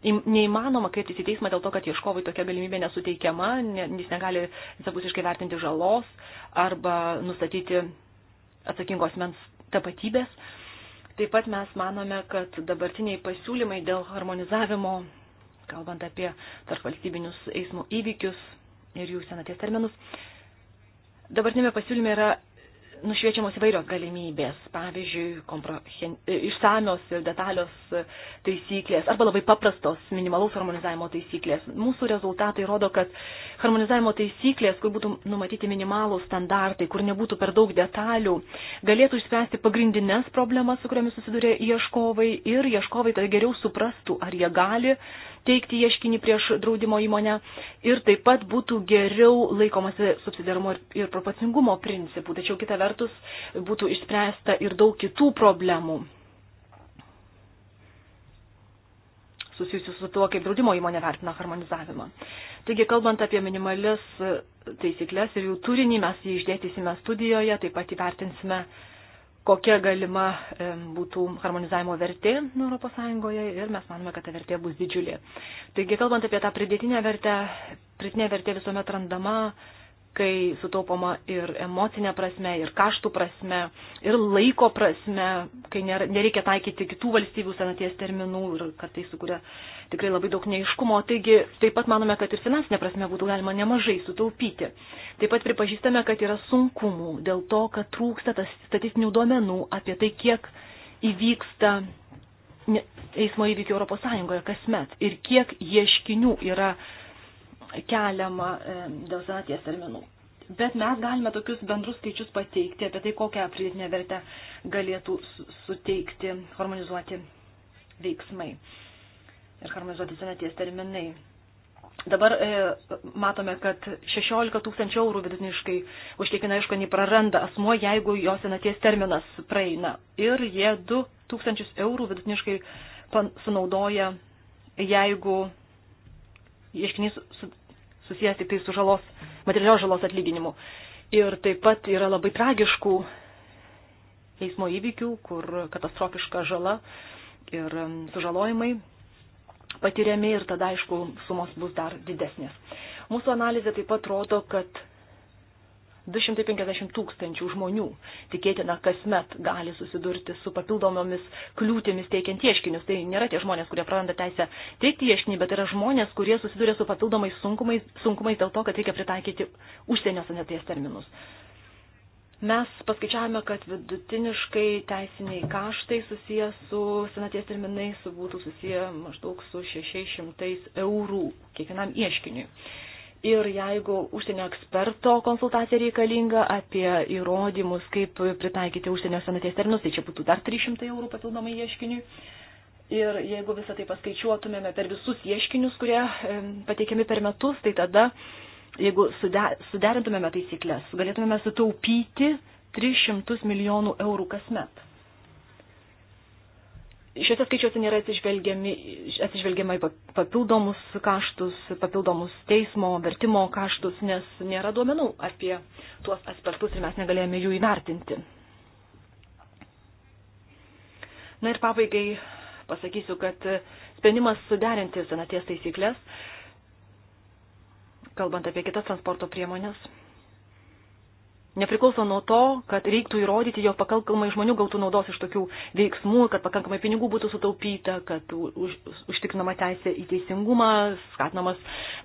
neįmanoma kreiptis į teismą dėl to, kad ieškovui tokia galimybė nesuteikiama, jis negali visapusiškai vertinti žalos arba nustatyti atsakingos mens tapatybės. Taip pat mes manome, kad dabartiniai pasiūlymai dėl harmonizavimo, kalbant apie tarpvalstybinius eismo įvykius ir jų senaties terminus, dabartinėme pasiūlyme yra nušviečiamos įvairios galimybės, pavyzdžiui, kompro, e, išsamios ir detalios taisyklės arba labai paprastos minimalaus harmonizavimo taisyklės. Mūsų rezultatai rodo, kad harmonizavimo taisyklės, kur būtų numatyti minimalų standartai, kur nebūtų per daug detalių, galėtų išspręsti pagrindinės problemas, su kuriamis susiduria ieškovai ir ieškovai tada geriau suprastų, ar jie gali teikti ieškinį prieš draudimo įmonę ir taip pat būtų geriau laikomasi subsidiarumo ir proporcingumo principų. Tačiau kita vertus būtų išspręsta ir daug kitų problemų susijusių su tuo, kaip draudimo įmonė vertina harmonizavimą. Taigi, kalbant apie minimalias taisyklės ir jų turinį, mes jį išdėtysime studijoje, taip pat įvertinsime uh, kokia galima e, būtų harmonizavimo vertė ES ir mes manome, kad ta vertė bus didžiulė. Taigi, kalbant apie tą pridėtinę vertę, pridėtinė vertė visuomet randama, kai sutaupoma ir emocinė prasme, ir kaštų prasme, ir laiko prasme, kai nereikia taikyti kitų valstybių senaties terminų ir kartais sukuria tikrai labai daug neiškumo, taigi taip pat manome, kad ir finansinė prasme būtų galima nemažai sutaupyti. Taip pat pripažįstame, kad yra sunkumų dėl to, kad trūksta statistinių duomenų apie tai, kiek įvyksta eismo įvykių ES kasmet ir kiek ieškinių yra keliama e, dėl senaties terminų. Bet mes galime tokius bendrus skaičius pateikti apie tai, kokią pridėtinę vertę galėtų suteikti, harmonizuoti veiksmai ir harmonizuoti senaties terminai. Dabar e, matome, kad 16 tūkstančių eurų vidutiniškai už kiekvieną iškonį praranda asmuo, jeigu jo senaties terminas praeina. Ir jie 2 tūkstančius eurų vidutiniškai sunaudoja, jeigu ieškinys susijęs tik tai su žalos, materialios žalos atlyginimu. Ir taip pat yra labai tragiškų eismo įvykių, kur katastrofiška žala ir sužalojimai patiriami ir tada, aišku, sumos bus dar didesnės. Mūsų analizė taip pat rodo, kad 250 tūkstančių žmonių tikėtina kasmet gali susidurti su papildomomis kliūtimis teikiant ieškinius. Tai nėra tie žmonės, kurie praranda teisę teikti ieškinį, bet yra žmonės, kurie susiduria su papildomais sunkumais, sunkumais dėl to, kad reikia pritaikyti užsienio senaties terminus. Mes paskaičiavome, kad vidutiniškai teisiniai kaštai susiję su senaties terminais būtų susiję maždaug su 600 eurų kiekvienam ieškiniui. Ir jeigu užsienio eksperto konsultacija reikalinga apie įrodymus, kaip pritaikyti užsienio senaties terminus, tai čia būtų dar 300 eurų papildomai ieškiniui. Ir jeigu visą tai paskaičiuotumėme per visus ieškinius, kurie pateikiami per metus, tai tada jeigu suderintumėme taisyklės, galėtumėme sutaupyti 300 milijonų eurų kasmet. Šiuose skaičiuose nėra atsižvelgiama į papildomus kaštus, papildomus teismo, vertimo kaštus, nes nėra duomenų apie tuos aspektus ir mes negalėjome jų įvertinti. Na ir pabaigai pasakysiu, kad sprendimas suderinti senaties taisyklės kalbant apie kitas transporto priemonės. Nepriklauso nuo to, kad reiktų įrodyti, jog pakankamai žmonių gautų naudos iš tokių veiksmų, kad pakankamai pinigų būtų sutaupyta, kad už, užtikrinama teisė į teisingumą, skatinamas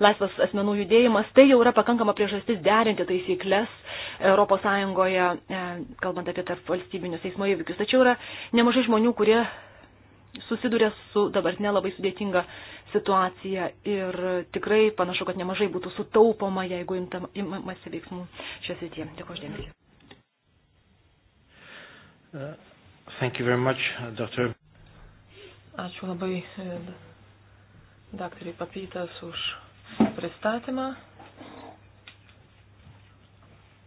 laisvas asmenų judėjimas. Tai jau yra pakankama priežastis derinti taisyklės ES, e, kalbant apie tarp valstybinius eismo įvykius. Tačiau yra nemažai žmonių, kurie susiduria su dabartinė labai sudėtinga situaciją ir tikrai panašu, kad nemažai būtų sutaupoma, jeigu imamasi veiksmų šios įtie. Dėkuoju dėmesį. Uh, much, uh, doctor. Ačiū labai uh, daktarai Papytas už pristatymą.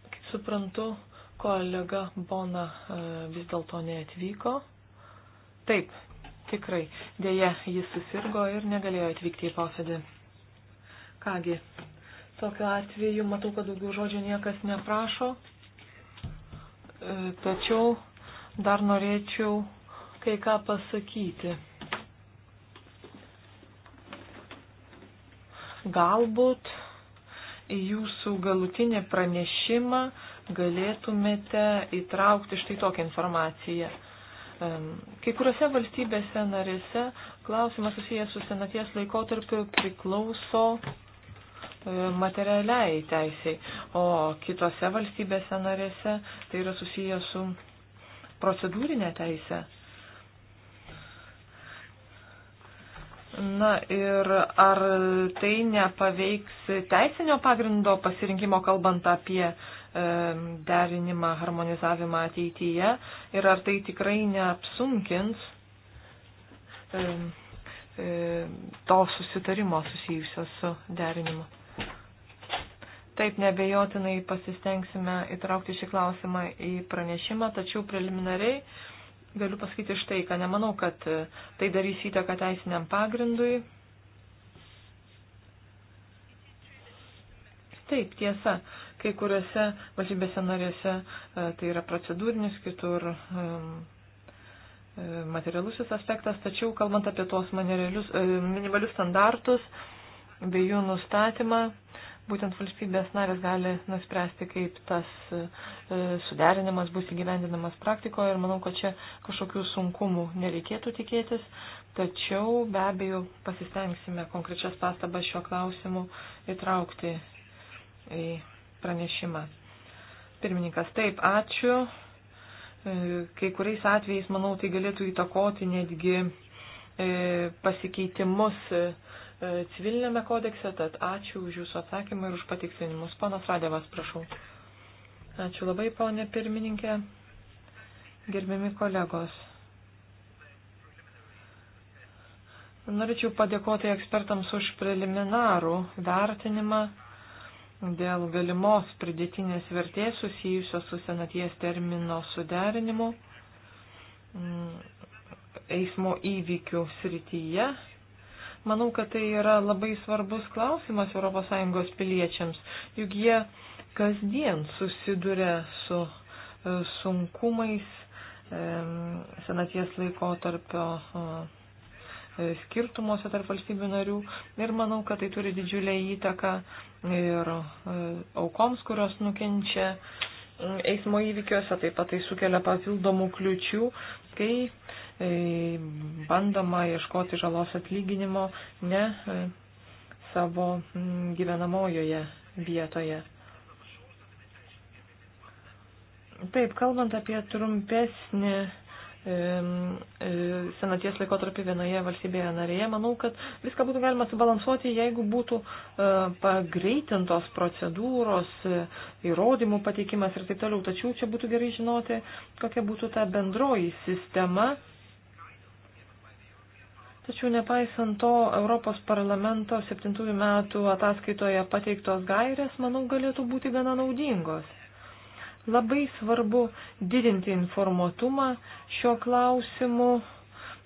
Kaip suprantu, kolega Bona uh, vis dėlto neatvyko. Taip, Tikrai, dėja, jis susirgo ir negalėjo atvykti į posėdį. Kągi, tokiu atveju matau, kad daugiau žodžio niekas neprašo, e, tačiau dar norėčiau kai ką pasakyti. Galbūt jūsų galutinį pranešimą galėtumėte įtraukti štai tokią informaciją Kai kuriuose valstybėse narise klausimas susijęs su senaties laikotarpiu priklauso e, materialiai teisiai, o kitose valstybėse narėse tai yra susiję su procedūrinė teisė. Na ir ar tai nepaveiks teisinio pagrindo pasirinkimo, kalbant apie uh, derinimą, harmonizavimą ateityje ir ar tai tikrai neapsunkins to susitarimo susijusio su derinimu. Taip, nebejotinai pasistengsime įtraukti šį klausimą į pranešimą, tačiau preliminariai galiu pasakyti štai, ką nemanau, kad e, tai darys įtaką teisiniam pagrindui. Taip, tiesa, Kai kuriuose valstybėse narėse e, tai yra procedūrinis, kitur e, materialusis aspektas, tačiau kalbant apie tuos e, minimalius standartus bei jų nustatymą, būtent valstybės narės gali nuspręsti, kaip tas suderinimas bus įgyvendinamas praktikoje ir manau, kad čia kažkokių sunkumų nereikėtų tikėtis, tačiau be abejo pasistengsime konkrečias pastabas šiuo klausimu įtraukti į pranešimą. Pirmininkas, taip, ačiū. E, kai kuriais atvejais, manau, tai galėtų įtakoti netgi e, pasikeitimus e, civilinėme kodekse, tad ačiū už Jūsų atsakymą ir už patikslinimus. Panas Radėvas, prašau. Ačiū labai, ponė pirmininkė. Gerbiami kolegos. Norėčiau padėkoti ekspertams už preliminarų vertinimą dėl galimos pridėtinės vertės susijusios su senaties termino suderinimu mm, eismo įvykių srityje. Manau, kad tai yra labai svarbus klausimas ES piliečiams, juk jie kasdien susiduria su e, sunkumais senaties laiko tarpio e, E, skirtumuose tarp valstybių narių ir manau, kad tai turi didžiulę įtaką ir e, aukoms, kurios nukenčia eismo įvykiuose, taip pat tai sukelia papildomų kliučių, kai e, bandoma ieškoti žalos atlyginimo ne savo gyvenamojoje vietoje. Taip, kalbant apie trumpesnį E, senaties laikotarpį vienoje valstybėje narėje. Manau, kad viską būtų galima subalansuoti, jeigu būtų e, pagreitintos procedūros, e, įrodymų pateikimas ir taip toliau. Tačiau čia būtų gerai žinoti, kokia būtų ta bendroji sistema. Tačiau nepaisant to, Europos parlamento septintųjų metų ataskaitoje pateiktos gairės, manau, galėtų būti gana naudingos. Labai svarbu didinti informuotumą šio klausimu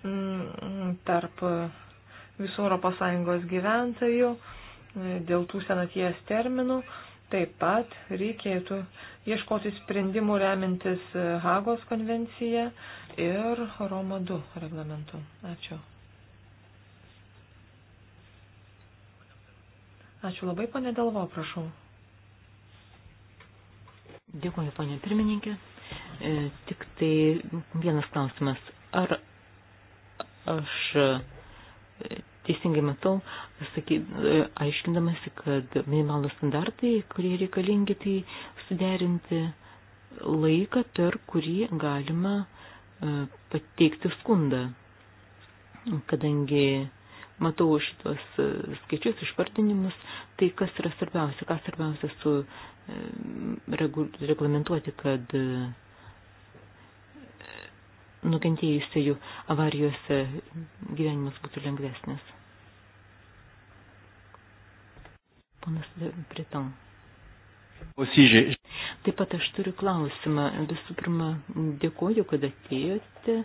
mm, tarp visų ES gyventojų dėl tų senaties terminų. Taip pat reikėtų ieškoti sprendimų remintis Hagos konvencija ir Roma 2 reglamentu. Ačiū. Ačiū labai, ponė Dalvo, prašau. Dėkuoju, ponė pirmininkė. E, tik tai vienas klausimas. Ar aš e, teisingai matau, saky, e, aiškindamasi, kad minimalų standartai, kurie reikalingi, tai suderinti laiką, per kurį galima pateikti skundą. Kadangi matau šitos skaičius, išvardinimus, tai kas yra svarbiausia, kas svarbiausia su reglamentuoti, kad e, nukentėjusiųjų avarijose gyvenimas būtų lengvesnis. Ponas Briton. Taip pat aš turiu klausimą. Visų pirma, dėkoju, kad atėjot savaitę.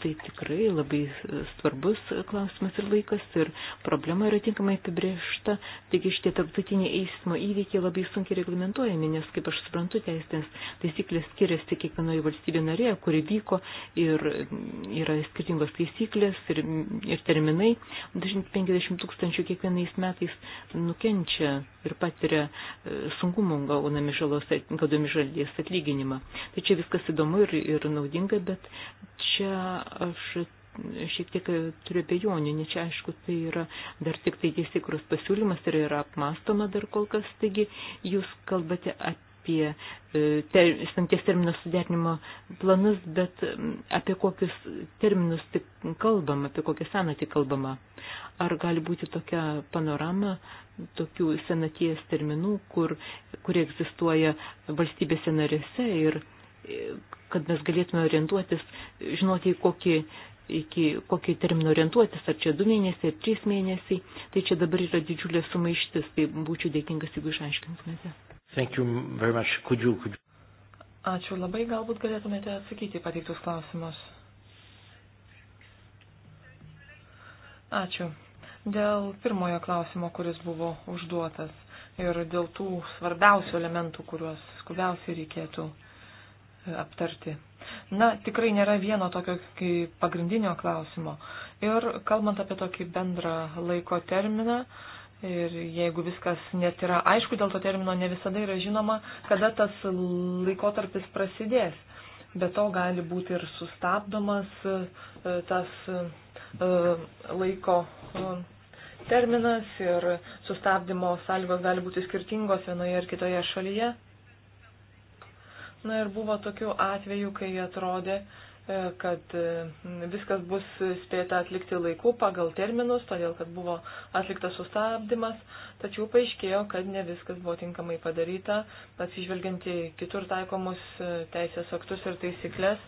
Tai tikrai labai svarbus klausimas ir laikas ir problema yra tinkamai apibriešta. Taigi šitie tarptautiniai eismo įvykiai labai sunkiai reglamentuojami, nes, kaip aš suprantu, teisinės taisyklės skiriasi kiekvienoje valstybėje narėje, kuri vyko ir yra skirtingos taisyklės ir, ir terminai. 250 tūkstančių kiekvienais metais nukenčia ir patiria e, sunkumų gaunami žalos, gaudami žalies atlyginimą. Tai čia viskas įdomu ir, ir naudinga, bet čia aš šiek tiek turiu bejonių, nes čia aišku, tai yra dar tik tai teisikrus pasiūlymas ir tai yra apmastoma dar kol kas, taigi jūs kalbate apie e, ter, stamties terminų suderinimo planus, bet apie kokius terminus tik kalbam, apie kokią senatį kalbama. Ar gali būti tokia panorama tokių senaties terminų, kur, kurie egzistuoja valstybėse narėse ir kad mes galėtume orientuotis, žinoti, kokį, iki kokį terminą orientuotis, ar čia du mėnesiai, ar trys mėnesiai. Tai čia dabar yra didžiulė sumaištis, tai būčiau dėkingas, jeigu išaiškintumėte. Thank you very much. Could you, could you... Ačiū labai, galbūt galėtumėte atsakyti pateiktus klausimus. Ačiū. Dėl pirmojo klausimo, kuris buvo užduotas ir dėl tų svarbiausių elementų, kuriuos skubiausiai reikėtų aptarti. Na, tikrai nėra vieno tokio kaip pagrindinio klausimo. Ir kalbant apie tokį bendrą laiko terminą, ir jeigu viskas net yra aišku dėl to termino, ne visada yra žinoma, kada tas laikotarpis prasidės. Be to gali būti ir sustabdomas e, tas e, laiko e, terminas ir sustabdymo sąlygos gali būti skirtingos vienoje ir kitoje šalyje. Na ir buvo tokių atvejų, kai atrodė, e, kad e, viskas bus spėta atlikti laiku pagal terminus, todėl kad buvo atliktas sustabdymas, tačiau paaiškėjo, kad ne viskas buvo tinkamai padaryta, atsižvelgiant į kitur taikomus e, teisės aktus ir taisyklės.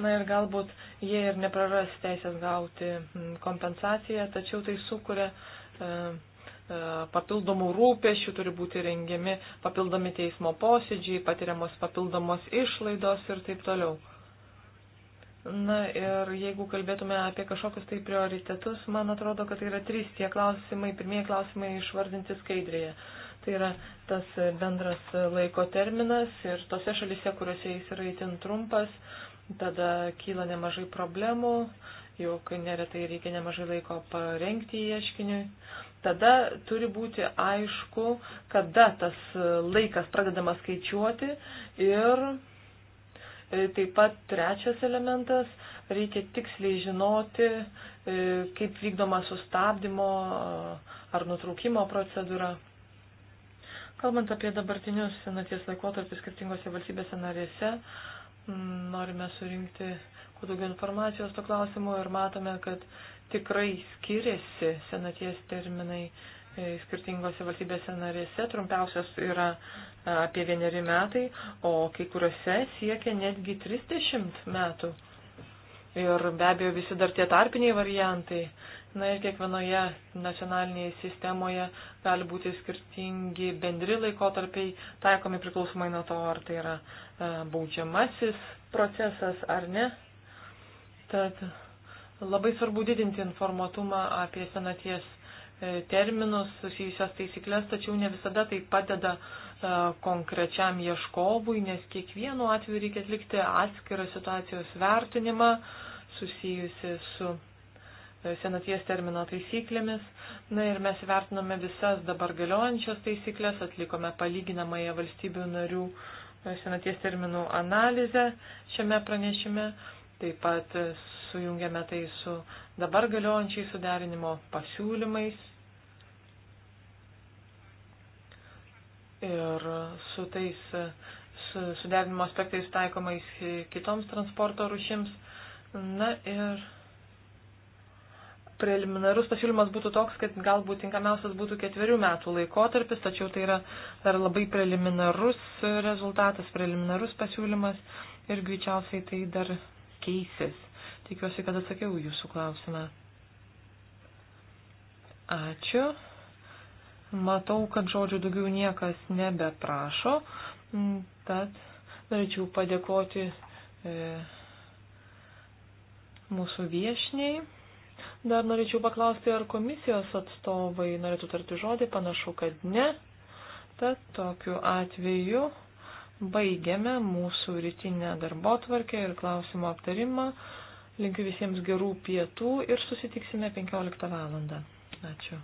Na ir galbūt jie ir nepraras teisės gauti kompensaciją, tačiau tai sukuria E, papildomų rūpešių, turi būti rengiami papildomi teismo posėdžiai, patiriamos papildomos išlaidos ir taip toliau. Na ir jeigu kalbėtume apie kažkokius tai prioritetus, man atrodo, kad tai yra trys tie klausimai, pirmieji klausimai išvardinti skaidrėje. Tai yra tas bendras laiko terminas ir tose šalise, kuriuose jis yra itin trumpas, tada kyla nemažai problemų, juk neretai reikia nemažai laiko parengti ieškiniui tada turi būti aišku, kada tas laikas pradedamas skaičiuoti ir e, taip pat trečias elementas, reikia tiksliai žinoti, e, kaip vykdoma sustabdymo e, ar nutraukimo procedūra. Kalbant apie dabartinius senaties laikotarpius skirtingose valstybėse narėse, norime surinkti kuo daugiau informacijos to klausimu ir matome, kad tikrai skiriasi senaties terminai e, skirtingose valstybėse narėse. Trumpiausias yra e, apie vieneri metai, o kai kuriuose siekia netgi 30 metų. Ir be abejo visi dar tie tarpiniai variantai. Na ir kiekvienoje nacionalinėje sistemoje gali būti skirtingi bendri laikotarpiai, taikomi priklausomai nuo to, ar tai yra e, baudžiamasis procesas ar ne. Tad Labai svarbu didinti informatumą apie senaties e, terminus, susijusias taisyklės, tačiau ne visada tai padeda e, konkrečiam ieškovui, nes kiekvienu atveju reikia atlikti atskirą situacijos vertinimą susijusi su e, senaties termino taisyklėmis. Na ir mes vertiname visas dabar galiojančias taisyklės, atlikome palyginamąją valstybių narių senaties terminų analizę šiame pranešime, taip pat sujungiame tai su dabar galiojančiais suderinimo pasiūlymais ir su tais su, suderinimo aspektais taikomais kitoms transporto rušims. Na ir preliminarus pasiūlymas būtų toks, kad galbūt tinkamiausias būtų ketverių metų laikotarpis, tačiau tai yra dar labai preliminarus rezultatas, preliminarus pasiūlymas ir greičiausiai tai dar keisis. Tikiuosi, kad atsakiau jūsų klausimą. Ačiū. Matau, kad žodžių daugiau niekas nebeprašo, tad norėčiau padėkoti e, mūsų viešniai. Dar norėčiau paklausti, ar komisijos atstovai norėtų tarti žodį, panašu, kad ne. Tad tokiu atveju baigiame mūsų rytinę darbo tvarkę ir klausimo aptarimą. Linkiu visiems gerų pietų ir susitiksime 15 val. Ačiū.